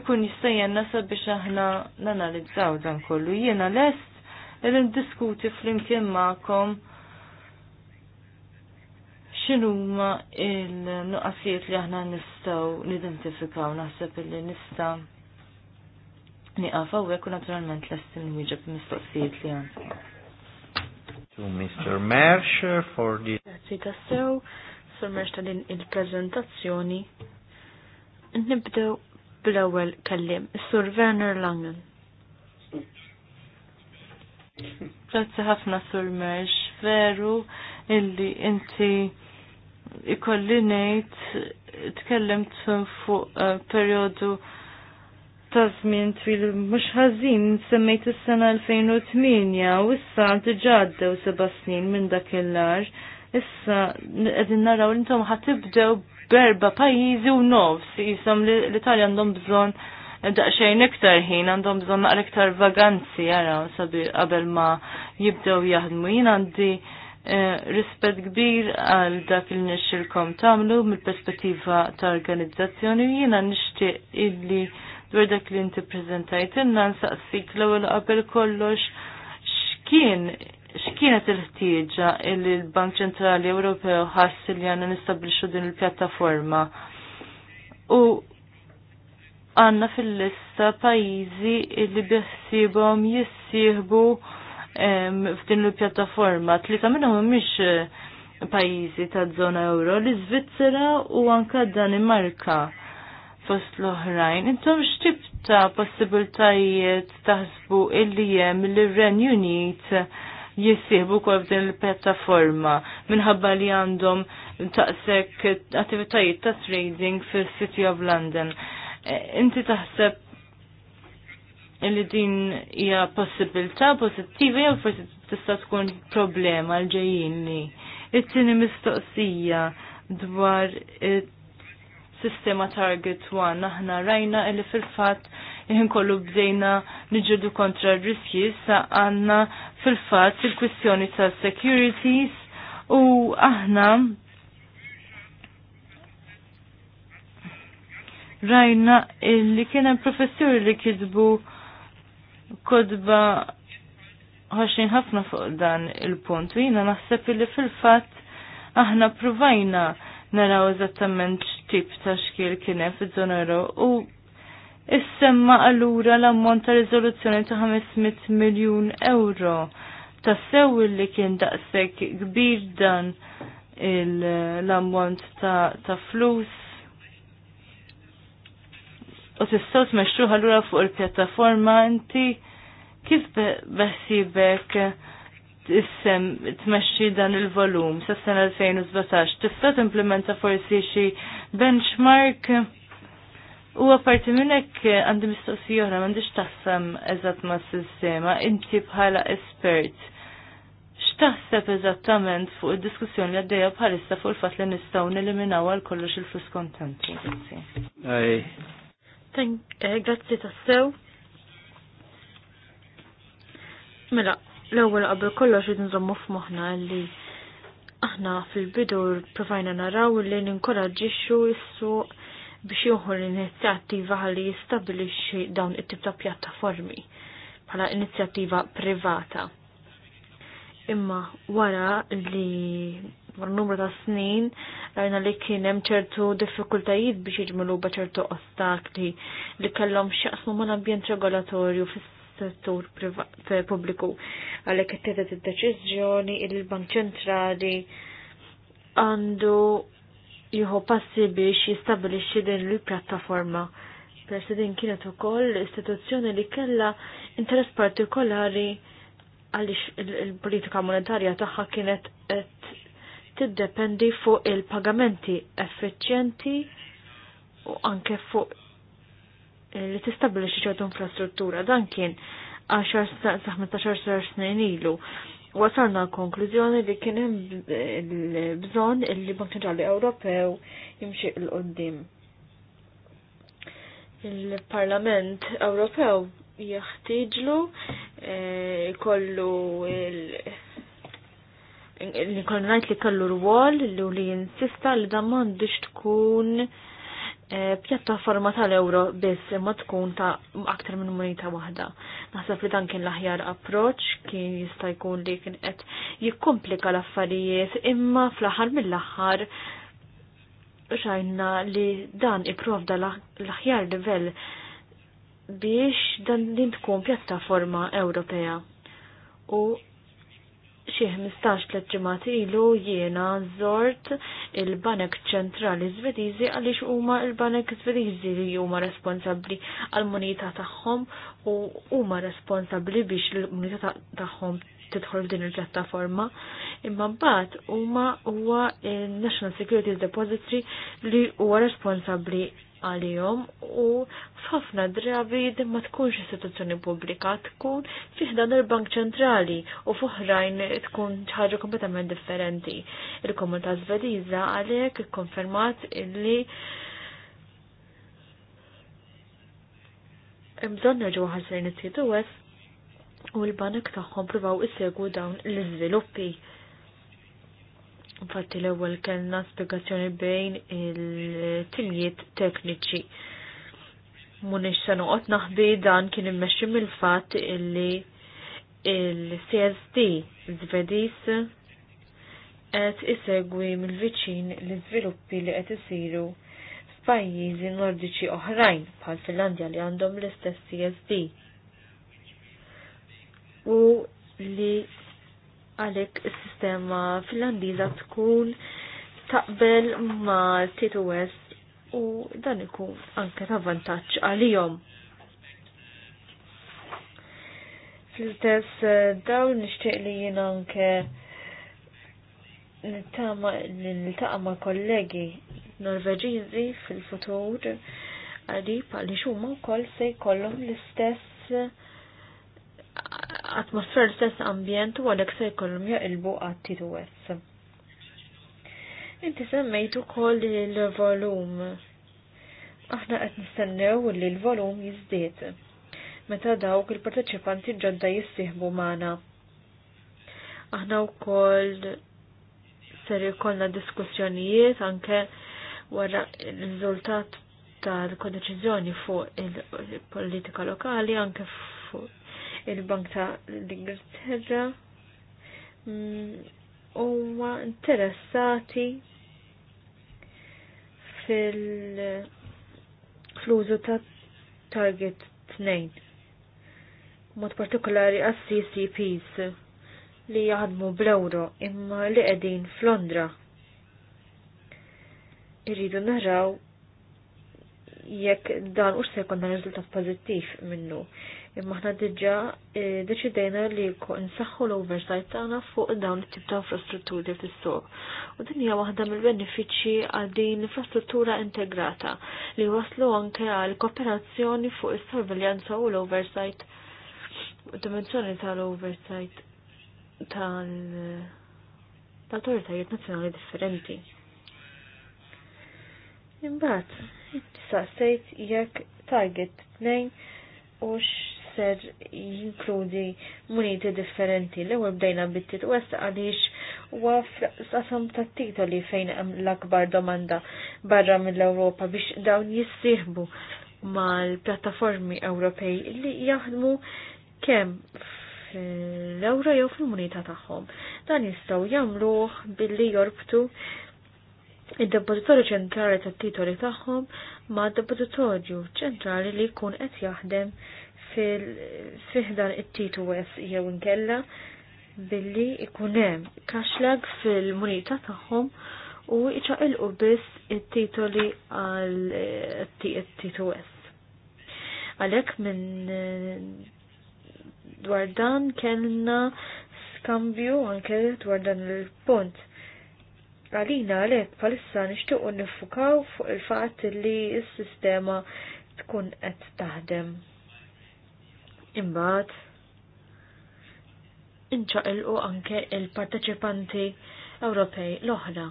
ikun jista' jenna sabiex aħna nanalizzaw dan kollu. Jiena lest irrid diskuti flimkien magħkom x'inhuma il-nuqqasijiet li aħna nistgħu nidentifikaw naħseb illi nista' niqafaw hawnhekk u naturalment l-estin inwieġeb mistoqsijiet li għan. To Mr. Mersh for the Grazie, tassew, Sir Mersh ta' din il-preżentazzjoni. Nibdew bl-ewwel kellim, Sir sur Werner Langen. Grazzi ħafna Sur Mersh, veru illi inti ikolli ngħid tkellem fuq eh, periodu ta' żmien twil mhux ħażin semmejt is-sena 2008 u issa u seba' snin minn dak il-lar. Issa qegħdin naraw li intom ħatibdew berba pajjiżi u nofs jisom li l-Italja għandhom bżonn daqxejn iktar ħin għandhom bżonn naqra iktar vaganzi jaraw sabi qabel ma jibdew jaħdmu. Jien għandi Eh, rispet kbir għal dak il nixxilkom tamlu mill-perspettiva ta' organizzazzjoni jiena nixtieq illi dwar dak li inti prezentajt inna nsaqsik l-ewwel qabel kollox x'kien x'kienet il-ħtieġa illi l-Bank Ċentrali Ewropew ħass li għandna nistabbilixxu din il-pjattaforma. U għandna fil-lista pajjiżi illi biħsibhom jissieħbu f'din il-pjattaforma. Tlita minnhom mhumiex eh, pajjiżi ta' żona euro, l-Iżvizzera u anka Danimarka fost l-oħrajn. Intom x'tib ta' possibiltajiet taħsbu illi hemm li r-Ren Unit jissieħbu kol f'din il-pjattaforma minħabba li għandhom taqsek attivitajiet ta' trading fil-City of London. Eh, inti taħseb Illi din hija possibilità pożittiva jew forsi tista' tkun problema l ġejjinni. It-tieni mistoqsija dwar sistema Target one. aħna rajna li fil-fatt jħin kollu bdejna nġirdu kontra riski sa għanna fil fatt il-kwistjoni ta' securities u aħna rajna illi kienem professjoni li kidbu kodba ħaxin ħafna fuq dan il-punt. Jina naħseb li fil-fat aħna provajna naraw eżattament x'tip ta' xkil hemm fiż-żona u issemma allura l-ammont ta' riżoluzzjoni ta' 500 miljun euro ta' sew li kien daqshekk kbir dan l-ammont ta', ta flus u tistaw tmexxuha lura fuq il-pjattaforma inti kif beħsibek t tmexxi dan il-volum sa sena 2017 tista' timplementa forsi xi benchmark u apparti minn hekk għandi mistoqsija oħra m'għandix taħsem eżatt ma' sistema inti bħala espert x'taħseb eżattament fuq id-diskussjoni li għaddejja bħalissa fuq il-fatt li nistgħu neliminaw għal kollox il-flus kontanti. Eh, grazzi tassew. Mela, l-ewwel qabel kollox irid nżommu f'moħħna li aħna fil-bidu provajna naraw li ninkoraġġixxu is suq biex joħu l-inizjattiva li jistabilixxi dawn it-tip ta' pjattaformi bħala inizjattiva privata. Imma wara li mar numru ta' snin rajna li kien hemm ċertu diffikultajiet biex jiġmlu ċertu ostakli li kellhom x'jaqsmu mal-ambjent regolatorju fis-settur pubbliku għalhekk ittedet id-deċiżjoni il bank Ċentrali għandu jieħu passi biex jistabilixxi din il-pjattaforma. Persi din kienet ukoll istituzzjoni li kellha interess partikolari għaliex il-politika monetarja tagħha kienet qed tiddependi fuq il-pagamenti effiċjenti u anke fuq li tistabilixi ċertu infrastruttura. Dan kien 10 15 snin ilu. Wasalna l-konklużjoni li kien hemm bżonn li Bank Ċentrali Ewropew jimxi l qoddim Il-Parlament Ewropew jeħtieġlu eh, kollu il- li kon najt li kellu rwol li li jinsista li dan biex tkun e, pjattaforma tal-euro biss imma tkun ta' aktar minn moneta waħda. Naħseb li dan kien l-aħjar approċ kien jista' jkun li kien qed jikkomplika l-affarijiet imma fl-aħħar mill-aħħar xajna li dan iprovda l-aħjar livell biex dan din tkun pjattaforma Ewropea u xi 15 tliet ġimgħat ilu jiena żort il-Banek Ċentrali Zvedizi għaliex huma l-Banek Zvedizi li huma responsabbli għall munita tagħhom u huma responsabbli biex l-munita tagħhom tidħol din il-pjattaforma. Imma mbagħad huma huwa il-National Security Depository li huwa responsabbli għalihom u f'ħafna drabi din ma tkunx istituzzjoni pubblika tkun fih dan il-Bank Ċentrali u f'oħrajn tkun ħaġa kompletament differenti. Il-Komunità Zvediza għalhekk ikkonfermat illi bżonn nerġgħu ħarsejn it-TTOS u l-banek tagħhom provaw isegwu dawn l-iżviluppi. Infatti l-ewwel kellna spjegazzjoni bejn il-tiljiet tekniċi. Munix se noqgħod naħbi dan kien immexxi mill-fatt illi il-CSD Zvedis qed isegwi mill-viċin l-iżviluppi li qed isiru f'pajjiżi nordiċi oħrajn bħal Finlandja li għandhom l-istess CSD. U li għalhekk is-sistema Finlandiża tkun taqbel ma' Titu West u dan ikun anke ta' vantaġġ għalihom. Fl-istess eh, dawn nixtieq li jien anke nil-taqa ma' kollegi Norveġiżi fil-futur għalib għaliex huma wkoll se jkollhom l-istess atmosfer l-istess ambjent u għalhekk se jkollhom jaqilbu għat għess. Inti semmejtu ukoll il-volum. Aħna qed nistennew li l-volum jiżdied meta dawk il-parteċipanti ġodda jissieħbu magħna. Aħna wkoll ser jkollna diskussjonijiet anke wara il riżultat tal-kodeċiżjoni fuq il-politika lokali anke fuq il-Bank ta' l-Ingilterra mm, huwa interessati fil-flużu ta' target 2 mod partikolari għas CCPs li jaħdmu bl-euro imma li qegħdin f'Londra. Irridu naraw jekk dan u se jkollna dan riżultat pożittiv minnu imma ħna diġa eh, deċidejna li nsaħħu l-oversight tagħna fuq dawn it-tip ta' infrastrutturi fis-suq. U din hija waħda mill-benefiċċji għal din l-infrastruttura integrata li waslu anke għal kooperazzjoni fuq is-sorveljanza u l-oversight u dimensjoni tal-oversight tal-autoritajiet nazzjonali differenti. Imbagħad, sa' sejt jekk target 2 u ser jinkludi muniti differenti li għur bdejna bittit u għasta għadix u għasam ta' titoli fejn l-akbar domanda barra mill-Europa biex dawn jissirbu mal-plattaformi Ewropej li jaħdmu kem l ewra jew fil-munita tagħhom. Dan jistgħu jagħmluh billi jorbtu id-depozitorju ċentrali tat-titoli tagħhom ma' depozitorju ċentrali li jkun qed jaħdem fil-fihdan it-T2S jew inkella billi ikunem kaxlag fil-munita tagħhom u iċaqilqu biss it-titoli għal eh, T2S. Għalek minn eh, dwar dan kellna skambju anke dwar dan il-punt. Għalina għalek palissa nishtuq nifukaw fuq il-fat li s-sistema tkun qed taħdem. Imbagħad inċaqilqu anke il-parteċipanti Ewropej l-oħra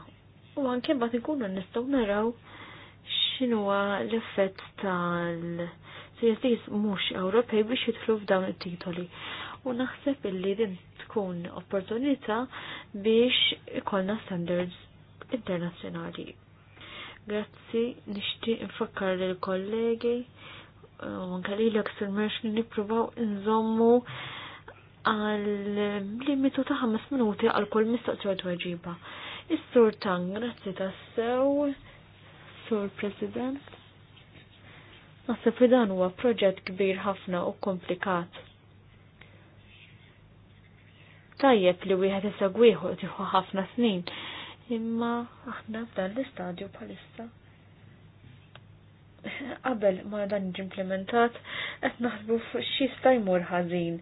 u anke mbagħad inkunu nistgħu naraw x'inhuwa l-effett tal CSDs mhux Ewropej biex jidħlu f'dawn it-titoli. U naħseb illi din tkun opportunità biex ikollna standards internazzjonali. Grazzi, nixtieq nfakkar lill kollegi anka li l-ek sul li niprovaw nżommu għal limitu ta' 5 minuti għal kull mistoqsija tweġiba. Is-sur tang, grazzi ta' sew, sur president. Nasib li dan huwa proġett kbir ħafna u komplikat. Tajjeb li wieħed isegwieħu tieħu ħafna snin, imma aħna f'dan l-istadju bħalissa qabel ma dan implementat qed naħsbu fuq xi jmur ħażin.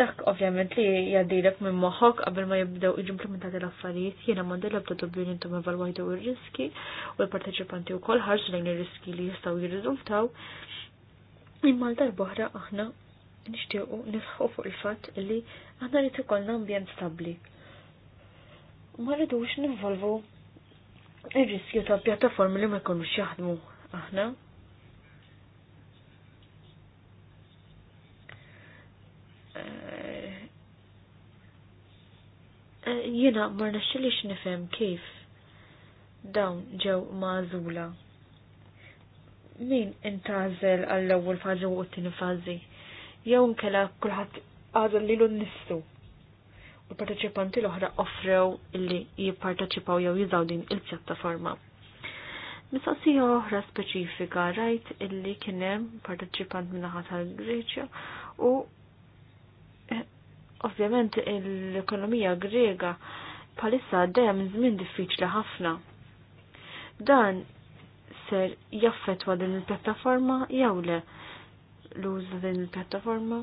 Dak ovvjament li jgħaddilek minn moħħok qabel ma jibdew implementati l-affarijiet, jiena ma ndella bda intom evalwajtu ir-riski u l-parteċipanti wkoll ħarġ lejn ir-riski li jistgħu jirriżultaw. Imma l-darbohra aħna nixtiequ nisħu fuq il-fatt li aħna li ikollna ambjent stabbli. Ma rridux nivolvu ir-riskju ta' pjattaformi li ma jkunux jaħdmu aħna. Eh, eh, Jena marna xilix nifem kif dawn ġew mażula. Min intażel għall-ewwel fażi u t-tieni fażi? Jew nkella kulħadd għadu lilu nifsu u parteċipanti l-oħra offrew illi jipparteċipaw jew jiżaw din il-pjattaforma. Mistoqsija oħra speċifika rajt illi kienem parteċipant minnaħa tal-Greċja u eh, ovvjament l-ekonomija grega palissa dejjem żmien diffiċli ħafna. Dan ser jaffetwa din il-pjattaforma jew le l-użu din il-pjattaforma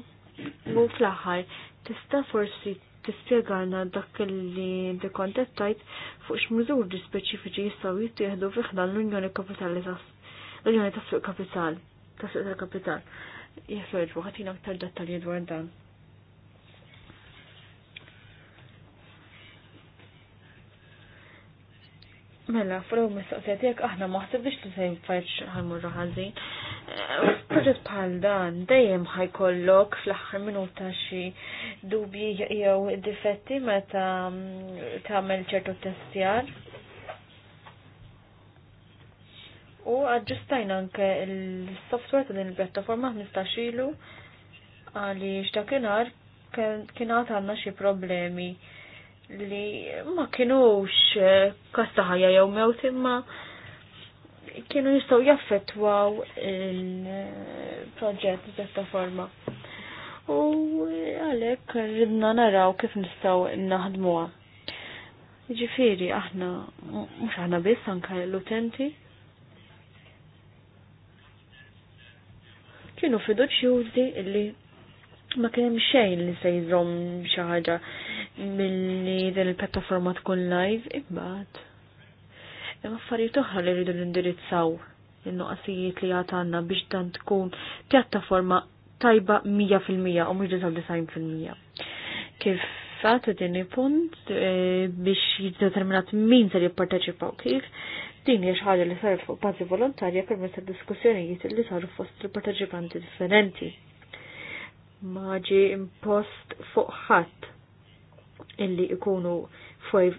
u fl-aħħar tista' forsi tispjegalna dak li inti kontettajt fuq x'miżuri speċifiċi jistgħu jittieħdu fiħdan l-Unjoni Kapitali l-Unjoni tas-Suq Kapital, tas-Suq tal-Kapital. Jekk jogħġbu aktar dettalji dwar dan. Mela, fuq mistoqsijiet jekk aħna maħseb biex li sejn fajt ħalmur raħazin. Proġett eh, bħal dan dejjem ħajkollok fl-aħħar minuta xi dubji jew difetti meta mm, tagħmel ċertu testjar. U aġġustajna anke l-software ta' din il-pjattaforma 15 ilu għaliex ta' kienar kien għandna xi problemi li ma kienux eh, ħajja jew mewt imma kienu jistaw jaffettwaw il-proġett b'ċerta forma. U għalek ridna naraw kif nistaw naħdmuha. Ġifiri, aħna, mux aħna biss anka l-utenti. Kienu fiduċjużi illi ma kien hemm xejn li se jżomm xi ħaġa milli din il-pjattaforma tkun live imbagħad. Hemm affarijiet oħra li rridu nindirizzaw in-nuqqasijiet li għandna biex dan tkun pjattaforma tajba 100% u mhux 99%. Kif fatt din punt eh, biex jiddeterminat min se jipparteċipa u kif, din hija xi li sar fuq bażi volontarja permezz ta' diskussjonijiet li saru fost il-parteċipanti differenti maġi impost fuq ħadd illi ikunu fwej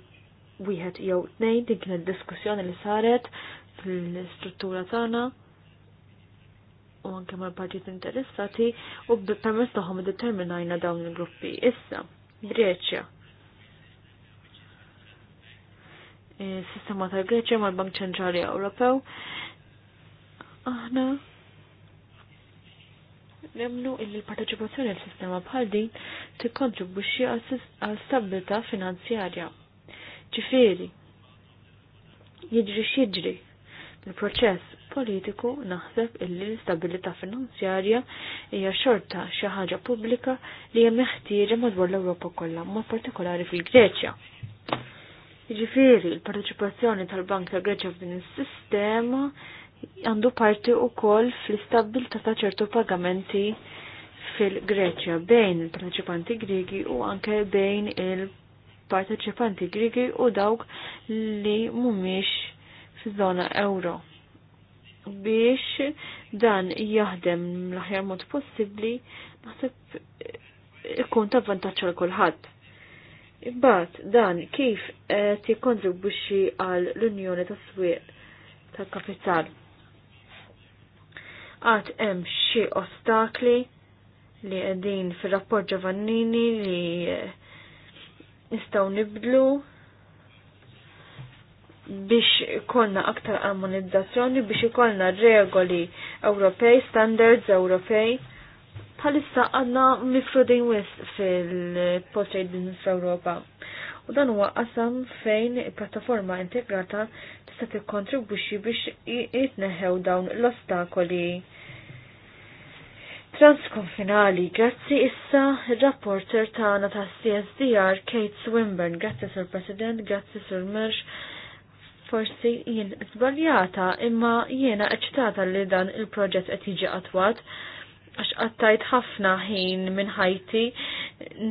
wieħed jew tnejn din id diskussjoni li saret fl-istruttura tagħna u anke mal-partit interessati u permess tagħhom determinajna dawn il-gruppi. Issa, Greċja. Sistema tal-Greċja mal-Bank Ċentrali Ewropew. Aħna Nemnu illi l-parteċipazzjoni għal-sistema bħal din tikkontribwixxi għal-stabilità finanzjarja. Ġifieri, jiġri x'jiġri l proċess politiku naħseb illi l-istabilità finanzjarja hija xorta xi ħaġa pubblika li hija meħtieġa madwar l-Ewropa kollha, ma' partikolari fil-Greċja. Jiġifieri, l-parteċipazzjoni tal-Bank tal-Greċja f'din is-sistema għandu parti u koll fl-istabilta ta' ċertu pagamenti fil-Greċja bejn il-parteċipanti Grigi u anke bejn il-parteċipanti Grigi u dawk li mumiex fil zona euro. Biex dan jaħdem l-aħjar mod possibbli, naħseb ikun ta' vantaċċa għal kulħadd. Imbagħad dan kif qed jikkontribwixxi għal l-Unjoni tas-Swieq tal-Kapital għat hemm xi ostakli li qegħdin fir-rapport Giovannini li eh, nistgħu nibdlu biex ikollna aktar armonizzazzjoni biex ikollna regoli Ewropej, standards Ewropej bħalissa għanna mifrudin wis fil-post-trade business fl-Europa. U dan huwa qasam fejn il plattaforma integrata se tikkontribwixxi biex jitneħew dawn l-ostakoli transkonfinali. Grazzi issa il-rapporter tagħna ta' CSDR Kate Swinburne. Grazzi sur President, grazzi sur Mersh. Forsi jien zbaljata imma jiena eċitata li dan il-proġett qed jiġi attwat għax għattajt ħafna ħin minn ħajti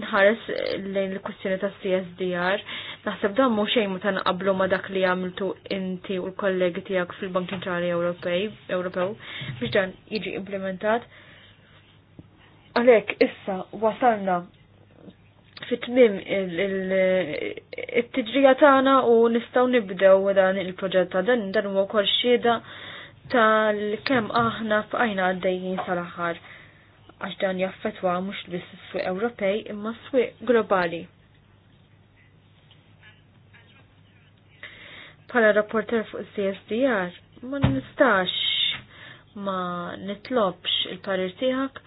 nħares lejn il kustjoni ta' CSDR. Naħseb dan mhux xejn ta' nqablu ma' dak li għamiltu inti u l-kollegi tiegħek fil-Bank Ċentrali Ewropej Ewropew biex dan jiġi implementat. Għalhekk issa wasalna fit-tmim it-tiġrija tagħna u nistgħu nibdew dan il-proġett ta' dan dan huwa wkoll xhieda tal-kemm aħna f'ajna għaddejjin sal-aħħar għax dan jaffetwa mhux biss is-swieq Ewropej imma s-swieq globali. Bħala rapporter fuq CSDR ma nistax ma nitlobx il-parir tiegħek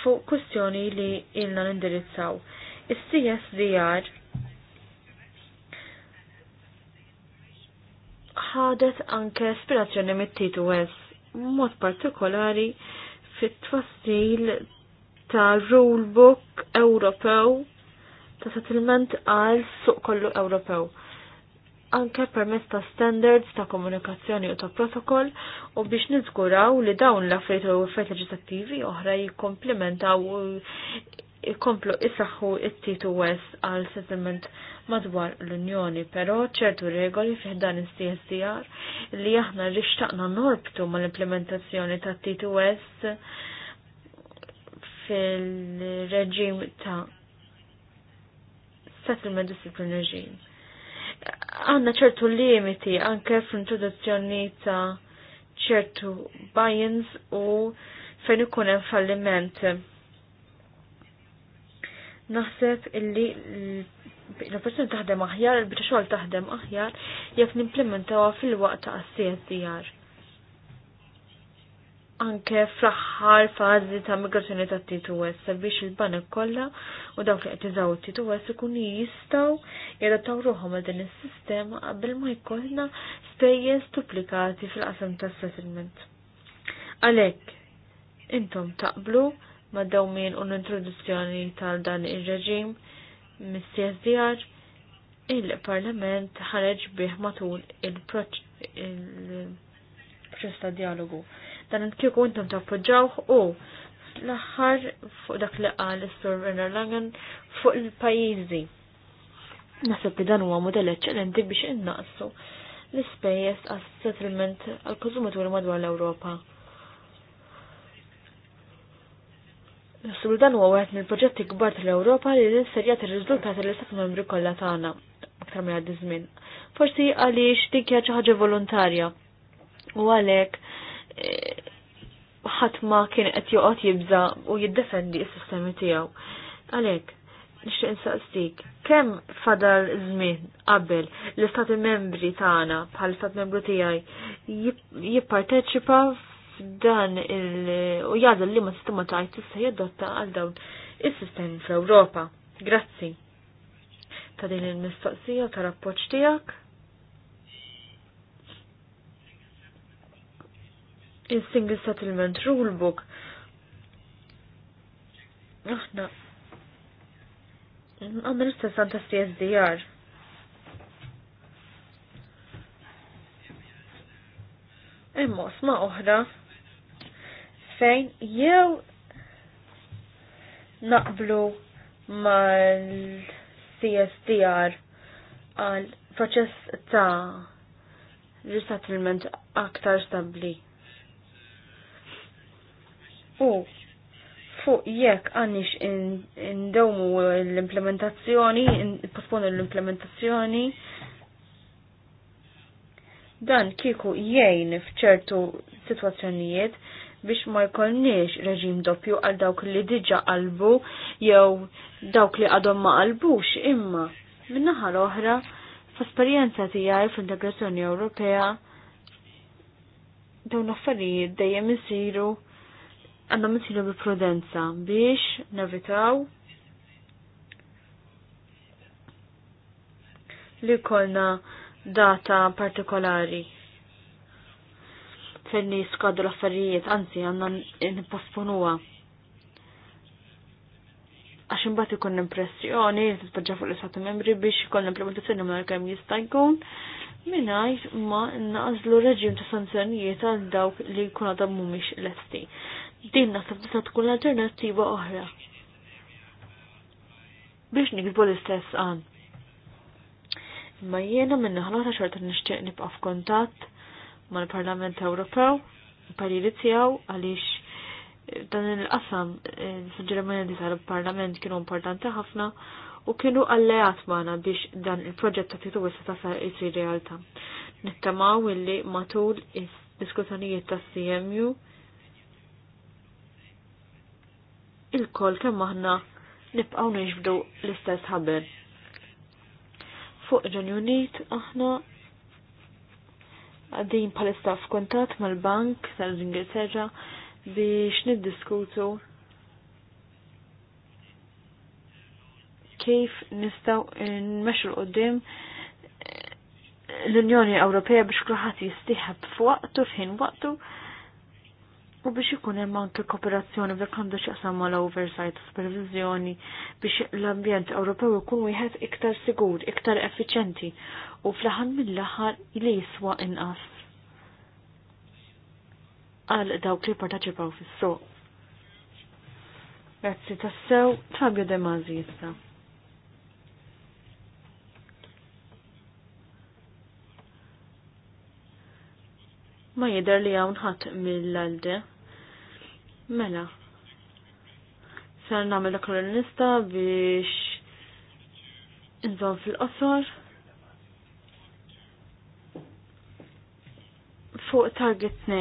fuq kwistjoni li ilna nindirizzaw. Is-CSDR ħadet anke spirazzjoni mit titu mod partikolari fit tfassil ta' rulebook Ewropew ta' settlement għal suq kollu Ewropew. Anke permess ta' standards ta' komunikazzjoni u ta' protokoll u biex nizguraw li dawn l-affarijiet u effetti leġislattivi oħra jikkomplementaw ikomplu isaħħu it-titu wes għal settlement madwar l-Unjoni, pero ċertu regoli fiħdan il-CSDR li aħna li xtaqna norbtu mal implementazzjoni ta' titu wes fil-reġim ta' settlement discipline regime. Għanna ċertu limiti anke fl-introduzzjoni ta' ċertu buy-ins u fejn ikun hemm falliment Naħseb illi l-persuna taħdem aħjar, il-bita xogħol taħdem aħjar, jekk nimplementawha fil-waqt ta' CSDR. Anke fl-aħħar fażi ta' migrazzjoni ta' T2S sabiex il-banek kollha u dawk li qed iżaw T2S ikunu jistgħu jadattaw ruħhom għal din is-sistema qabel ma jkollna spejjeż duplikati fil-qasam tas-settlement. Għalhekk intom taqblu ma' dawmin u l-introduzzjoni tal dan ir-reġim mis-CSDR il-Parlament ħareġ bih matul il-proċess ta' dialogu. Dan kieku intom tappoġġawh u l-aħħar fuq dak li qal is-Sur Werner Langen fuq il-pajjiżi. Nasab li dan huwa modell eċċellenti biex innaqsu l-ispejjeż għas-settlement għal-konsumaturi madwar l-Ewropa. Nasib dan huwa wieħed mill-proġetti kbar tal-Ewropa li l-inserjat ir-riżultati li stati membri kollha tagħna aktar minn għaddi żmien. Forsi għaliex dik hija xi ħaġa volontarja u għalhekk eh, ħadd ma kien qed joqgħod jibża u jiddefendi s-sistemi tiegħu. Għalhekk nixtieq insaqstik. kemm fadal żmien qabel l-istati membri tagħna bħal istat membru tiegħi jipparteċipa Dan il- u jgħadha li ma sistema ta' IT se jadotta għal dawn is sistem fl-Ewropa. Grazzi ta' din il-mistoqsija ta' rapport tiegħek. Il-Single Settlement Rulebook. Aħna għandna l-istess għandha CSDR. Imma sma oħra fejn jew naqblu mal-CSDR għal proċess ta' resettlement aktar stabli. U fuq jekk għannix indawmu l-implementazzjoni, posponu l-implementazzjoni, dan kiku jgħin fċertu situazzjonijiet, biex ma jkollniex reġim doppju għal dawk li diġa qalbu jew dawk li għadhom ma qalbux imma minnaħa l-oħra f'esperjenza tiegħi fl-integrazzjoni Ewropea dawn affarijiet dejjem isiru għandhom isiru bi prudenza biex nevitaw li kolna data partikolari fenni skadu l-affarijiet, anzi għanna n-posponuwa. Għax imbagħad ikun impressjoni titpoġġa fuq l istatu membri biex l implementazzjoni ma' kemm jista' jkun mingħajr ma nazlu reġim ta' sanzjonijiet għal dawk li jkun għadhom mhumiex lesti. Din naħseb tista' tkun alternattiva oħra. Biex nikbu l-istess għan. Ma jiena minna ħlota xorta nixtieq nibqa' f'kuntatt mal-Parlament Ewropew, pariri tiegħu għaliex eh, dan il-qasam eh, il-suġġerimenti tal-Parlament kienu importanti ħafna u kienu alleat magħna biex dan il-proġett ta' titu ta' tasal isir realtà. Nittamaw illi matul is-diskussjonijiet tas CMU il-kol kemm aħna nibqgħu nixbdu l-istess ħabel. Fuq Ġenjunit aħna għaddin palista f'kuntat mal-Bank tal-Ingilterra biex niddiskutu kif nistaw nmexxu l-qoddim l-Unjoni Ewropea biex kulħadd jistieħab f'waqtu f'ħin waqtu, waqtu u biex ikun hemm anke kooperazzjoni f'dak għandu x'jaqsam mal-oversight supervisjoni biex l-ambjent Ewropew ikun wieħed iktar sigur, iktar effiċenti u fl-aħħar mill-aħħar li jiswa inqas għal dawk li partaċipaw fis-suq. Grazzi tassew, Fabio De Mazi jista. Ma jidher li hawn ħadd mill għalde Mela. Ser nagħmel kolonista biex nżomm fil-qosor. Fuq target 2.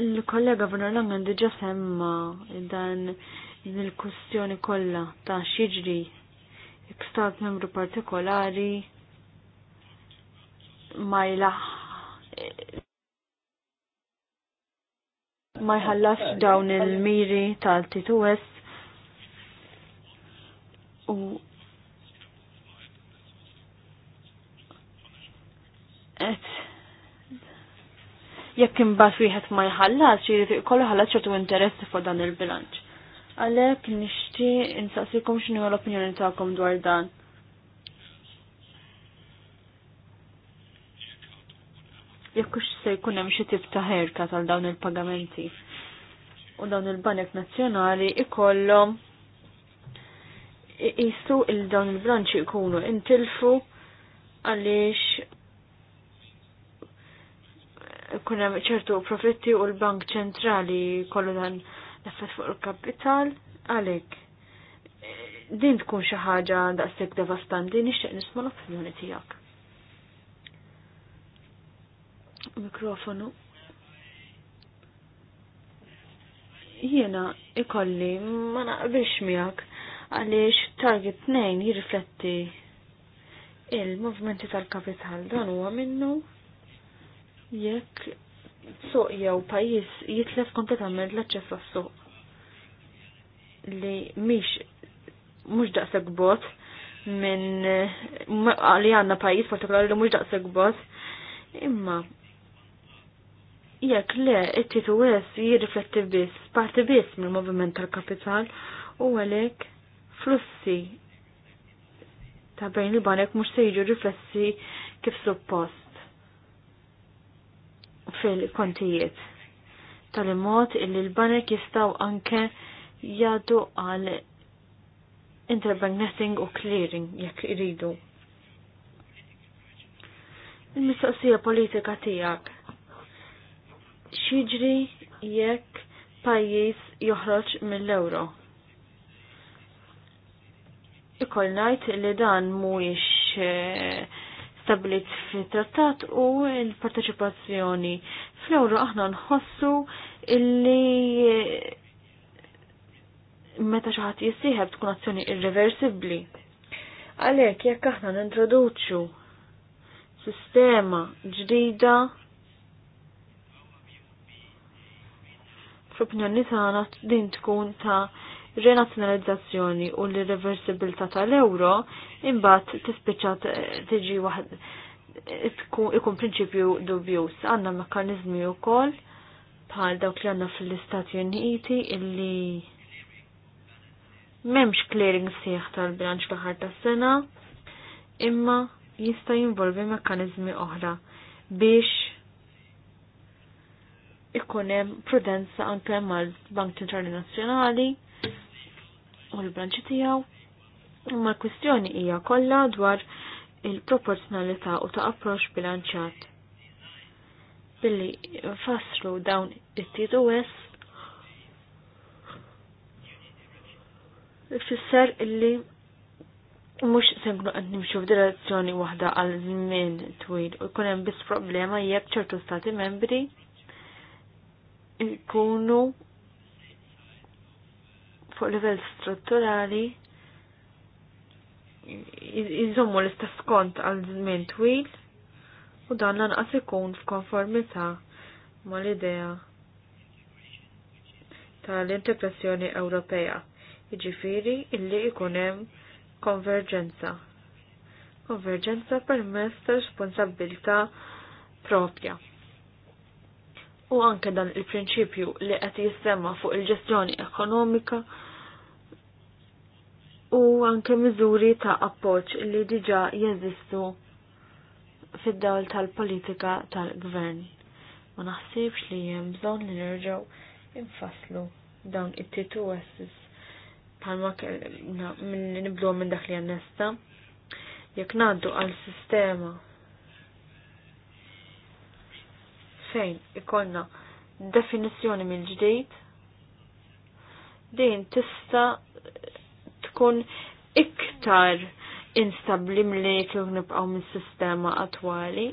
Il-kollega Bruno Langan diġa semma dan il-kustjoni kollha ta' xiġri ekstat membru partikolari ma jilaħ ma jħallas dawn il-miri tal-T2S u et jekk imbagħad wieħed ma jħallas jirid kollu ħallas ċertu interess fuq dan il-bilanċ. Għalhekk nixtieq insaqsikom x'inhu l-opinjoni tagħkom dwar dan. jekkux se jkun hemm xi tip ta' ħerka tal dawn il-pagamenti. U dawn il-banek nazzjonali ikollhom jistu il dawn il-branċi jkunu intilfu għaliex kun hemm ċertu profitti u l-Bank Ċentrali kollu dan l-effett fuq il-kapital għalhekk din tkun xi ħaġa daqshekk devastanti nixtieq nisma' l-opinjoni tiegħek. mikrofonu. Jiena ikolli ma naqbilx miegħek għaliex target 2 jirrifletti il-movimenti tal-kapital dan huwa minnu jekk suq jew pajjiż jitlef kompletament l-aċċess għas-suq li mhix mhux daqshekk bot minn li għandna pajjiż partikolari li mhux daqshekk bot imma Jekk le, it-TTS jirrifletti biss, parti biss mill-moviment tal-kapital u għalhekk flussi ta' bejn il-banek mhux se jiġu riflessi kif suppost fil-kontijiet. Tal-imod illi l-banek jistgħu anke jadu għal interbank netting u clearing jekk iridu. Il-mistoqsija politika tiegħek x'jiġri jekk pajjiż joħroġ mill-euro. Ikoll ngħid li dan mhuwiex eh, stabilit fit-trattat u l-parteċipazzjoni fl-euro aħna nħossu illi eh, meta xi ħadd jissieħeb tkun azzjoni irreversibbli. Għalhekk jekk aħna nintroduċu sistema ġdida fl-opinjoni tagħna din tkun ta' renazzjonalizzazzjoni u l-reversibilità tal-euro imbagħad tispiċċa tiġi waħd ikun prinċipju dubjus. Għandna mekkaniżmi wkoll bħal dawk li għandna fl-Istati Uniti illi memx clearing sieħ tal-bilanċ fl-ħar tas-sena, imma jista' jinvolvi mekkaniżmi oħra biex ikun hemm prudenza anke mal-Bank Ċentrali Nazzjonali u l-branċi tiegħu. Imma l-kwistjoni hija kollha dwar il-proporzjonalità u ta' approċċ bilanċjat. Billi faslu dawn it-TOS ifisser illi mux semplu għad nimxu f'direzzjoni wahda għal żmien twil u jkun hemm biss problema jekk ċertu stati membri ikunu fuq livell strutturali jizommu l-istess kont għal żmien twil u dan lanqas ikun f'konformità mal-idea tal-integrazzjoni Ewropea, jiġifieri illi ikun hemm konverġenza. Konverġenza permess ta' responsabilità propja u anke dan il-prinċipju li qed jissemma fuq il-ġestjoni ekonomika u anke miżuri ta' appoġġ li diġà jeżistu fid-dawl tal-politika tal-gvern. Ma naħsibx li hemm bżonn li nerġgħu infasslu dawn it-TTOSs titu bħalma minn nibdu minn dak li għannesta. Jekk ngħaddu għal sistema fejn ikonna definizzjoni mill-ġdid din tista' tkun iktar instabli mli li kif nibqgħu mis-sistema attwali.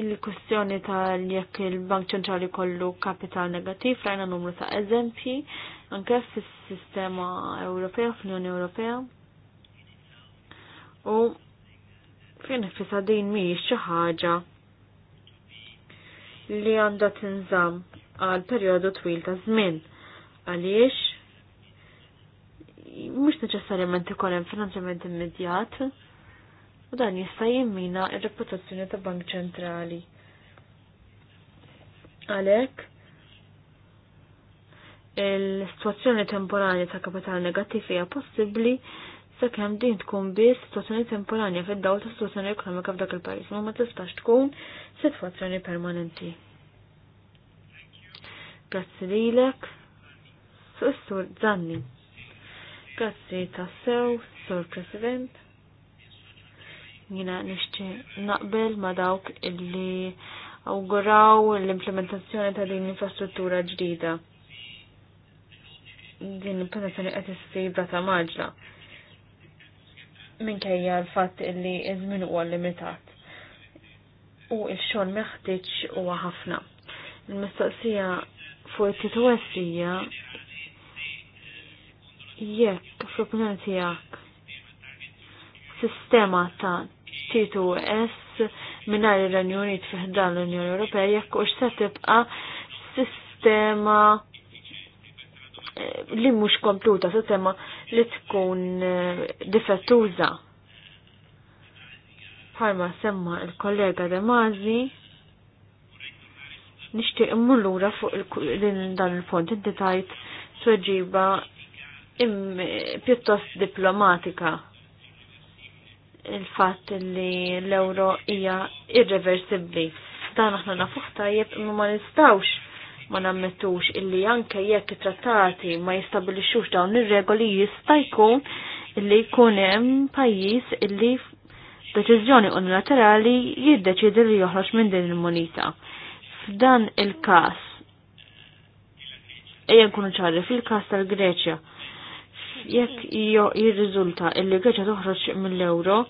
Il-kwestjoni tal jekk il-Bank ċentrali kollu kapital negattiv rajna numru ta' eżempji anke fis-sistema Ewropea fl-Unjoni Ewropea. U kien fisa din mhijiex xi ħaġa li għandha tinżam għal perjodu twil ta' żmien. Għaliex mhux neċessarjament ikun hemm finanzjament immedjat u dan jista' jimmina r-reputazzjoni ta' Bank Ċentrali. Għalhekk il-situazzjoni temporanja ta' kapital negattiv hija possibbli sakemm din tkun biss situazzjoni temporanja fid-dawl ta' situazzjoni ekonomika f'dak il-pajjiż ma ma tistax tkun sitwazzjoni permanenti. Grazzi lilek, sur Zanni. Grazzi tassew, sur President. Jina nixti naqbel ma dawk illi awguraw l-implementazzjoni ta' din l-infrastruttura ġdida. Din l-implementazzjoni qed issir ta' maġla minkejja l-fatt illi izmin żmien huwa limitat u il xogħol meħtieġ huwa ħafna. Il-mistoqsija fuq it-titwessija jekk fl tiegħek sistema ta' t s mingħajr ir-Renju Unit l-Unjoni Ewropea jekk hux se tibqa' sistema li mhux kompluta sistema li tkun eh, difettuża. Bħalma semma il-kollega De Mazi nixtieq immur lura fuq dan il pont inti tajt tweġiba pjuttost diplomatika il-fatt li l-euro hija irreversibbli. Dan aħna nafuħta tajjeb imma ma nistawx ma nammettux illi anke jekk trattati ma jistabilixux dawn ir-regoli jista' jkun illi jkun hemm pajjiż illi deċiżjoni unilaterali jiddeċidi li joħroġ minn din il-munita. F'dan il-każ ejja nkunu ċarri fil-każ tal-Greċja jekk jirriżulta illi Greċja toħroġ mill-euro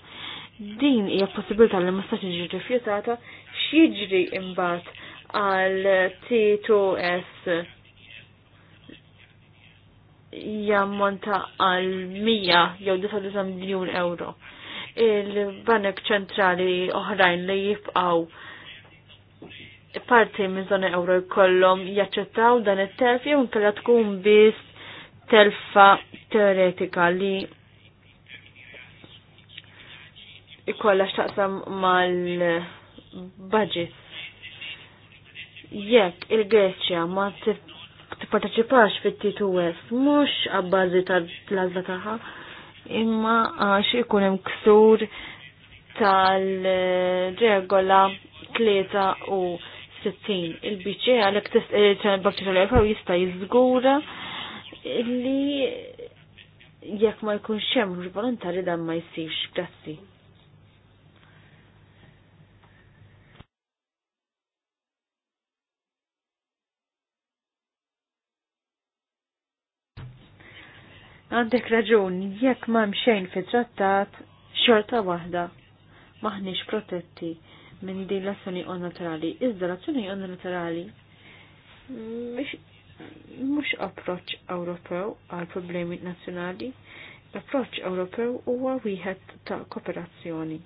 din hija possibilità li ma stax jiġi rifjutata x'jiġri imbagħad għal T2S jammonta għal 100 jew 200 miljun euro. Il-banek ċentrali oħrajn li jibqaw parti minn zona euro jkollhom jaċċettaw dan it-telf jew inkella tkun biss telfa teoretika li ikolla x'taqsam mal-budget jekk il-Greċja ma tipparteċipax fit-T2S mhux għabbażi tal-għażla tagħha imma għax ikun hemm ksur tal-regola 3 u il-biċe għalek il-bakċi tal-erfaw jista jizgura li jekk ma jkunx hemm volontari dan ma jsirx. Grazzi. Għandek raġun, jekk ma mxejn fi trattat, xorta wahda, m'aħniex protetti minn din l-azzjoni onlaterali. Iżda l-azzjoni onlaterali mux approċ Ewropew għal problemi nazzjonali, l-approċ Ewropew huwa wieħed ta' kooperazzjoni.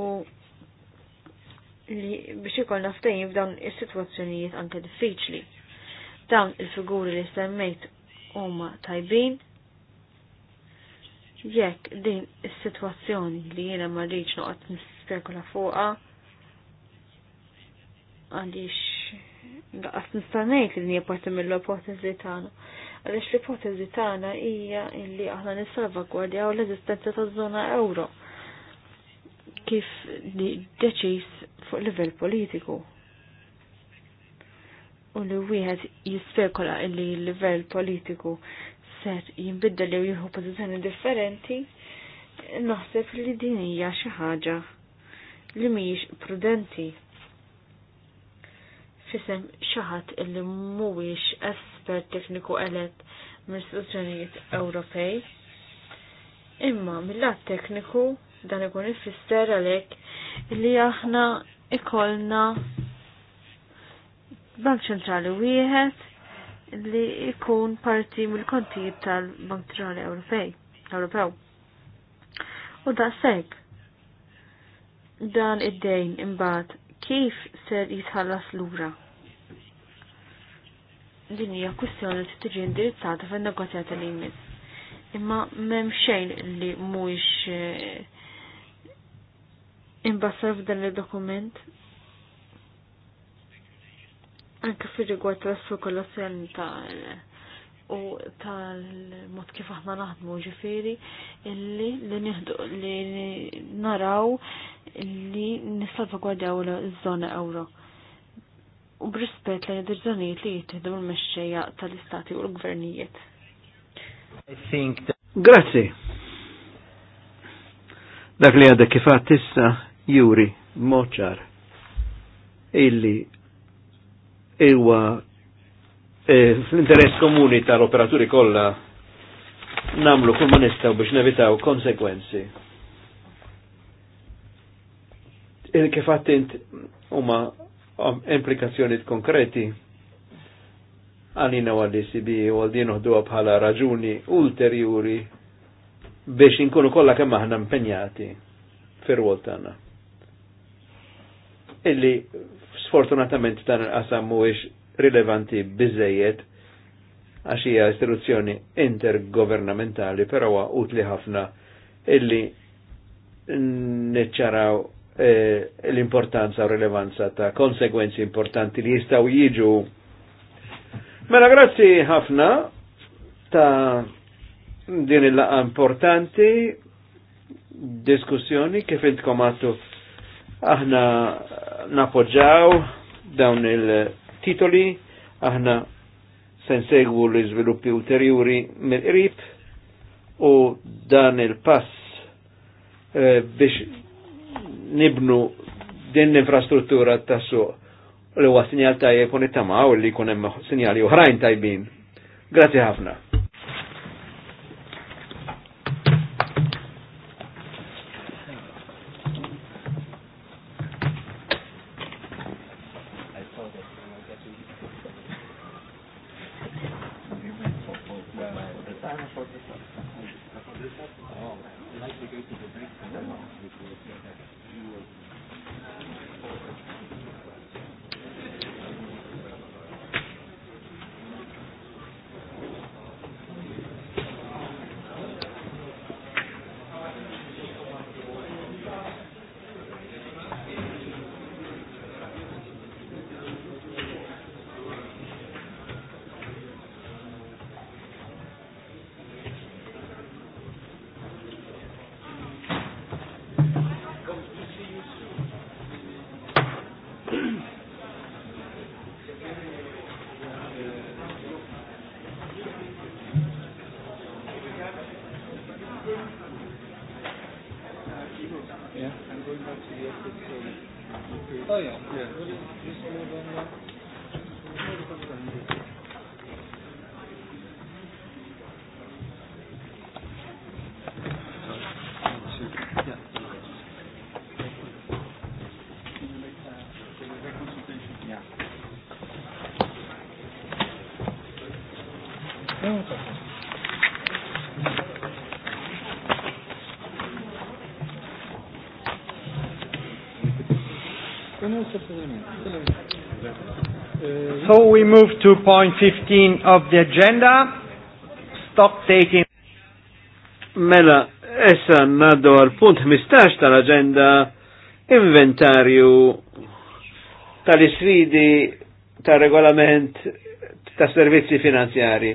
U li biex ikollna ftehim f'dawn is-sitwazzjonijiet anke diffiċli. Dawn il-figuri li semmejt huma tajbin. Jekk din is-sitwazzjoni li jiena ma rridx noqgħod nispekula fuqha għaliex daqqas nista' ngħid li hija parti mill-ipotezi tagħna. Għaliex l-ipotezi tagħna hija li aħna nissalvagwardjaw l-eżistenza taż-żona euro kif deċis fuq livell politiku u li wieħed jispekola li l-livell politiku ser jinbidda li jieħu pożizzjoni differenti, naħseb li din hija xi ħaġa li mhijiex prudenti. Fisem xi ħadd illi mhuwiex espert tekniku elett mill-istituzzjonijiet Ewropej. Imma mill-lat tekniku dan ikun ifisser għalhekk li aħna ikollna bank ċentrali wieħed li jkun parti mill-kontijiet tal-Bank Ċentrali Ewropej Ewropew. U daqshekk dan id-dejn imbagħad kif ser jitħallas lura. Din hija kwistjoni li tiġi indirizzata fin-negozjat li jmiss. Imma m'hemm xejn li mhuwiex eh, imbassar f'dan id-dokument anke fir-rigward tal-assokolosjoni tal- u tal-mod kif aħna naħdmu ġifiri illi li nieħdu li naraw li nissalvagwardjaw iż-żona euro. U b'rispett lejn id-żonijiet li jittieħdu l mexxejja tal-istati u l-gvernijiet. Grazzi. Dak li għadha kif issa juri moċar illi ewa l eh, fl-interess komuni tal-operaturi kollha namlu kull ma nistgħu biex nevitaw konsekwenzi. Kif għattint huma implikazzjoni konkreti għalina għal DCB u għaldin uħduwa bħala raġuni ulterjuri biex inkunu kollha kemm aħna impenjati fir-rwol tagħna. Illi Sfortunatament dan il-qasam mhuwiex rilevanti biżejjed għax hija istituzzjoni intergovernamentali, però huwa utli ħafna illi niċċaraw eh, l-importanza u rilevanza ta' konsegwenzi importanti li jistaw jiġu. Mela grazzi ħafna ta' din il-laqa importanti diskussjoni kif intkom għattu aħna napoġġaw dawn il-titoli, aħna sensegwu l iżviluppi ulterjuri mill-qrib u dan il-pass eh, biex nibnu din l-infrastruttura tas-suq li huwa sinjal tajjeb u nittamaw li jkun hemm sinjali oħrajn tajbin. Grazie ħafna. we move to point 15 of the agenda. Stop taking. Mela, essa naddu għal punt 15 tal-agenda inventarju tal-isfidi tal-regolament ta' servizzi finanzjari.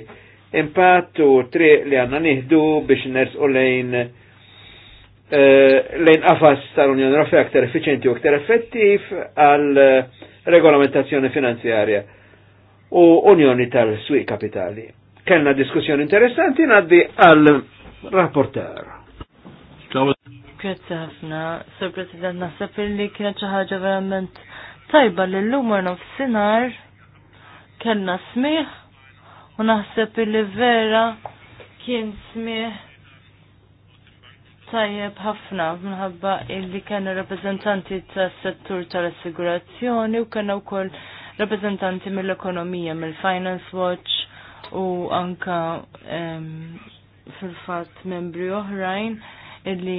Impattu tri li għanna nieħdu biex ners u lejn eh, lejn qafas tal-Unjoni Ewropea aktar effiċenti u aktar effettiv għal regolamentazzjoni finanzjarja u Unjoni tal-Swiq Kapitali. Kellna diskussjoni interessanti naddi għal rapporter. Grazie ħafna, Sir President, naħseb li kienet xi ħaġa verament tajba li l-lumar sinar kellna smih u naħseb li vera kien smih Tajjeb ħafna minħabba illi kena rappresentanti tas settur tal-assigurazzjoni u kena wkoll rappresentanti mill-ekonomija, mill-Finance Watch u anka fil-fat membri oħrajn illi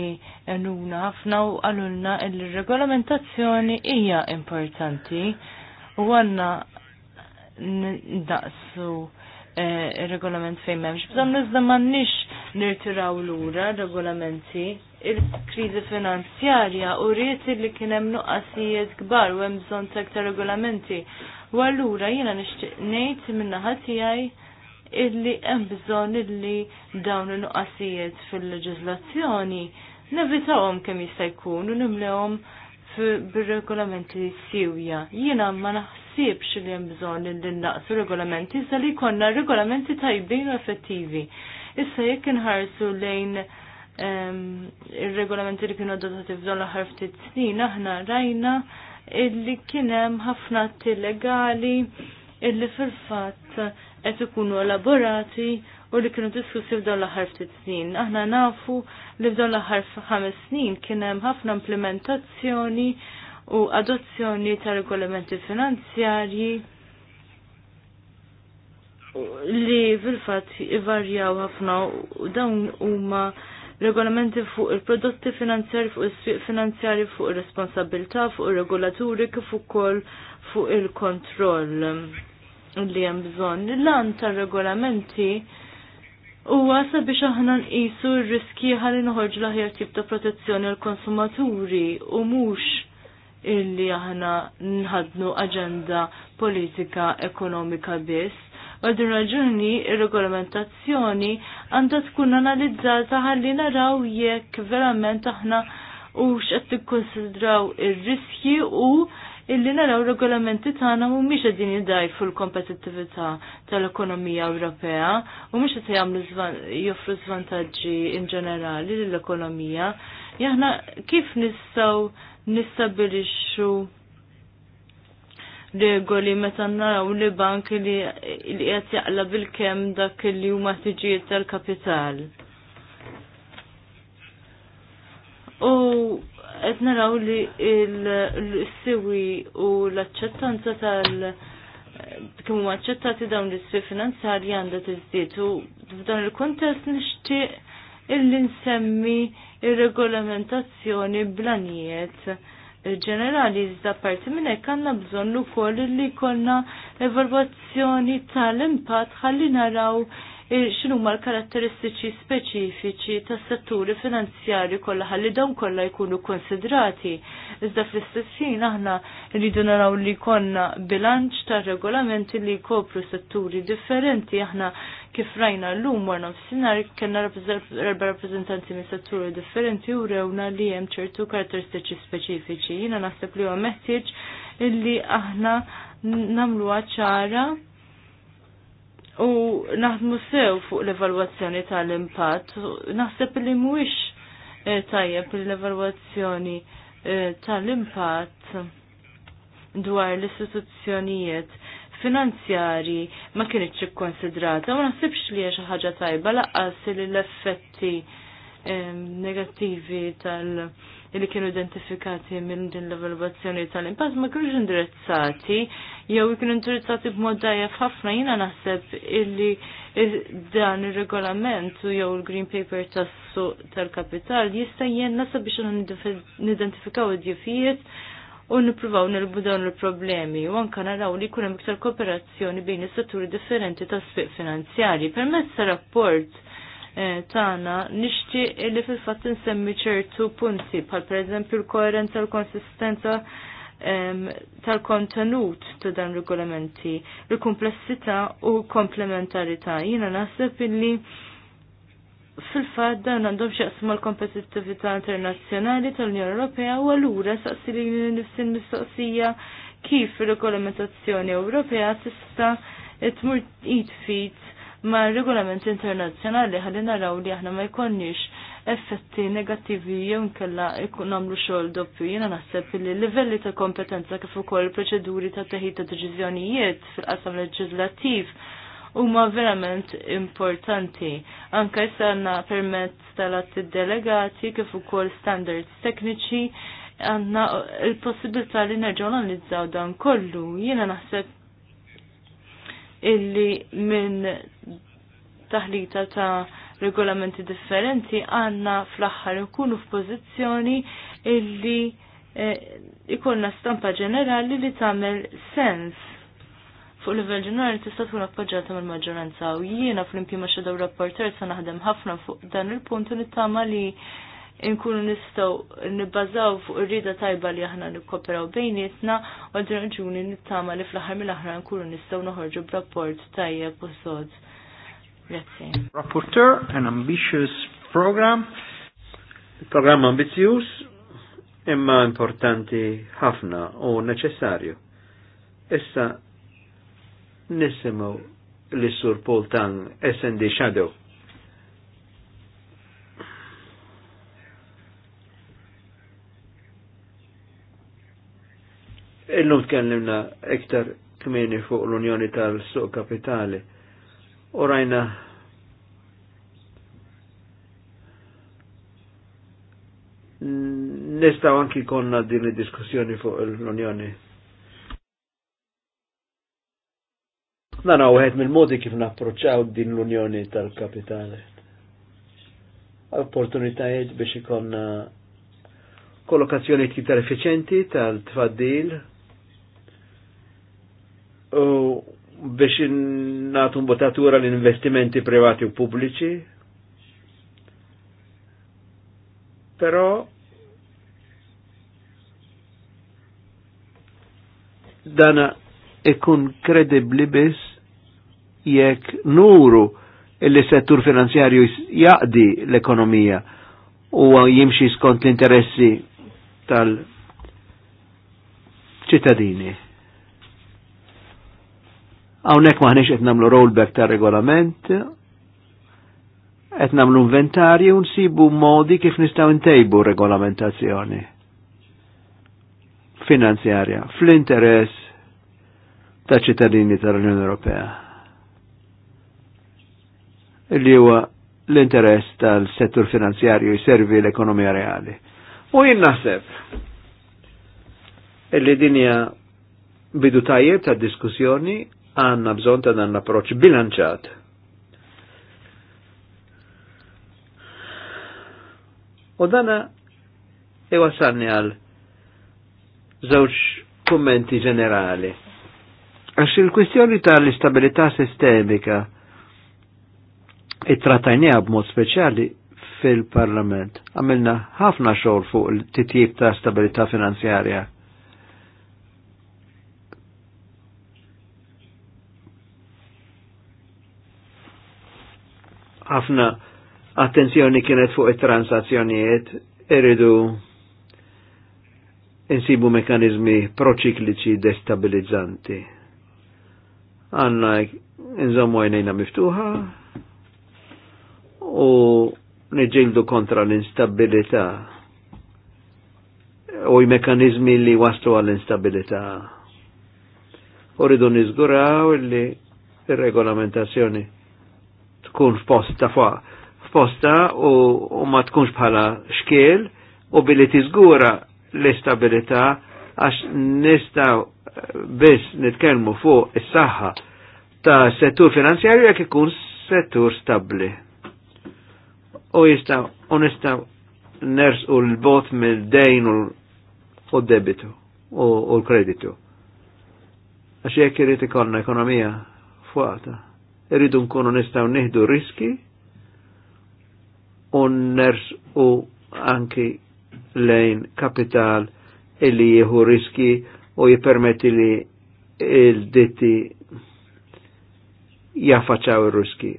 għanuna ħafna u għalunna illi regolamentazzjoni hija importanti u għanna ndaqsu e, regolament fejn memx. Bżon nizda nix nirtiraw l-ura regolamenti il-krizi finanzjarja u rrit li kien hemm nuqqasijiet kbar u hemm bżonn ta' regolamenti. U allura jiena nixtieq ngħid min tiegħi illi hemm bżonn illi dawn il nuqqasijiet fil-leġiżlazzjoni nevitawhom kemm jista' jkun u nimlewom bir-regolamenti siwja. Jiena ma naħsibx li hemm bżonn illi naqsu regolamenti iżda li jkollna regolamenti tajbin u effettivi. Issa jekk inħarsu lejn il-regolamenti li kienu dotati f'dan l-aħħar ftit snin aħna rajna illi kien hemm ħafna atti legali illi fil-fatt qed ikunu elaborati u li kienu diskussi f'dan l-aħħar ftit snin. Aħna nafu li f'dan l-aħħar ħames snin kien hemm ħafna implementazzjoni u adozzjoni ta' regolamenti finanzjarji li fil-fatt ivarjaw ħafna u dawn huma regolamenti fuq il-prodotti finanzjari fuq is-swieq finanzjari fuq ir-responsabilità fuq ir-regolaturi kif ukoll fuq il-kontroll li hemm bżonn. Il-lan tar-regolamenti huwa sabiex aħna nqisu r-riski ħalli noħorġu l-aħjar tip ta' protezzjoni għall konsumaturi u mhux illi aħna nħadnu aġenda politika ekonomika biss. Ma din raġuni ir-regolamentazzjoni għandha tkun analizzata ħalli naraw jekk verament aħna u x'qed tikkonsidraw ir-riskji u illi naraw regolamenti tagħna mhumiex qegħdin jidajfu l-kompetittività tal-ekonomija Ewropea u mhux qed jagħmlu joffru żvantaġġi in ġenerali lill-ekonomija. Jaħna kif nistgħu nistabilixxu regoli meta naraw li bank li qed jaqla bil kem dak li huma tiġijiet tal-kapital. U qed naraw li l-siwi u l-aċċettanza tal- kemm huma aċċettati dawn l-isfi finanzjarji għandha tiżdied u f'dan il-kuntest nixtieq illi nsemmi ir-regolamentazzjoni blanijiet ġenerali iżda parti minn hekk għandna bżonn ukoll li jkollna evalwazzjoni tal-impatt ħalli naraw Eh, xinu ma l-karatteristiċi speċifiċi tas-setturi finanzjari kollha ħalli dawn kollha jkunu konsidrati. Iżda fl istessin aħna rridu naraw li konna bilanċ ta' regolamenti li jkopru setturi differenti aħna kif rajna l-lum warna f'sinar kena erba rappresentanti minn setturi differenti u rewna li hemm ċertu karatteristiċi speċifiċi. Jiena naħseb li huwa meħtieġ illi aħna namlu ċara u naħdmu sew fuq l-evalwazzjoni tal-impatt. Naħseb li mhuwiex eh, tajjeb l-evalwazzjoni eh, tal-impatt dwar l-istituzzjonijiet finanzjari ma kienitx ikkonsidrata u naħsibx li hija xi ħaġa tajba laqqas li l-effetti eh, negattivi tal- li kienu identifikati minn din l-evalwazzjoni tal impass ma kienux indirizzati jew kienu indirizzati b'mod dajjef ħafna jiena naħseb illi dan ir-regolament jew il-green paper tas-suq tal-kapital jista' jenna sabiex nidentifikaw id-djufijiet u nipruvaw nilbu dawn il-problemi u anka naraw li kunem iktar kooperazzjoni bejn is-setturi differenti tas-sfiq finanzjari permezz rapport Eh, tana nishti li fil-fatt insemmi ċertu punti per eżempju l-koerenza u l-konsistenza tal-kontenut ta' dan regolamenti, l-komplessità u komplementarità. Jiena naħseb illi fil fatt dan għandhom xaqsma l-kompetittività internazzjonali tal-Unjoni Ewropea u allura saqsi li nifsin mistoqsija kif il-regolamentazzjoni Ewropea tista' tmur id fit ma' regolamenti internazzjonali ħalli naraw li aħna ma' jkonniex effetti negattivi jew nkella nagħmlu xogħol doppju. Jiena naħseb li livelli ta' kompetenza kif ukoll proċeduri ta' teħid ta' deċiżjonijiet fil-qasam leġislattiv huma verament importanti. Anka għandna permezz tal-atti delegati kif ukoll standards tekniċi għandna il-possibilità li nerġgħu analizzaw dan kollu. Jiena naħseb illi minn taħlita ta' regolamenti differenti għanna fl-axħar ikunu f'pożizzjoni illi eh, ikolna stampa ġenerali li tagħmel sens fuq livell ġenerali tista' tkun appoġġjata mill-maġġoranza u jiena fl-impjima dawn rapporter se naħdem ħafna fuq dan il-punt u nittama li nkunu nistgħu nibbażaw fuq ir-rida tajba li aħna nikkoperaw bejnietna u għal nittama li fl-aħħar mill-aħħar nkunu nistgħu noħorġu b'rapport tajjeb u sod. Rapporteur, an ambitious program. Program ambizjuż imma importanti ħafna u neċessarju. Issa nisimaw li sur Paul Tang, SND Shadow. Illum tkellimna iktar kmini fuq l-Unjoni tal-Suq Kapitali. U rajna nistaw anki konna din diskussjoni fuq l-Unjoni. Dan għu għed mill-modi kif napproċċaw din l-Unjoni tal-Kapitali. Opportunitajiet biex ikonna kollokazzjoni iktar efficienti tal-tfaddil, u biex natu mbotatura l-investimenti privati u pubbliċi, però dana ikun kredibli biss jekk nuru il-settur finanzjarju jaqdi l-ekonomija u jimxi skont l-interessi tal-ċittadini. Hawnhekk maħniex qed nagħmlu rollback ta' regolament, qed nagħmlu inventarju u nsibu modi kif nistgħu ntejbu regolamentazzjoni finanzjarja fl-interess ta' ċittadini tal-Unjoni Ewropea. Li huwa l-interess tal-settur finanzjarju jservi l-ekonomija reali. U jien naħseb illi dinja bidu tajjeb ta' diskussjoni għanna bżon ta' dan l-approċ bilanċat. U dana iwasanni għal żewġ kummenti ġenerali. Għax il-kwistjoni tal-istabilità sistemika it-trattajnija b'mod speċjali fil-parlament. Għamilna ħafna xogħol fuq il-titjib ta' stabilità finanzjarja ħafna attenzjoni kienet fuq it-transazzjonijiet, irridu insibu mekanizmi proċikliċi destabilizzanti. Għanna nżommu għajnejna miftuħa u nġildu kontra l-instabilità u i-mekanizmi li wastu għall-instabilità. Uridu nizguraw li regolamentazzjoni tkun f'posta f'posta u, u ma tkunx bħala xkiel u billi tiżgura l-istabilità għax nistaw biss nitkellmu fuq is-saħħa ta' settur finanzjarju jekk ikun settur stabbli. U jistaw, u nistaw ners u l-bot mill-dejn u d-debitu u l-kreditu. Għax jekk irrid ikollna ekonomija fuqata irridu nkunu nistaw nieħdu riski u ners u anki lejn kapital illi jieħu riski u jipermetti li il-ditti jaffaċaw il-riski.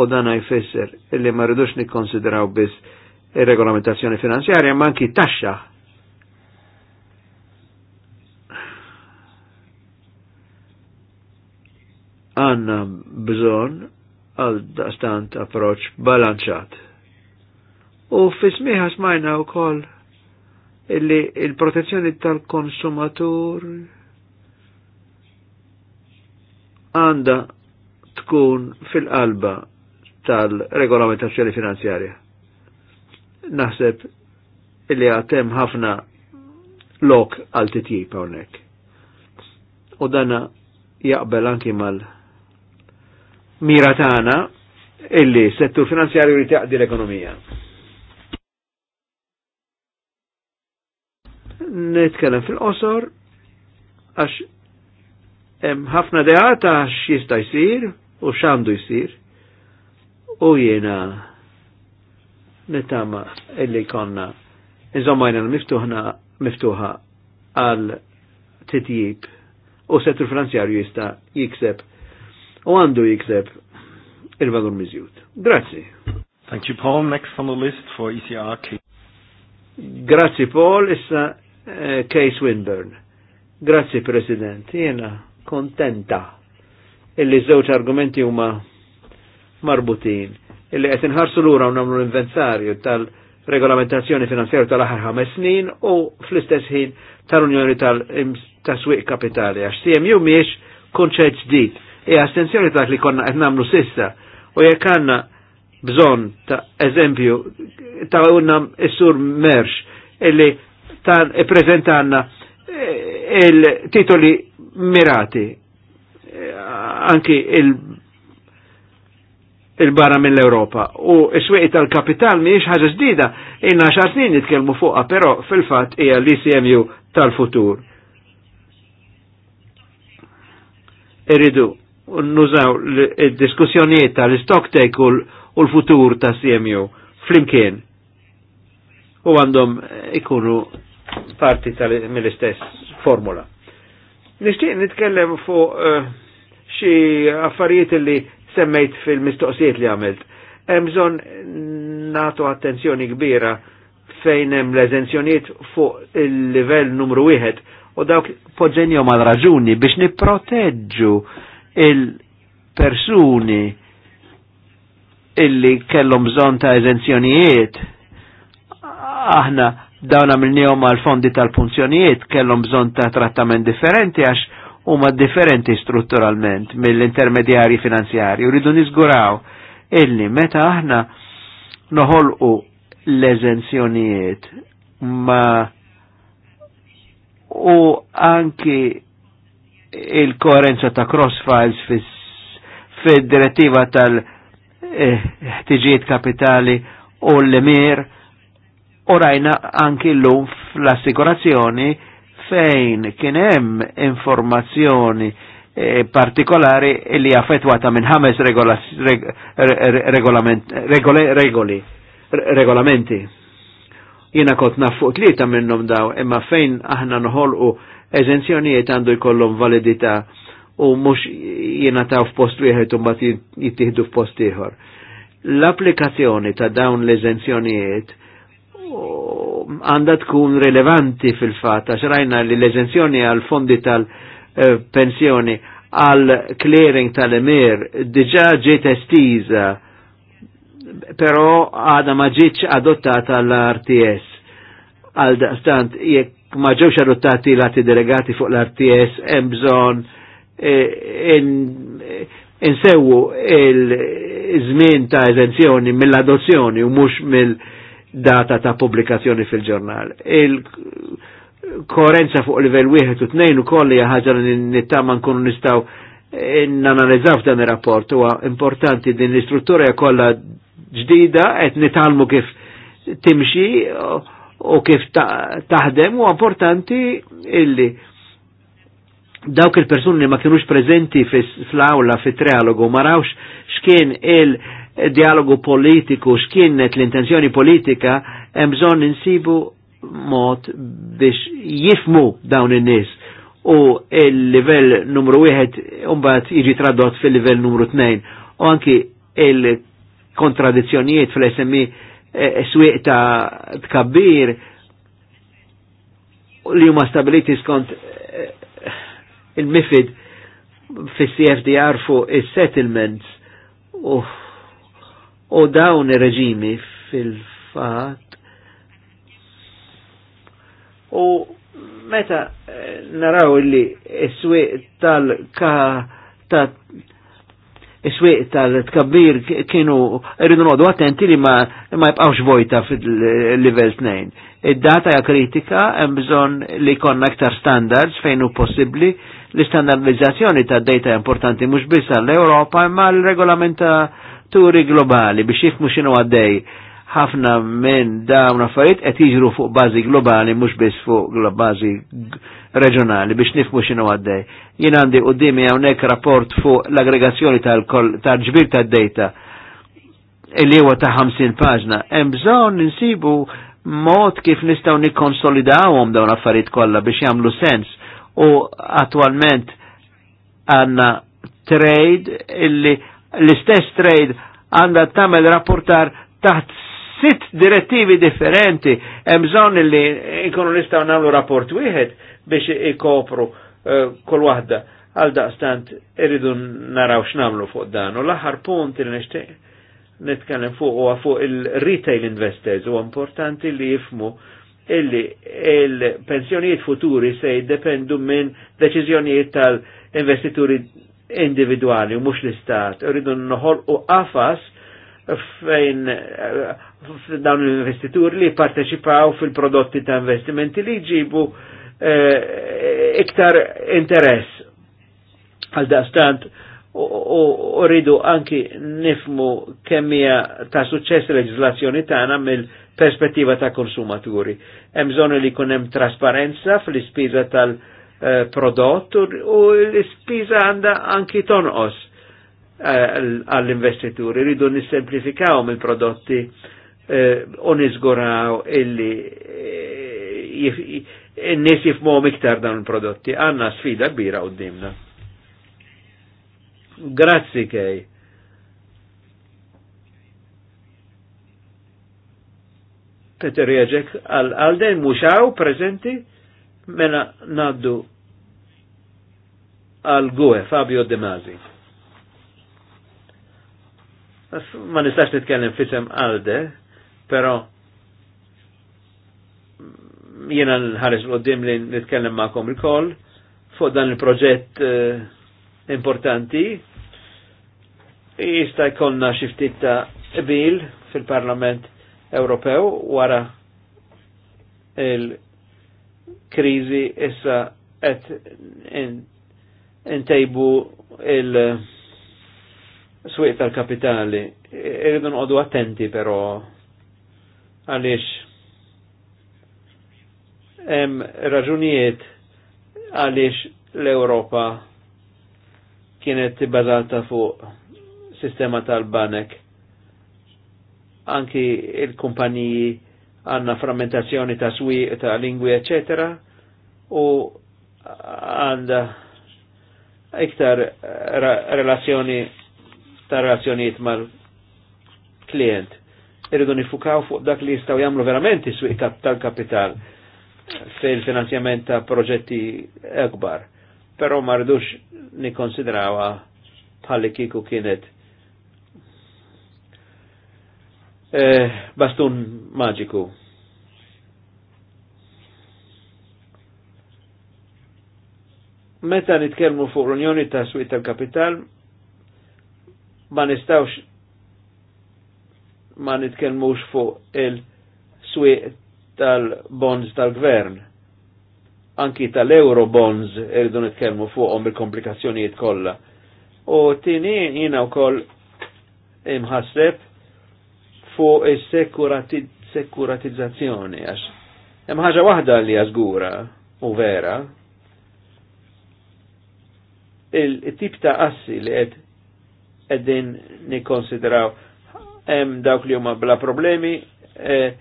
U dan jfisser illi ma rridux nikkonsidraw biss il-regolamentazzjoni finanzjarja, ma anki taxxa għanna bżon għal stant approċ balanċat. U fismiħa smajna u koll illi il-protezzjoni tal-konsumatur għanda tkun fil-qalba tal-regolamentazzjoni finanzjarja. Naħseb illi għatem ħafna lok għal titjib hawnhekk. U dana jaqbel anki mal- mira tagħna illi settur finanzjarju li taqdi l-ekonomija. Nitkellem fil-qosor għax hemm ħafna deata għax jista' jsir u x'għandu jsir u jiena nittama illi konna inżommajna miftuħna miftuħa għal titjib u settur finanzjarju jista' jikseb u għandu jikseb il-valur mizjut. Grazzi. Thank you, Paul. Next on the list for ECR. Grazzi, Paul. Issa uh, Case Winburn. Grazzi, President. Jena kontenta illi żewġ argumenti huma marbutin illi qed inħarsu lura u nagħmlu l inventarju tal-regolamentazzjoni finanzjarju tal-aħħar ħames snin u fl-istess ħin tal-Unjoni tal-Taswiq Kapitali għax CMU miex konċett ġdid e estensjoni ta' li konna qed nagħmlu sissa u jekk għandna bżonn ta' eżempju ta' unna s sur Merx illi ta' ippreżentanna e e, il-titoli mirati e, anki il- il-barra mill-Europa. U s-swieq tal-kapital miex ħaġa ġdida, inna xar snin nitkellmu fuqha, però fil-fatt hija l-ICMU tal-futur. Irridu nużaw il-diskussjonijiet tal-stock take u l-futur ta' CMU flimkien u għandhom ikunu parti mill-istess formula. Nishtiq nitkellem fuq eh, xi affarijiet li semmejt fil-mistoqsijiet li għamilt. Hemm bżonn nagħtu attenzjoni kbira fejn hemm l ezenzjoniet fuq il-livell numru wieħed u dawk poġenjom għal raġuni biex nipproteġġu il-persuni illi kellhom bżonn ta' eżenzjonijiet aħna dawn għamilnihom għal fondi tal-punzjonijiet kellhom bżonn ta' trattament differenti għax huma differenti strutturalment mill-intermedjari finanzjari. Uridu niżguraw illi meta aħna noħolqu l-eżenzjonijiet ma u anki il-koerenza ta' crossfiles fil-direttiva tal-ħtiġiet eh, kapitali u l emir u rajna anki l-lum fl assigurazzjoni fejn kienem informazzjoni eh, partikolari li affettwata minn ħames regoli, regolamenti. Jina kot naffuq tlieta minnhom daw, imma fejn aħna nħolqu eżenzjonijiet għandu jkollhom validità u mhux jingħataw f'post wieħed u mbagħad jittieħdu f'post ieħor. L-applikazzjoni ta' dawn l-eżenzjonijiet għandha tkun rilevanti fil-fatt għax rajna li l-eżenzjoni għal fondi tal-pensjoni għal clearing tal-emir diġa ġiet estiża però għada ma ġietx adottata l-RTS għal daqstant jekk ma ġewx adottati l-atti delegati fuq l-RTS hemm bżonn eh, eh, il-żmien ta' eżenzjoni mill-adozzjoni u mhux mill-data ta' pubblikazzjoni fil-ġurnal. Il-koerenza fuq livell wieħed u tnejn ukoll hija ħaġa li nittama nkunu nistgħu eh, nanalizzaw f'dan ir-rapport huwa importanti din l-istruttura kollha ġdida qed nitalmu kif timxi u kif taħdem u importanti illi dawk il-persuni li ma kienux prezenti fl-awla fit trialogu ma rawx xkien il-dialogu politiku, xkienet l-intenzjoni politika, hemm bżonn insibu mod biex jifmu dawn in-nies u il-livell numru 1 umbat iġi tradot fil-livell numru 2 u anki il-kontradizzjonijiet fl-SMI s-swiq eh, ta' tkabbir li huma stabiliti skont eh, il-mifid fis-CFDR fuq is-settlements u dawn ir-reġimi fil-fat u meta eh, naraw illi s swiq tal-ka ta' is-swieq tal-tkabbir kienu irridu nodu attenti li ma, ma jibqawx vojta fil-level 2. Id-data ja kritika hemm bżonn li konna aktar standards fejn hu possibbli l-istandardizzazzjoni ta' data importanti mhux biss għall-Ewropa imma l-regolamentaturi globali biex jifmu x'inhu għaddej ħafna minn dawn affarijiet qed jiġru fuq bażi globali mhux biss fuq bażi reġjonali biex nifmu x'inhu għaddej. Jien għandi dimi hawnhekk rapport fuq l-aggregazzjoni tal-ġbir tad-data il huwa ta' 50 paġna. Hemm bżonn insibu mod kif nistgħu nikkonsolidawhom dawn affarijiet kollha biex jagħmlu sens u attualment għandna trade illi l-istess trade għandha tagħmel rapportar taħt sitt direttivi differenti, hemm bżonn li nkunu nistgħu nagħmlu rapport wieħed biex ikopru eh, kol wahda għal daqstant irridu naraw x'namlu fuq dan. U l-aħħar punt li nixtieq nitkellem fuq huwa fuq il-retail investors u importanti li jifmu illi il-pensjonijiet futuri se jiddependu minn deċiżjonijiet tal-investituri individuali u mhux l-istat. Irridu u qafas fejn eh, dawn l-investituri li parteċipaw fil-prodotti ta' investimenti li jġibu Eh, iktar interess għal dastant u rridu anki nifmu kemmija ta' suċċess leġislazzjoni tagħna mill-perspettiva ta' konsumaturi. Hemm bżonn li jkun hemm trasparenza fl-ispiża tal-prodott u l-ispiża għandha anki tonqos eh, għall-investituri. Rridu nissemplifikaw mill-prodotti eh, u nizguraw illi n-nis jifmuhom iktar dawn il-prodotti. Għanna sfida kbira d-dimna. Grazzi kej. Peter Jeġek, għal-għalden muxaw prezenti, mena naddu għal-gwe, Fabio De Mazi. Ma nistax nitkellem fisem għalde, pero jena nħares l-qoddim li nitkellem ma'kom il-koll fuq dan il-proġett uh, importanti. Jista jkollna xiftit ta' bil fil-Parlament Ewropew wara il-krizi issa qed intejbu il-swieq eh, tal-kapitali. Irridu nqogħdu attenti però għaliex hemm raġunijiet għaliex l-Ewropa kienet bazata fuq sistema tal-banek. Anki il-kumpaniji għanna frammentazzjoni ta' swi ta' lingwi, eccetera, u għanda iktar relazzjoni ta' relazzjoniet mal-klient. Irridu nifukaw fuq dak li jistaw jamlu verament is-swiq tal kapital fil-finanzjament ta' proġetti akbar. Pero mardux nikonsidrawa bħalli kiku kienet eh, bastun maġiku. Meta nitkellmu fuq l-Unjoni ta' Swit tal-Kapital, ma nistawx ma nitkellmux fuq il-Swit tal-bonds tal-gvern. Anki tal-euro bonds irridu nitkellmu fuqhom il-komplikazzjonijiet kollha. U tini jina wkoll imħasseb fuq is-sekuratizzazzjoni għax hemm ħaġa waħda li żgura u vera il-tip ta' assi li qed qegħdin nikkonsidraw hemm dawk li huma bla problemi eh,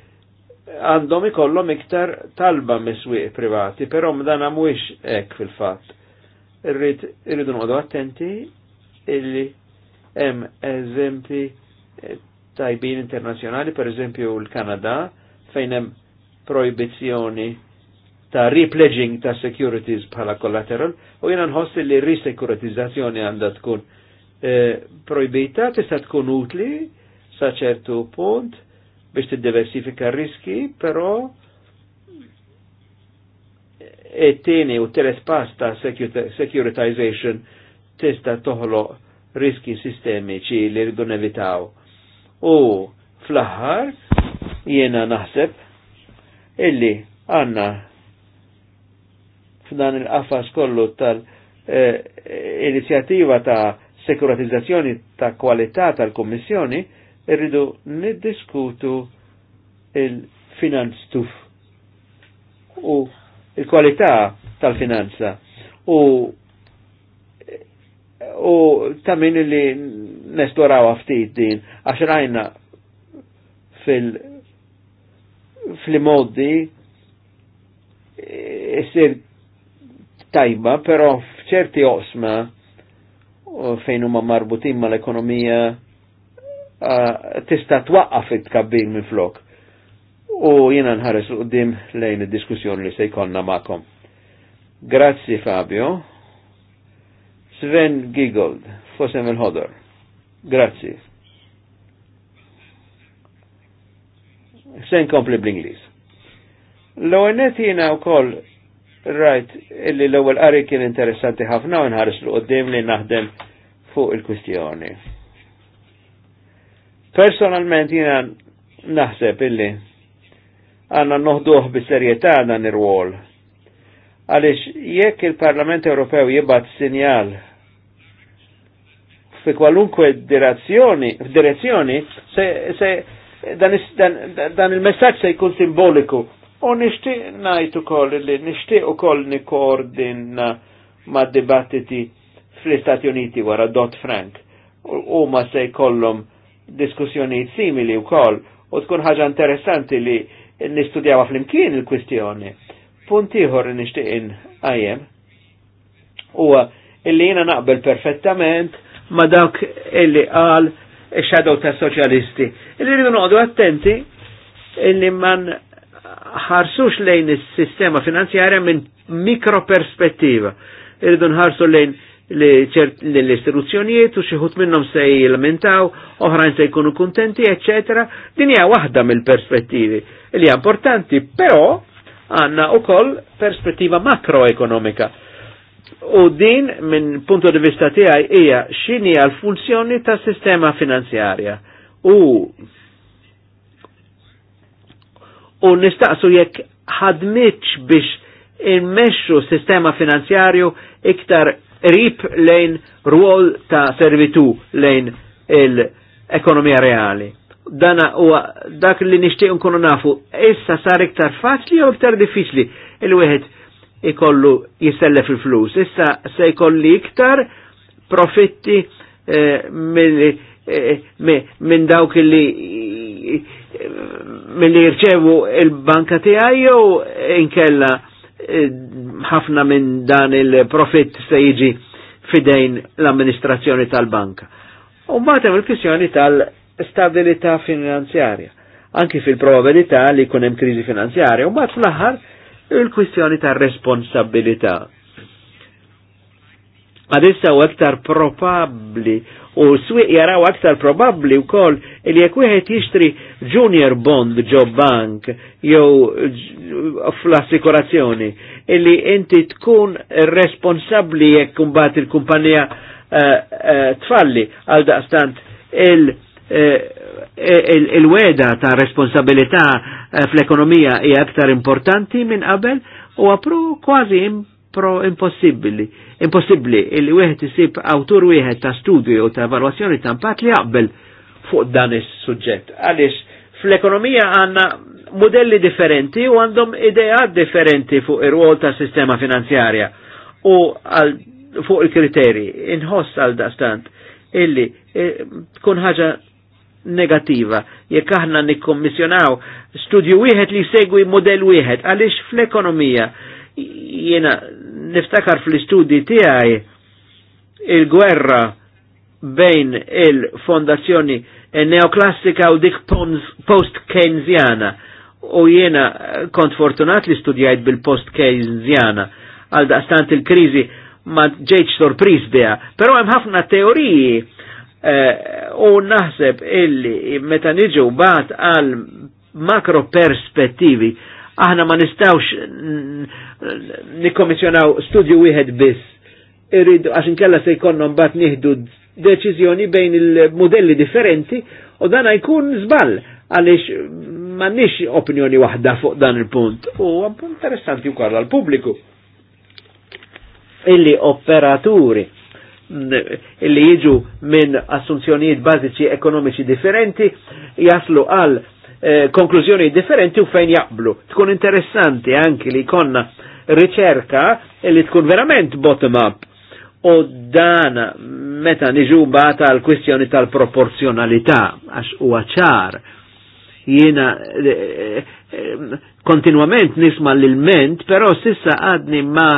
għandhom ikollhom iktar talba miswieq privati, però m'dan mhuwiex hekk fil-fatt. Irrid irridu noqogħdu attenti illi hemm eżempji eh, tajbin internazzjonali, per eżempju l-Kanada, fejn hemm proibizzjoni ta' repledging ta' securities bħala collateral u jena nħossi li risekuratizzazzjoni għandha tkun eh, projbita, tista' tkun utli sa' ċertu punt, biex t-diversifika riski, però et-tini u teles pas ta' securitization tista toħloq riski sistemiċi li rridu nevitaw. U fl-aħħar jiena naħseb illi għanna f'dan il-qafas kollu tal-inizjattiva e, ta' sekuratizzazzjoni ta' kwalità tal-Kommissjoni irridu niddiskutu il-finanztuf u il-kwalità tal-finanza u u tamin li nesploraw ftit din għax rajna fil fil-moddi jessir tajba, pero fċerti osma fejn huma marbutin mal-ekonomija Eh, tista' twaqqaf it-tkabbir minn flok. U jiena nħares l-qoddim lejn id-diskussjoni li se jkollna Grazzi Fabio. Sven Gigold, fosem il-ħodor. Grazzi. Sen kompli bl-Inglis. l onet jina u koll rajt illi l-ewel qari kien interessanti ħafna u nħares l qoddim li naħdem fuq il-kustjoni. Personalment jina naħseb illi għanna noħduħ bi serjetà dan ir-rwol. Għaliex jekk il-Parlament Ewropew jibgħat sinjal fi kwalunkwe direzzjoni, se, se dan, dan, dan il-messaġġ se jkun simboliku. U nixtieq ngħid ukoll li nixtieq ukoll nikkoordina ma' dibattiti fl-Istati Uniti wara Dot Frank. U ma se jkollhom diskussjonijiet simili wkoll u tkun ħaġa interessanti li nistudjawa fl-imkien il-kwistjoni. Punt ieħor nixtieq għajem huwa illi jiena naqbel perfettament ma dawk illi qal ix-shadow ta' soċjalisti. Illi rridu noqogħdu attenti illi man ħarsux lejn is-sistema finanzjarja minn mikroperspettiva. Irridu nħarsu lejn l-istituzzjonijiet u xieħut minnom se jilmentaw, oħrajn se jkunu kontenti, ecc. Din hija waħda mill-perspettivi li hija importanti, però għanna u koll perspettiva makroekonomika. U din minn punto di vista tiegħi hija x'inhi l-funzjoni ta' sistema finanzjarja. U u nistaqsu jekk ħadmitx biex immexxu sistema finanzjarju iktar rip lejn ruol ta' servitu lejn l ekonomija reali. Dana u dak li nishtiq nkunu nafu, issa sar iktar faċli u iktar diffiċli il-wieħed ikollu jistelle fil flus Issa se jkolli iktar profitti eh, eh, minn dawk li eh, minn li jirċevu il-banka tijaj jew inkella ħafna minn dan il-profit se jiġi fidejn l-amministrazzjoni tal-banka. U mbagħad il-kwistjoni tal-stabilità finanzjarja, anki fil-probabilità li jkun hemm kriżi finanzjarja, u mbagħad fl-aħħar il-kwistjoni tal-responsabilità. Għadissa u aktar probabbli u s-swiq jaraw aktar probabli wkoll li jekk wieħed jixtri junior bond Job bank jew fl-assikurazzjoni illi inti tkun responsabli jekk kumbat il-kumpanija eh, eh, tfalli għal daqstant il- eh, il-weda ta' responsabilità fl-ekonomija hija aktar importanti minn qabel u għapru kważi pro impossibbli, impossibbli il wieħed isib awtur wieħed ta' studju u ta' evalwazzjoni ta' impatt li jaqbel fuq dan is-suġġett. Għaliex fl-ekonomija għandna modelli differenti u għandhom ideat differenti fuq ir ruol ta' sistema finanzjarja u għal fuq il-kriteri inħoss għal dastant illi e, tkun ħaġa negativa jekk aħna nikkommissjonaw studju wieħed li segwi model wieħed għaliex fl-ekonomija jiena niftakar fl-istudji tiegħi il-gwerra bejn il-fondazzjoni neoklassika u dik post-Keynesiana u jiena kont fortunat li studjajt bil-post-Keynesiana għal daqstant il-krizi ma ġejċ sorpriz bija, pero hemm ħafna teoriji eh, u naħseb illi meta niġu bat għal makro perspettivi aħna ma nistawx nikkomissjonaw studju wieħed biss. Irridu għax inkella se jkollhom mbagħad nieħdu deċiżjoni bejn il-modelli differenti u dan jkun żball għaliex m'għandniex opinjoni waħda fuq dan il-punt. U punt interessanti wkoll għall-pubbliku. Illi operaturi mm, illi jiġu minn assunzjonijiet bażiċi ekonomiċi differenti jaslu għal Eh, konklużjoni differenti u fejn jaqblu. Tkun interessanti anki li konna riċerka li tkun verament bottom-up u dan meta niġu bata l-kwistjoni tal-proporzjonalità għax u ċar jiena eh, eh, kontinuament nisma l-ment, però sissa għadni ma,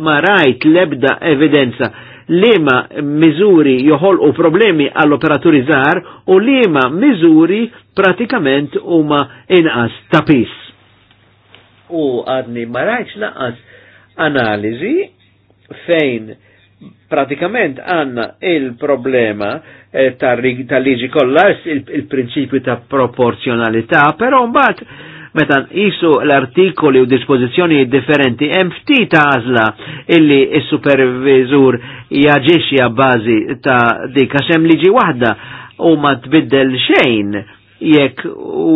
ma rajt lebda evidenza liema miżuri joħolqu problemi għall-operaturi żgħar u liema miżuri pratikament huma inqas tapis. U għadni ma rajtx analizi analiżi fejn pratikament għanna il-problema eh, tal-liġi kollars il-prinċipju ta' proporzjonalità, però mbagħad Meta isu l-artikoli u dispożizzjoni differenti hemm ftit għażla illi s-supervisur jaġixxi bażi ta' dik għax hemm liġi waħda u ma tbiddel xejn jekk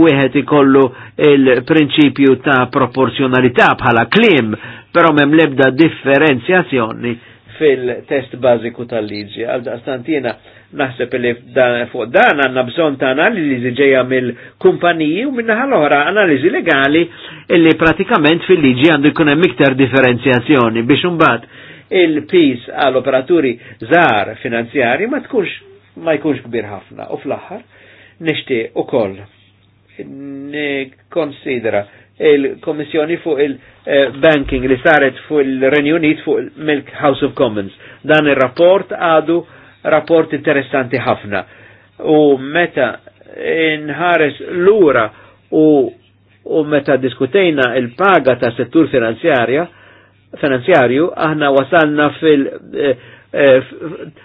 wieħed ikollu il-prinċipju ta' proporzjonalità bħala klim, però hemm l-ebda differenzjazzjoni fil-test bażiku tal-liġi. Għal daqstantina, Naħseb li fuq dan għanna bżon ta' analizi ġeja mill-kumpaniji u minna ħal-oħra analizi legali illi pratikament fil-liġi għandu jkun hemm iktar differenzjazzjoni biex imbagħad il-pis għal operaturi żgħar finanzjari ma tkunx ma jkunx kbir ħafna u fl-aħħar nixtieq ukoll nekonsidra il-Komissjoni fuq il-Banking eh, li saret fuq il-Renju Unit fuq il-Milk House of Commons. Dan il-rapport għadu rapport interessanti ħafna. U meta inħares lura u, u meta diskutejna il-paga ta' settur finanzjarja, finanzjarju, aħna wasalna fil eh, eh,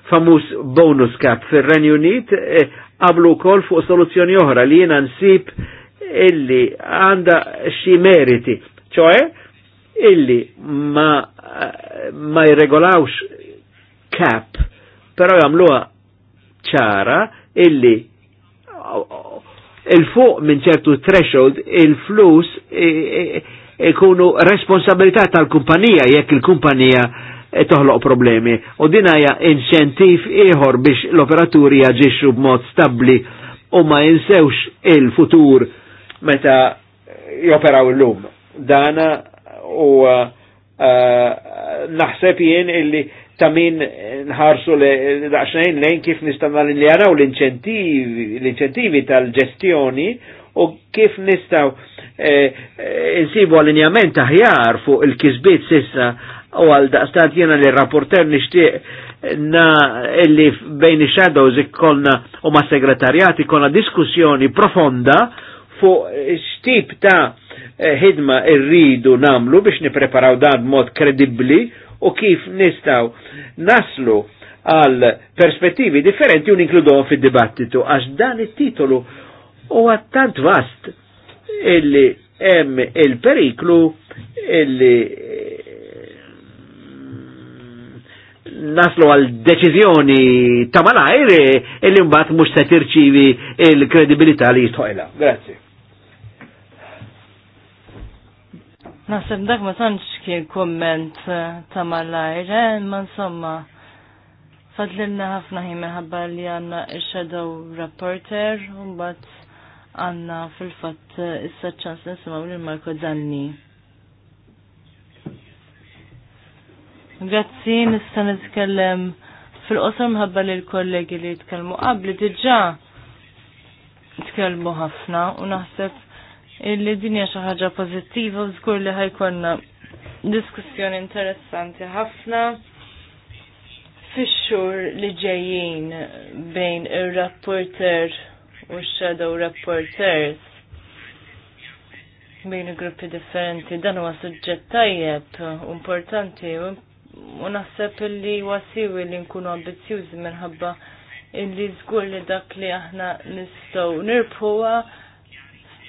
famus bonus cap fil-Renju Unit eh, qablu kol fuq soluzzjoni oħra li jiena nsib illi għanda xi meriti, ċoħe illi ma, ma jregolawx cap però jagħmluha ċara illi il-fuq minn ċertu threshold il-flus ikunu e, e, responsabilità tal-kumpanija jekk il-kumpanija toħloq problemi. U dinaja hija inċentiv ieħor biex l-operaturi jaġixxu b'mod stabbli u ma jinsewx il-futur meta joperaw l-lum. Dana u uh, eh, naħseb jien illi ta' min nħarsu le daqsxejn lejn kif nistgħu li jaraw l-inċentivi l-inċentivi tal-ġestjoni u kif nistgħu eh, eh, insibu allinjament aħjar fuq il-kisbiet sissa u għal daqstat jena li rapporter nixtieq na illi bejn i shadows ikkolna u ma' segretarjati ikkolna diskussjoni profonda fuq xtip ta' eh, ħidma irridu namlu biex nipreparaw dan mod kredibbli u kif nistaw naslu għal perspettivi differenti u ninkludohom fid-dibattitu għax dan it-titolu u tant vast illi hemm il-periklu illi eh, naslu għal deċizjoni ta' malajr eh, illi mbagħad mhux se tirċivi il-kredibilità li jistħoqilha. Grazie. Naħseb dak ma tantx kien komment eh, ta' malajr, eh, ma insomma. Fadlilna ħafna ħin ħabba li għanna il-shadow reporter, un-bat għanna fil-fat eh, issa ċans nisimaw li Marko Danni. Grazzi, nista nitkellem fil-qosor mħabba li l-kollegi li jitkellmu qabli diġa tkellmu ħafna u naħseb illi dinja xi ħaġa pożittiva u żgur li ħajkonna diskussjoni interessanti ħafna fix-xhur li ġejjin bejn ir-rapporter u shadow rapporters bejn gruppi differenti dan huwa suġġett tajjeb importanti u naħseb illi wasiwi li nkunu ambizzjużi minħabba illi żgur li dak li aħna nistgħu nirbħuha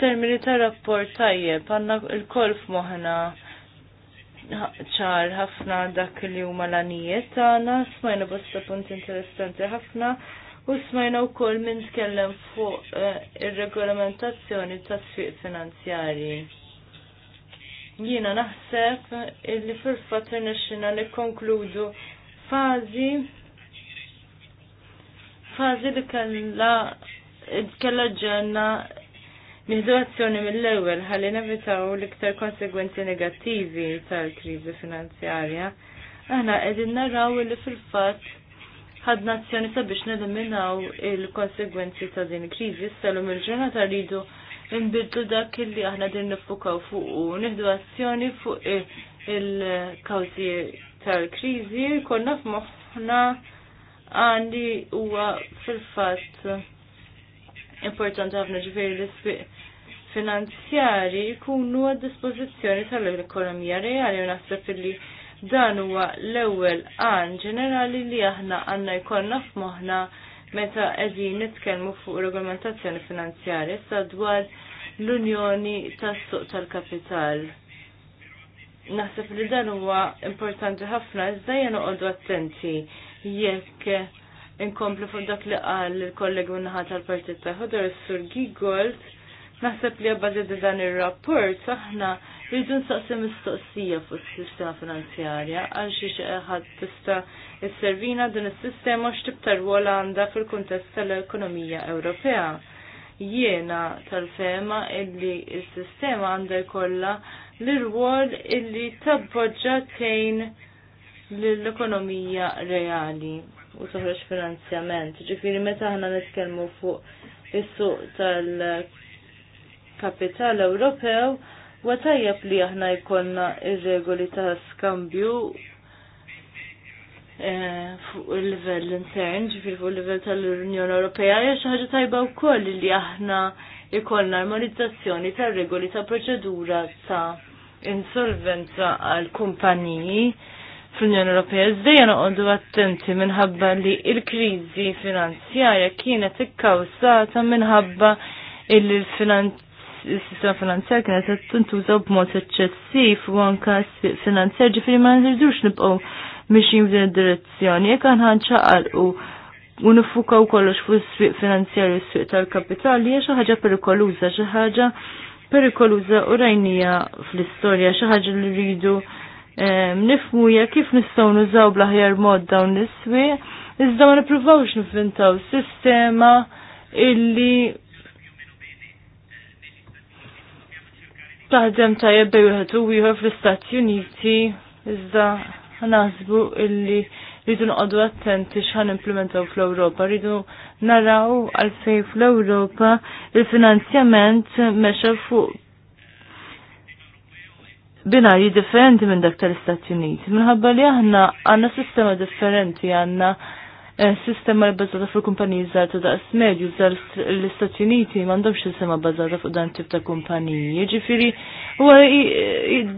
termini ta' rapport tajjeb, għanna il-kolf moħna ċar ħafna dak li huma l-anijiet tagħna, smajna bosta punt interessanti ħafna u smajna wkoll min tkellem fuq eh, ir-regolamentazzjoni ta' sfiq finanzjarji. Jiena naħseb illi fil-fatt irnexxina nikkonkludu fażi fażi li kellha kella ġenna Nihdu azzjoni mill-ewwel ħalli nevitaw l-iktar konsegwenzi negattivi tal-kriżi finanzjarja. Aħna qegħdin naraw li fil-fatt ħadna azzjoni sabiex neliminaw il-konsegwenzi ta' din il-kriżi, s-salum il-ġurnata rridu nbiddu dak li aħna din nifukaw fuq u nieħdu azzjoni fuq il-kawzi tal-kriżi konna f'moħħna għandi huwa fil-fatt importanti ħafna ġifieri l-isbiq finanzjari jkunu għad dispożizzjoni tal-ekonomija reali u naħseb li dan huwa l-ewwel għan ġenerali li aħna għandna jkollna f'moħħna meta qegħdin nitkellmu fuq regolamentazzjoni finanzjari sa dwar l-Unjoni tas-Suq tal-Kapital. Naħseb li dan huwa importanti ħafna iżda jien noqogħdu attenti jekk inkomplu fuq dak li qal il-kollegu naħa tal-Partit ta' Ħodor is-Sur Gigold Naħseb li għabbażi da dan il-rapport, aħna rridu nsaqsi mistoqsija fuq s sistema finanzjarja, għal xi ħadd tista' s-servina din is-sistema x-tibtar tarwol għandha fil-kuntest tal-ekonomija Ewropea. Jiena tal-fema illi s-sistema għandha jkollha l-irwol illi tabboġġa tejn l-ekonomija reali u toħroġ finanzjament. Ġifieri meta aħna nitkellmu fuq is-suq tal- kapital Ewropew wa tajjeb li aħna jkollna ir-regoli ta' skambju eh, fuq il-livell intern, ġifir fuq il-livell tal-Unjoni Ewropea, hija xi ħaġa tajba wkoll li aħna jkollna armonizzazzjoni tar-regoli ta' proċedura ta' insolvenza għal kumpaniji fl-Unjoni Ewropea. Iżdejja noqogħdu attenti minħabba li l-kriżi finanzjarja kienet ikkawsata minħabba il-finanzjarja il sistema finanzjar kienet qed tintużaw b'mod eċċessiv u anke finanzjar ġifieri ma nirdux nibqgħu mixin f'din id-direzzjoni. Jekk aħna nċaqal u nifukaw kollox fuq is-swieq finanzjar u s-swieq tal-kapitali hija xi ħaġa perikoluża, xi ħaġa perikoluża u rajnija fl-istorja xi ħaġa li rridu ehm, nifmu kif nistgħu nużaw bl-aħjar mod dawn is-swieq, iżda ma nippruvawx nivvintaw sistema illi taħdem tajjeb bej wieħed u ieħor fl-Istati Uniti iżda naħsbu illi rridu noqogħdu attenti x'ħan implementaw fl-Ewropa, rridu naraw għalfejn fl-Ewropa il-finanzjament mexa fuq binarji differenti minn dak tal-Istati Uniti. Minħabba li aħna għandna sistema differenti għandna Eh, sistema bbażata fuq kumpaniji żgħar ta' daqs medju l-Istati Uniti m'għandhomx sistema bazzata fuq dan tip ta' kumpaniji. Ġifiri, huwa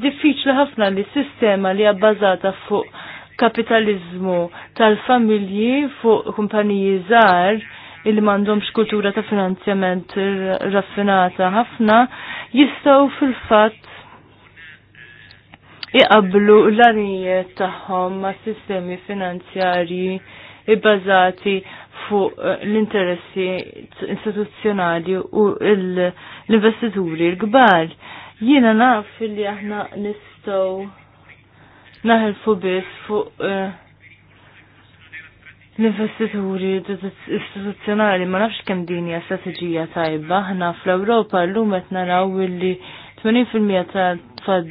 diffiċli ħafna li sistema li hija bbażata fuq kapitalizmu tal-familji fuq kumpaniji żgħar il mandom kultura ta' finanzjament raffinata ħafna jistaw fil-fat iqablu l-arijiet tagħhom ma' sistemi finanzjarji ibbażati fuq eh, l-interessi istituzzjonali u l-investituri l-kbar. Jiena naf li aħna nistgħu naħelfu biss fuq eh, l-investituri istituzzjonali ma nafx kemm din hija strateġija tajba. Aħna fl-Ewropa llum qed naraw li 80% ta' l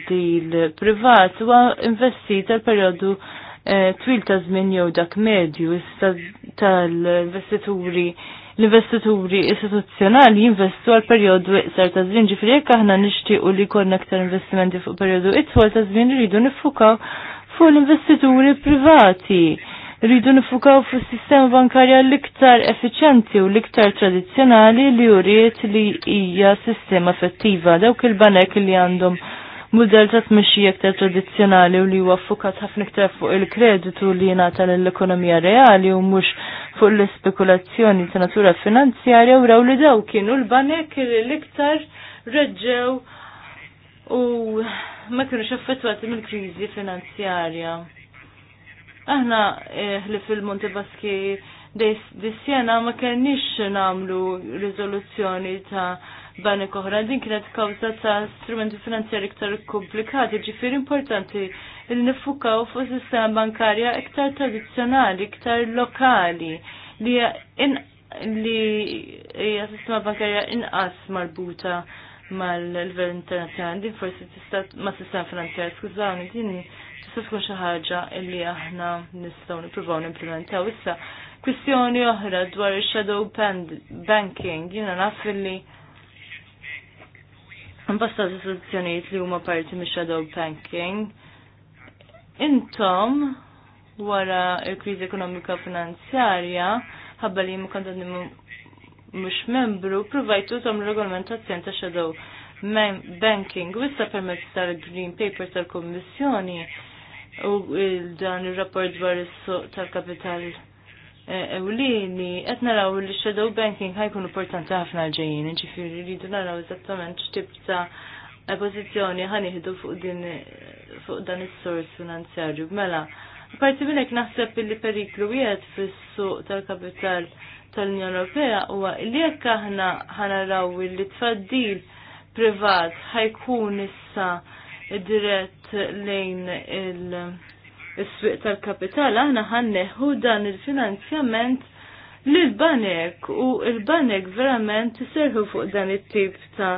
privat huwa investit għal perjodu Eh, twil ta' zmin jew dak medju issa tal-investituri l-investituri istituzzjonali jinvestu għal periodu iqsar ta' żmien ġifieri jekk aħna nixtiequ li jkollna aktar investimenti fuq periodu itwal ta' żmien iridu nifukaw fuq l-investituri privati. Rridu nifukaw fuq sistema bankarja l-iktar effiċenti u l-iktar tradizzjonali li juriet li hija sistema effettiva dawk il-banek li għandhom mudell ta' tmexxija iktar tradizzjonali u li huwa fukat ħafna iktar fuq il-kreditu li jingħata lill-ekonomija reali u mhux fuq l spekulazzjoni ta' natura finanzjarja u raw li daw kienu l-banek l-iktar reġġew u ma kienu affettwati mill-kriżi finanzjarja. Aħna eh, li fil-Monte Baski dis-sjena ma kienix namlu riżoluzzjoni ta' bani oħra. Din kienet kawza ta' strumenti finanzjari iktar komplikati, ġifir importanti li nifukaw fuq sistema bankarja iktar tradizjonali, iktar lokali, li in li hija sistema bankarja inqas marbuta mal livell internazzjonali, din forsi tista' ma' sistema finanzjarja, skużawni, din tista' tkun xi ħaġa li aħna nistgħu nippruvaw nimplementaw issa. Kwistjoni oħra dwar ix shadow banking, jiena naf li Mbasta istituzzjonijiet li huma parti mix shadow banking. Intom wara l-kriżi ekonomika finanzjarja ħabba li ma kontan mhux membru provajtu tom regolamentazzjon ta' shadow banking u issa permezz tal-green paper tal-Kommissjoni u dan ir-rapport dwar is-suq tal-kapital ewlieni qed naraw li shadow banking ħajkun importanti ħafna ġejjin, ġifieri rridu naraw eżattament x'tip ta' pożizzjoni ħanieħdu fuq din fuq dan is-sors finanzjarju. Mela, parti minn hekk naħseb li periklu wieħed fis-suq tal-kapital tal-Unjoni Ewropea huwa li jekk aħna ħanaraw li tfaddil privat ħajkun issa dirett lejn il- is-swieq tal-kapital aħna ħanneħu dan il-finanzjament lil-banek u il-banek verament iserħu fuq dan it-tip ta'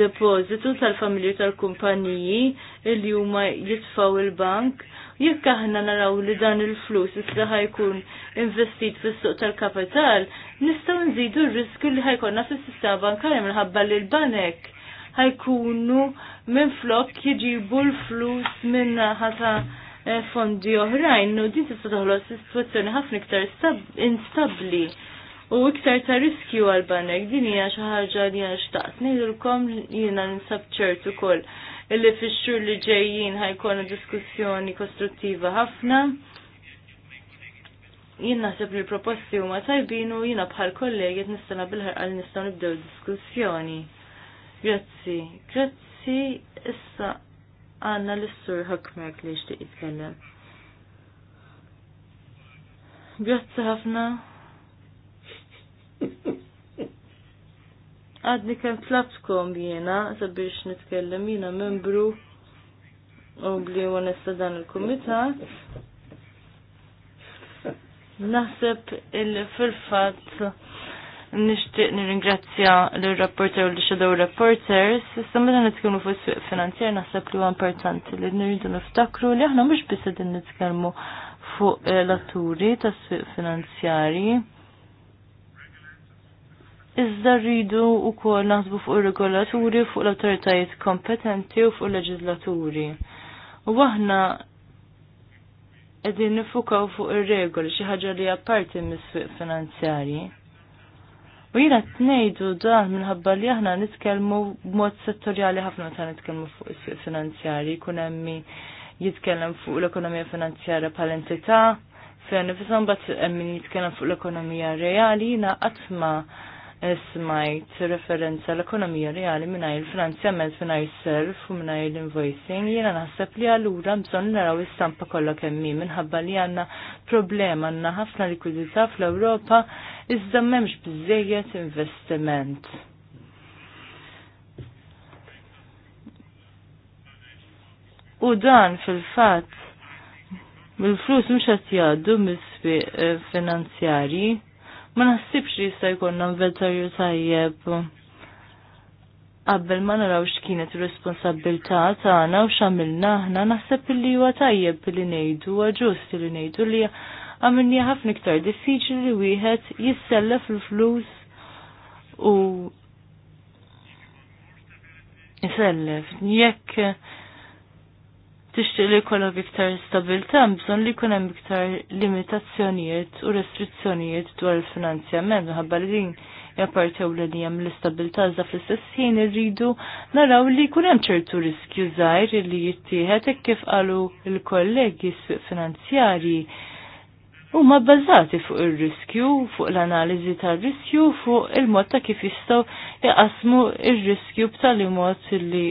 depozitu tal-familju tal-kumpaniji li huma jitfaw il-bank jekk aħna naraw li dan il-flus issa ħajkun investit fis-suq tal-kapital, nistgħu nżidu r-riskju li ħajkonna fis-sistema bankarja minħabba li l-banek ħajkunu minn flok jiġibu l-flus minn ħata Eh, fondi oħrajn u din tista' toħloq sitwazzjoni ħafna iktar instabbli u iktar ta' riskju għal banek din hija xi ħaġa li hija xtaqt ngħidulkom jiena ninsab ċert ukoll illi fix-xhur li ġejjin ħajkunu diskussjoni kostruttiva ħafna. Jien naħseb li l-proposti huma tajbin u jiena bħal kollegi qed nistana bil ħarqal nistgħu nibdew diskussjoni. Grazzi, grazzi issa għanna l-sur Huckmark li xtiq jitkellem. Grazzi ħafna. Għadni kem tlabtkom jena sabiex nitkellem jena membru u li għanessa dan il-komitat. Naħseb il-fil-fat nishtiq nirringrazzja l-rapporter u l-shadow reporters, issa meta nitkellmu fuq is-swieq finanzjar naħseb li huwa importanti li nirridu niftakru li aħna mhux biss qegħdin nitkellmu fuq eh, l-atturi tas-swieq finanzjarji. Iżda rridu wkoll naħsbu fuq ir-regolaturi, fuq l-awtoritajiet kompetenti u fuq l-leġislaturi. U aħna qegħdin nifukaw fuq ir-regoli xi ħaġa li apparti mis-swieq finanzjari. U jina t-nejdu dan minħabba li aħna nitkelmu mod settorjali ħafna ta' nitkelmu fuq is-suq finanzjari, kun emmi jitkellem fuq l-ekonomija finanzjarja bħal entità, fejn nifisom bat emmi jitkellem fuq l-ekonomija reali, jina għatma smajt referenza l-ekonomija reali minna il-finanzjament il self u minna l-invoicing jina naħseb li għallura bżon naraw istampa kollha emmi minħabba li għanna problema għanna ħafna likwidita fl-Ewropa iżda m'hemmx bżejjed investiment. U dan fil-fatt mill-flus mhux qed jgħaddu mis-swieq eh, finanzjarji ma naħsibx li jista' jkun inventarju tajjeb qabel ma naraw x'kienet ir-responsabilità tagħna u x'għamilna aħna naħseb li huwa tajjeb li ngħidu huwa ġust li ngħidu li għamilni ħafna iktar diffiċli li wieħed jissellef l-flus u jissellef. Jekk tixtieq li jkollok iktar stabilta bżonn li jkun hemm iktar limitazzjonijiet u restrizzjonijiet dwar il-finanzjament minħabba li din jappartew li li jem l-istabilta za fl-istess ħin irridu naraw li jkun hemm ċertu riskju zaħir li jittieħed hekk kif qalu l-kollegi finanzjarji huma bbażati fuq ir-riskju, fuq l-analiżi tar-riskju, fuq il-mod ta' kif jistgħu jaqasmu il riskju b'tali mod li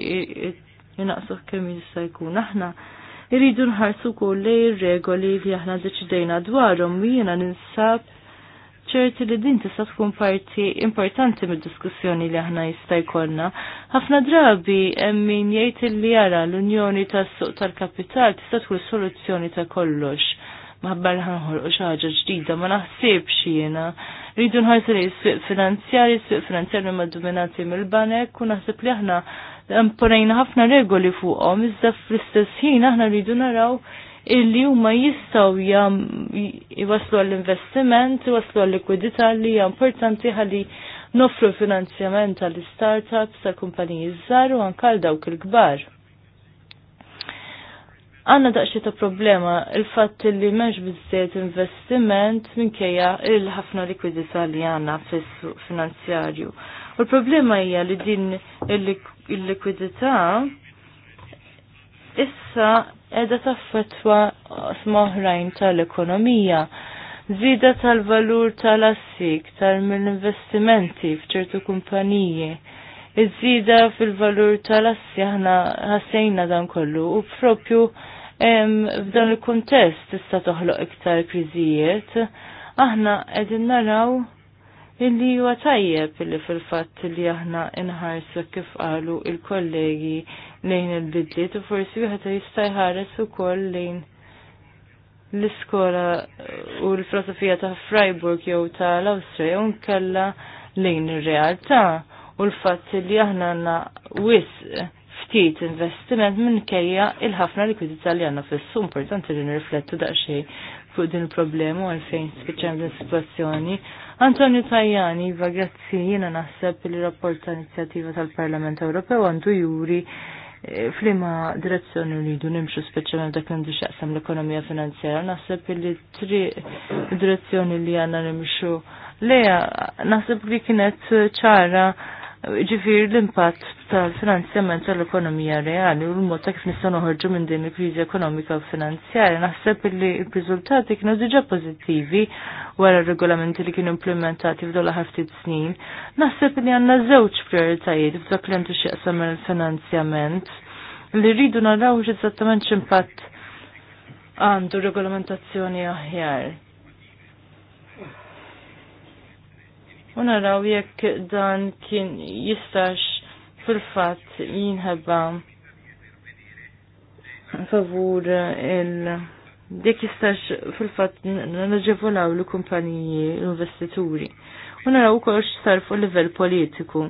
jinaqsu kemm jista' jkun aħna. Irridu nħarsu wkoll ir-regoli li aħna deċidejna dwarhom jiena ninsab ċerti li din tista' tkun parti importanti mid-diskussjoni li aħna jista' jkollna. Ħafna drabi hemm min jgħid li jara l-Unjoni tas-Suq tal-Kapital tista' tkun soluzzjoni ta' kollox maħbar ħanħol u xaħġa ġdida, ma naħsibx jiena. Ridu nħarsu li s sweq finanzjari, s sweq finanzjari ma dominati mill-banek, u naħseb li aħna imponejna ħafna regoli fuqhom, iżda fl-istess ħin aħna rridu naraw illi huma jistgħu jwaslu għall-investiment, jwaslu għall-likwidità li hija importanti ħalli nofru finanzjament għall-startups, għall-kumpaniji żgħar u anke għal dawk il-kbar għanna daqxie ta' problema il fat li meġ bizzet investiment minkejja il-ħafna likwidità li għanna fis finanzjarju. U l-problema hija li din il-likwidità issa edha fetwa smoħrajn tal-ekonomija. Zida tal-valur tal-assik, tal-investimenti fċertu kumpaniji. Iż-żida fil-valur tal-assi ħna ħassejna dan kollu u propju f'dan il-kuntest tista' toħloq iktar kriżijiet, aħna qegħdin naraw illi huwa tajjeb illi fil-fatt li aħna inħarsu kif qalu il-kollegi lejn il-bidliet u forsi wieħed jista' jħares ukoll lejn l-iskola u l-filosofija ta' Freiburg jew ta' l-Awstrija u lejn ir-realtà u l-fatt li aħna għandna wisq ftit investiment kejja il-ħafna likwidità li għandna fissu importanti li nirriflettu daqsxejn fuq din il-problema u għalfejn spiċċem din situazzjoni. Antonio Tajani, va grazzi jena naħseb li rapport ta' inizjattiva tal-Parlament Ewropew għandu juri eh, flima direzzjoni li jdu nimxu speċjalment dak li xaqsam l-ekonomija finanzjera, naħseb li tri direzzjoni li għanna nimxu leja, naħseb li kienet ċara ġifir l-impatt tal-finanzjament tal-ekonomija reali u l-mod ta' kif nistgħu noħorġu minn din il-kriżi ekonomika u finanzjarja. Naħseb li r-riżultati kienu diġà pożittivi wara r-regolamenti li kienu implementati f'dola ħaftit snin. Naħseb li għandna żewġ prioritajiet f'dak li għandu x'jaqsam il-finanzjament li rridu naraw eżattament x'impatt għandu regolamentazzjoni aħjar u naraw jekk dan kien jistax fil-fatt jinħabba favur il- dik jistax fil-fatt naġevolaw l-kumpaniji l-investituri. U naraw ukoll x'sar fuq livell politiku.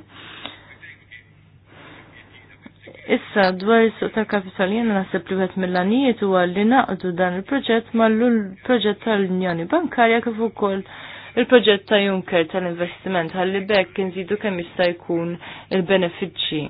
Issa dwar is-suq ta' kapital jiena naħseb li għet mill-għanijiet huwa li naqdu dan il-proġett ma' l proġett tal-Unjoni Bankarja kif ukoll il-proġett ta' Juncker tal-investiment għalli bekk nżidu kemm jista' jkun il-benefiċċji.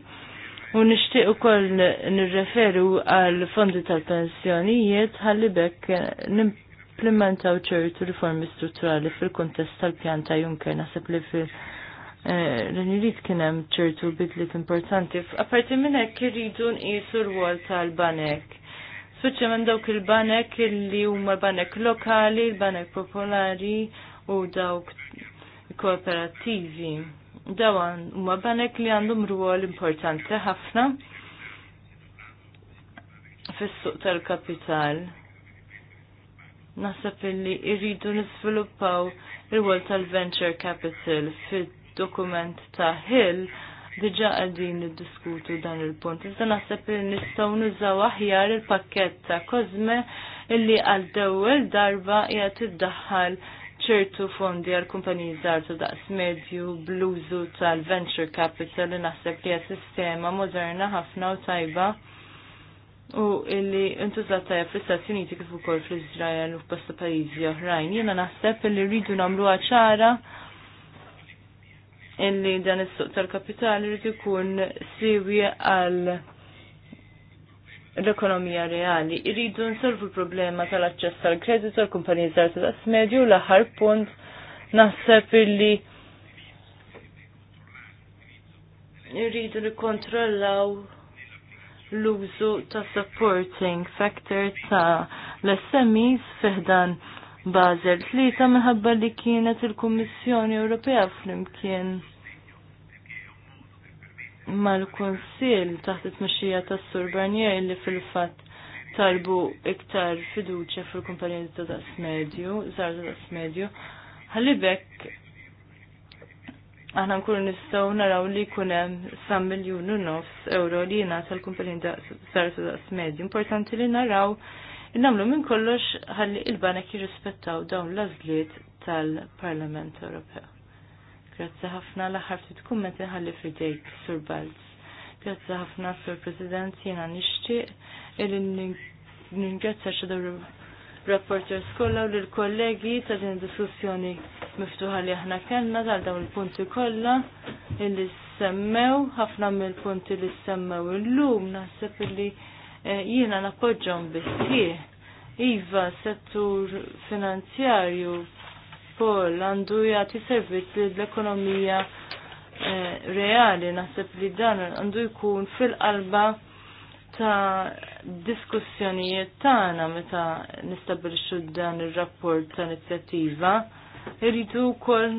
U nixtieq ukoll nirreferu għal fondi tal-pensjonijiet ħalli bekk nimplementaw ċertu riformi strutturali fil-kontest tal-pjan ta' Juncker naħseb li fil- eh, l-nirid kienem ċertu bidlit importanti. Aparti minn hekk irridu nqisu l-wol tal-banek. Speċjalment dawk il-banek li huma l-banek lokali, l-banek popolari u dawk kooperativi. Dawan huma banek li għandhom rwol importanti ħafna fis-suq tal-kapital. Naħseb illi irridu nisviluppaw ir wol tal-venture capital fid-dokument ta' Hill diġa għadin diskutu dan il-punt. Iżda nasab li nistgħu nużaw aħjar il-pakket ta' Kozme illi għal dewwel darba qiegħed iddaħħal ċertu fondi għal kumpaniji żgħar daqs medju bluzu tal-venture capital li naħseb li sistema moderna ħafna u tajba u illi intużat tajja fl-Istati Uniti kif ukoll fl-Iżrael u f'bosta pajjiżi oħrajn. Jiena naħseb illi rridu nagħmluha ċara illi dan is-suq tal-kapitali rrid ikun siwi għal l-ekonomija reali. Irridu nsolvu l-problema tal-aċċess tal-kreditu l-kumpaniji żgħar tas medju l-aħħar punt naħseb illi irridu nikkontrollaw l-użu ta' supporting factor ta' l-SMEs fiħdan Basel tlieta minħabba li kienet il-Kummissjoni Ewropea flimkien mal-Kunsill taħt it mexxija tas-Sur Barnier li fil-fatt talbu iktar fiduċja fil-kumpaniji ta' daqs medju, żgħar ta' daqs medju. ħalibek aħna nkunu nistgħu naraw li jkun hemm sa miljun u nofs euro li tal-kumpanija ta' żgħar ta' daqs medju. Importanti li naraw innamlu minn kollox ħalli il-banek jirrispettaw dawn l-għażliet tal-Parlament Ewropew. Grazzi ħafna l-aħħar ftit kummenti ħalli fidejk, Sur Balz. Grazzi ħafna, Sur President, jiena nixtieq illi ningrazzja xi rapporters kollha u lill-kollegi ta' din diskussjoni miftuħa li aħna kellna tal dawn il-punti kollha illi semmew ħafna mill-punti li semmew illum naħseb illi eh, jiena nappoġġhom biss Iva, settur finanzjarju Paul għandu jagħti servizz l-ekonomija eh, reali naħseb li dan għandu jkun fil-qalba ta' diskussjonijiet tagħna meta nistabilixxu dan ir-rapport ta' inizjattiva irridu wkoll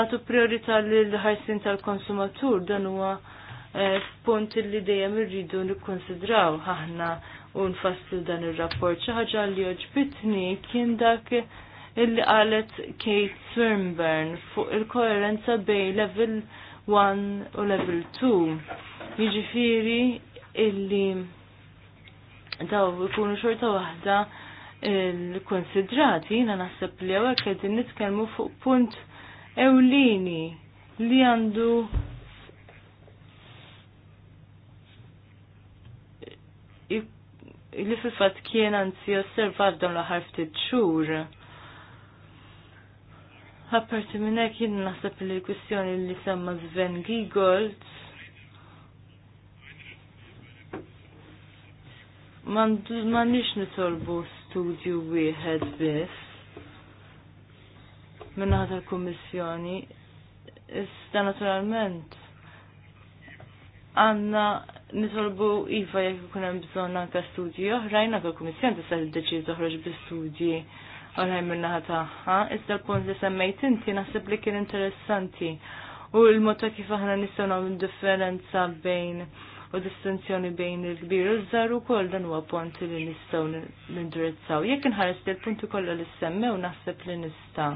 nagħtu priorità lil ħajsin tal-konsumatur dan huwa eh, punt li dejjem irridu nikkonsidraw aħna u nfasslu dan ir-rapport xi ħaġa li oġbitni kien dak illi qalet Kate Swinburne fuq il-koerenza bej level 1 u level 2. Jiġifieri illi daw ikunu xorta waħda il-konsidrati, jina naħseb li għawek għedin nitkelmu fuq punt ewlini li għandu li fil-fat kien anzi osservat dan l-ħar ftit xhur. Apparti minn hekk jien naħseb li l-kwistjoni li semma Sven Giegold m'għandix nitolbu studju wieħed biss Minna ħadd l kummissjoni Issa naturalment għandna nitolbu iva jekk ikun hemm bżonn anke studji oħrajn anke l-Kummissjoni tista' tiddeċied toħroġ bi studji oħrajn minnaħa tagħha, iżda l-punt li semmejt inti naħseb li kien interessanti. U l mota ta' kif aħna nistgħu nagħmlu differenza bejn u distinzjoni bejn il-kbir u żar ukoll dan huwa punt li nistgħu nindirizzaw. Jekk inħares li l-punti kollha li semmew naħseb li nista'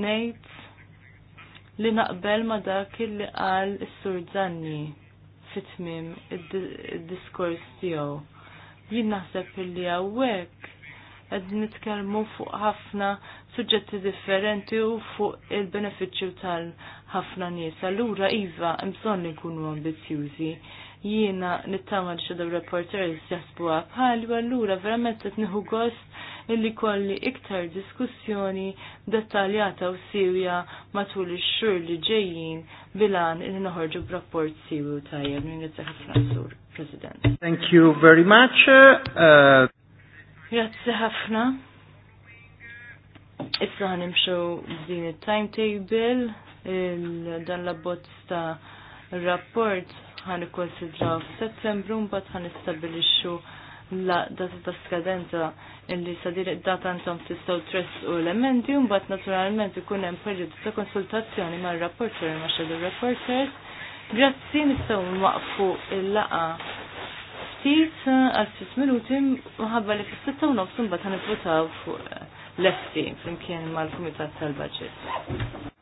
ngħid li naqbel ma dak li qal is-Sur Zanni fit-tmiem id-diskors tiegħu jien naħseb illi hawnhekk qed nitkellmu fuq ħafna suġġetti differenti u fuq il-benefiċċju tal-ħafna nies. Allura iva mżon bżonn ikunu ambizjużi jiena nittama li xedaw reporters jasbu għabħal, u allura verament qed nieħu gost illi kolli iktar diskussjoni dettaljata u sirja matul ix-xhur li ġejjin bilan illi noħorġu b'rapport sirju tajjeb minn qed ħafna President. Thank you very much. Uh... ħafna. Issa nimxu din il-timetable, dan l-abbozz ta' rapport ħan ikkonsidraw f'Settembru mbagħad ħan istabilixu la data ta' skadenza illi sa' id-data intom tistgħu tress u l-emendi mbagħad naturalment ikun hemm perjodu ta' konsultazzjoni mar-rapporter ma' shadow reporters Grazzi nistgħu waqfu il-laqa ftit għal ftit minuti minħabba li fis-sitta u nofs fuq lefti ft flimkien mal-Kumitat tal budget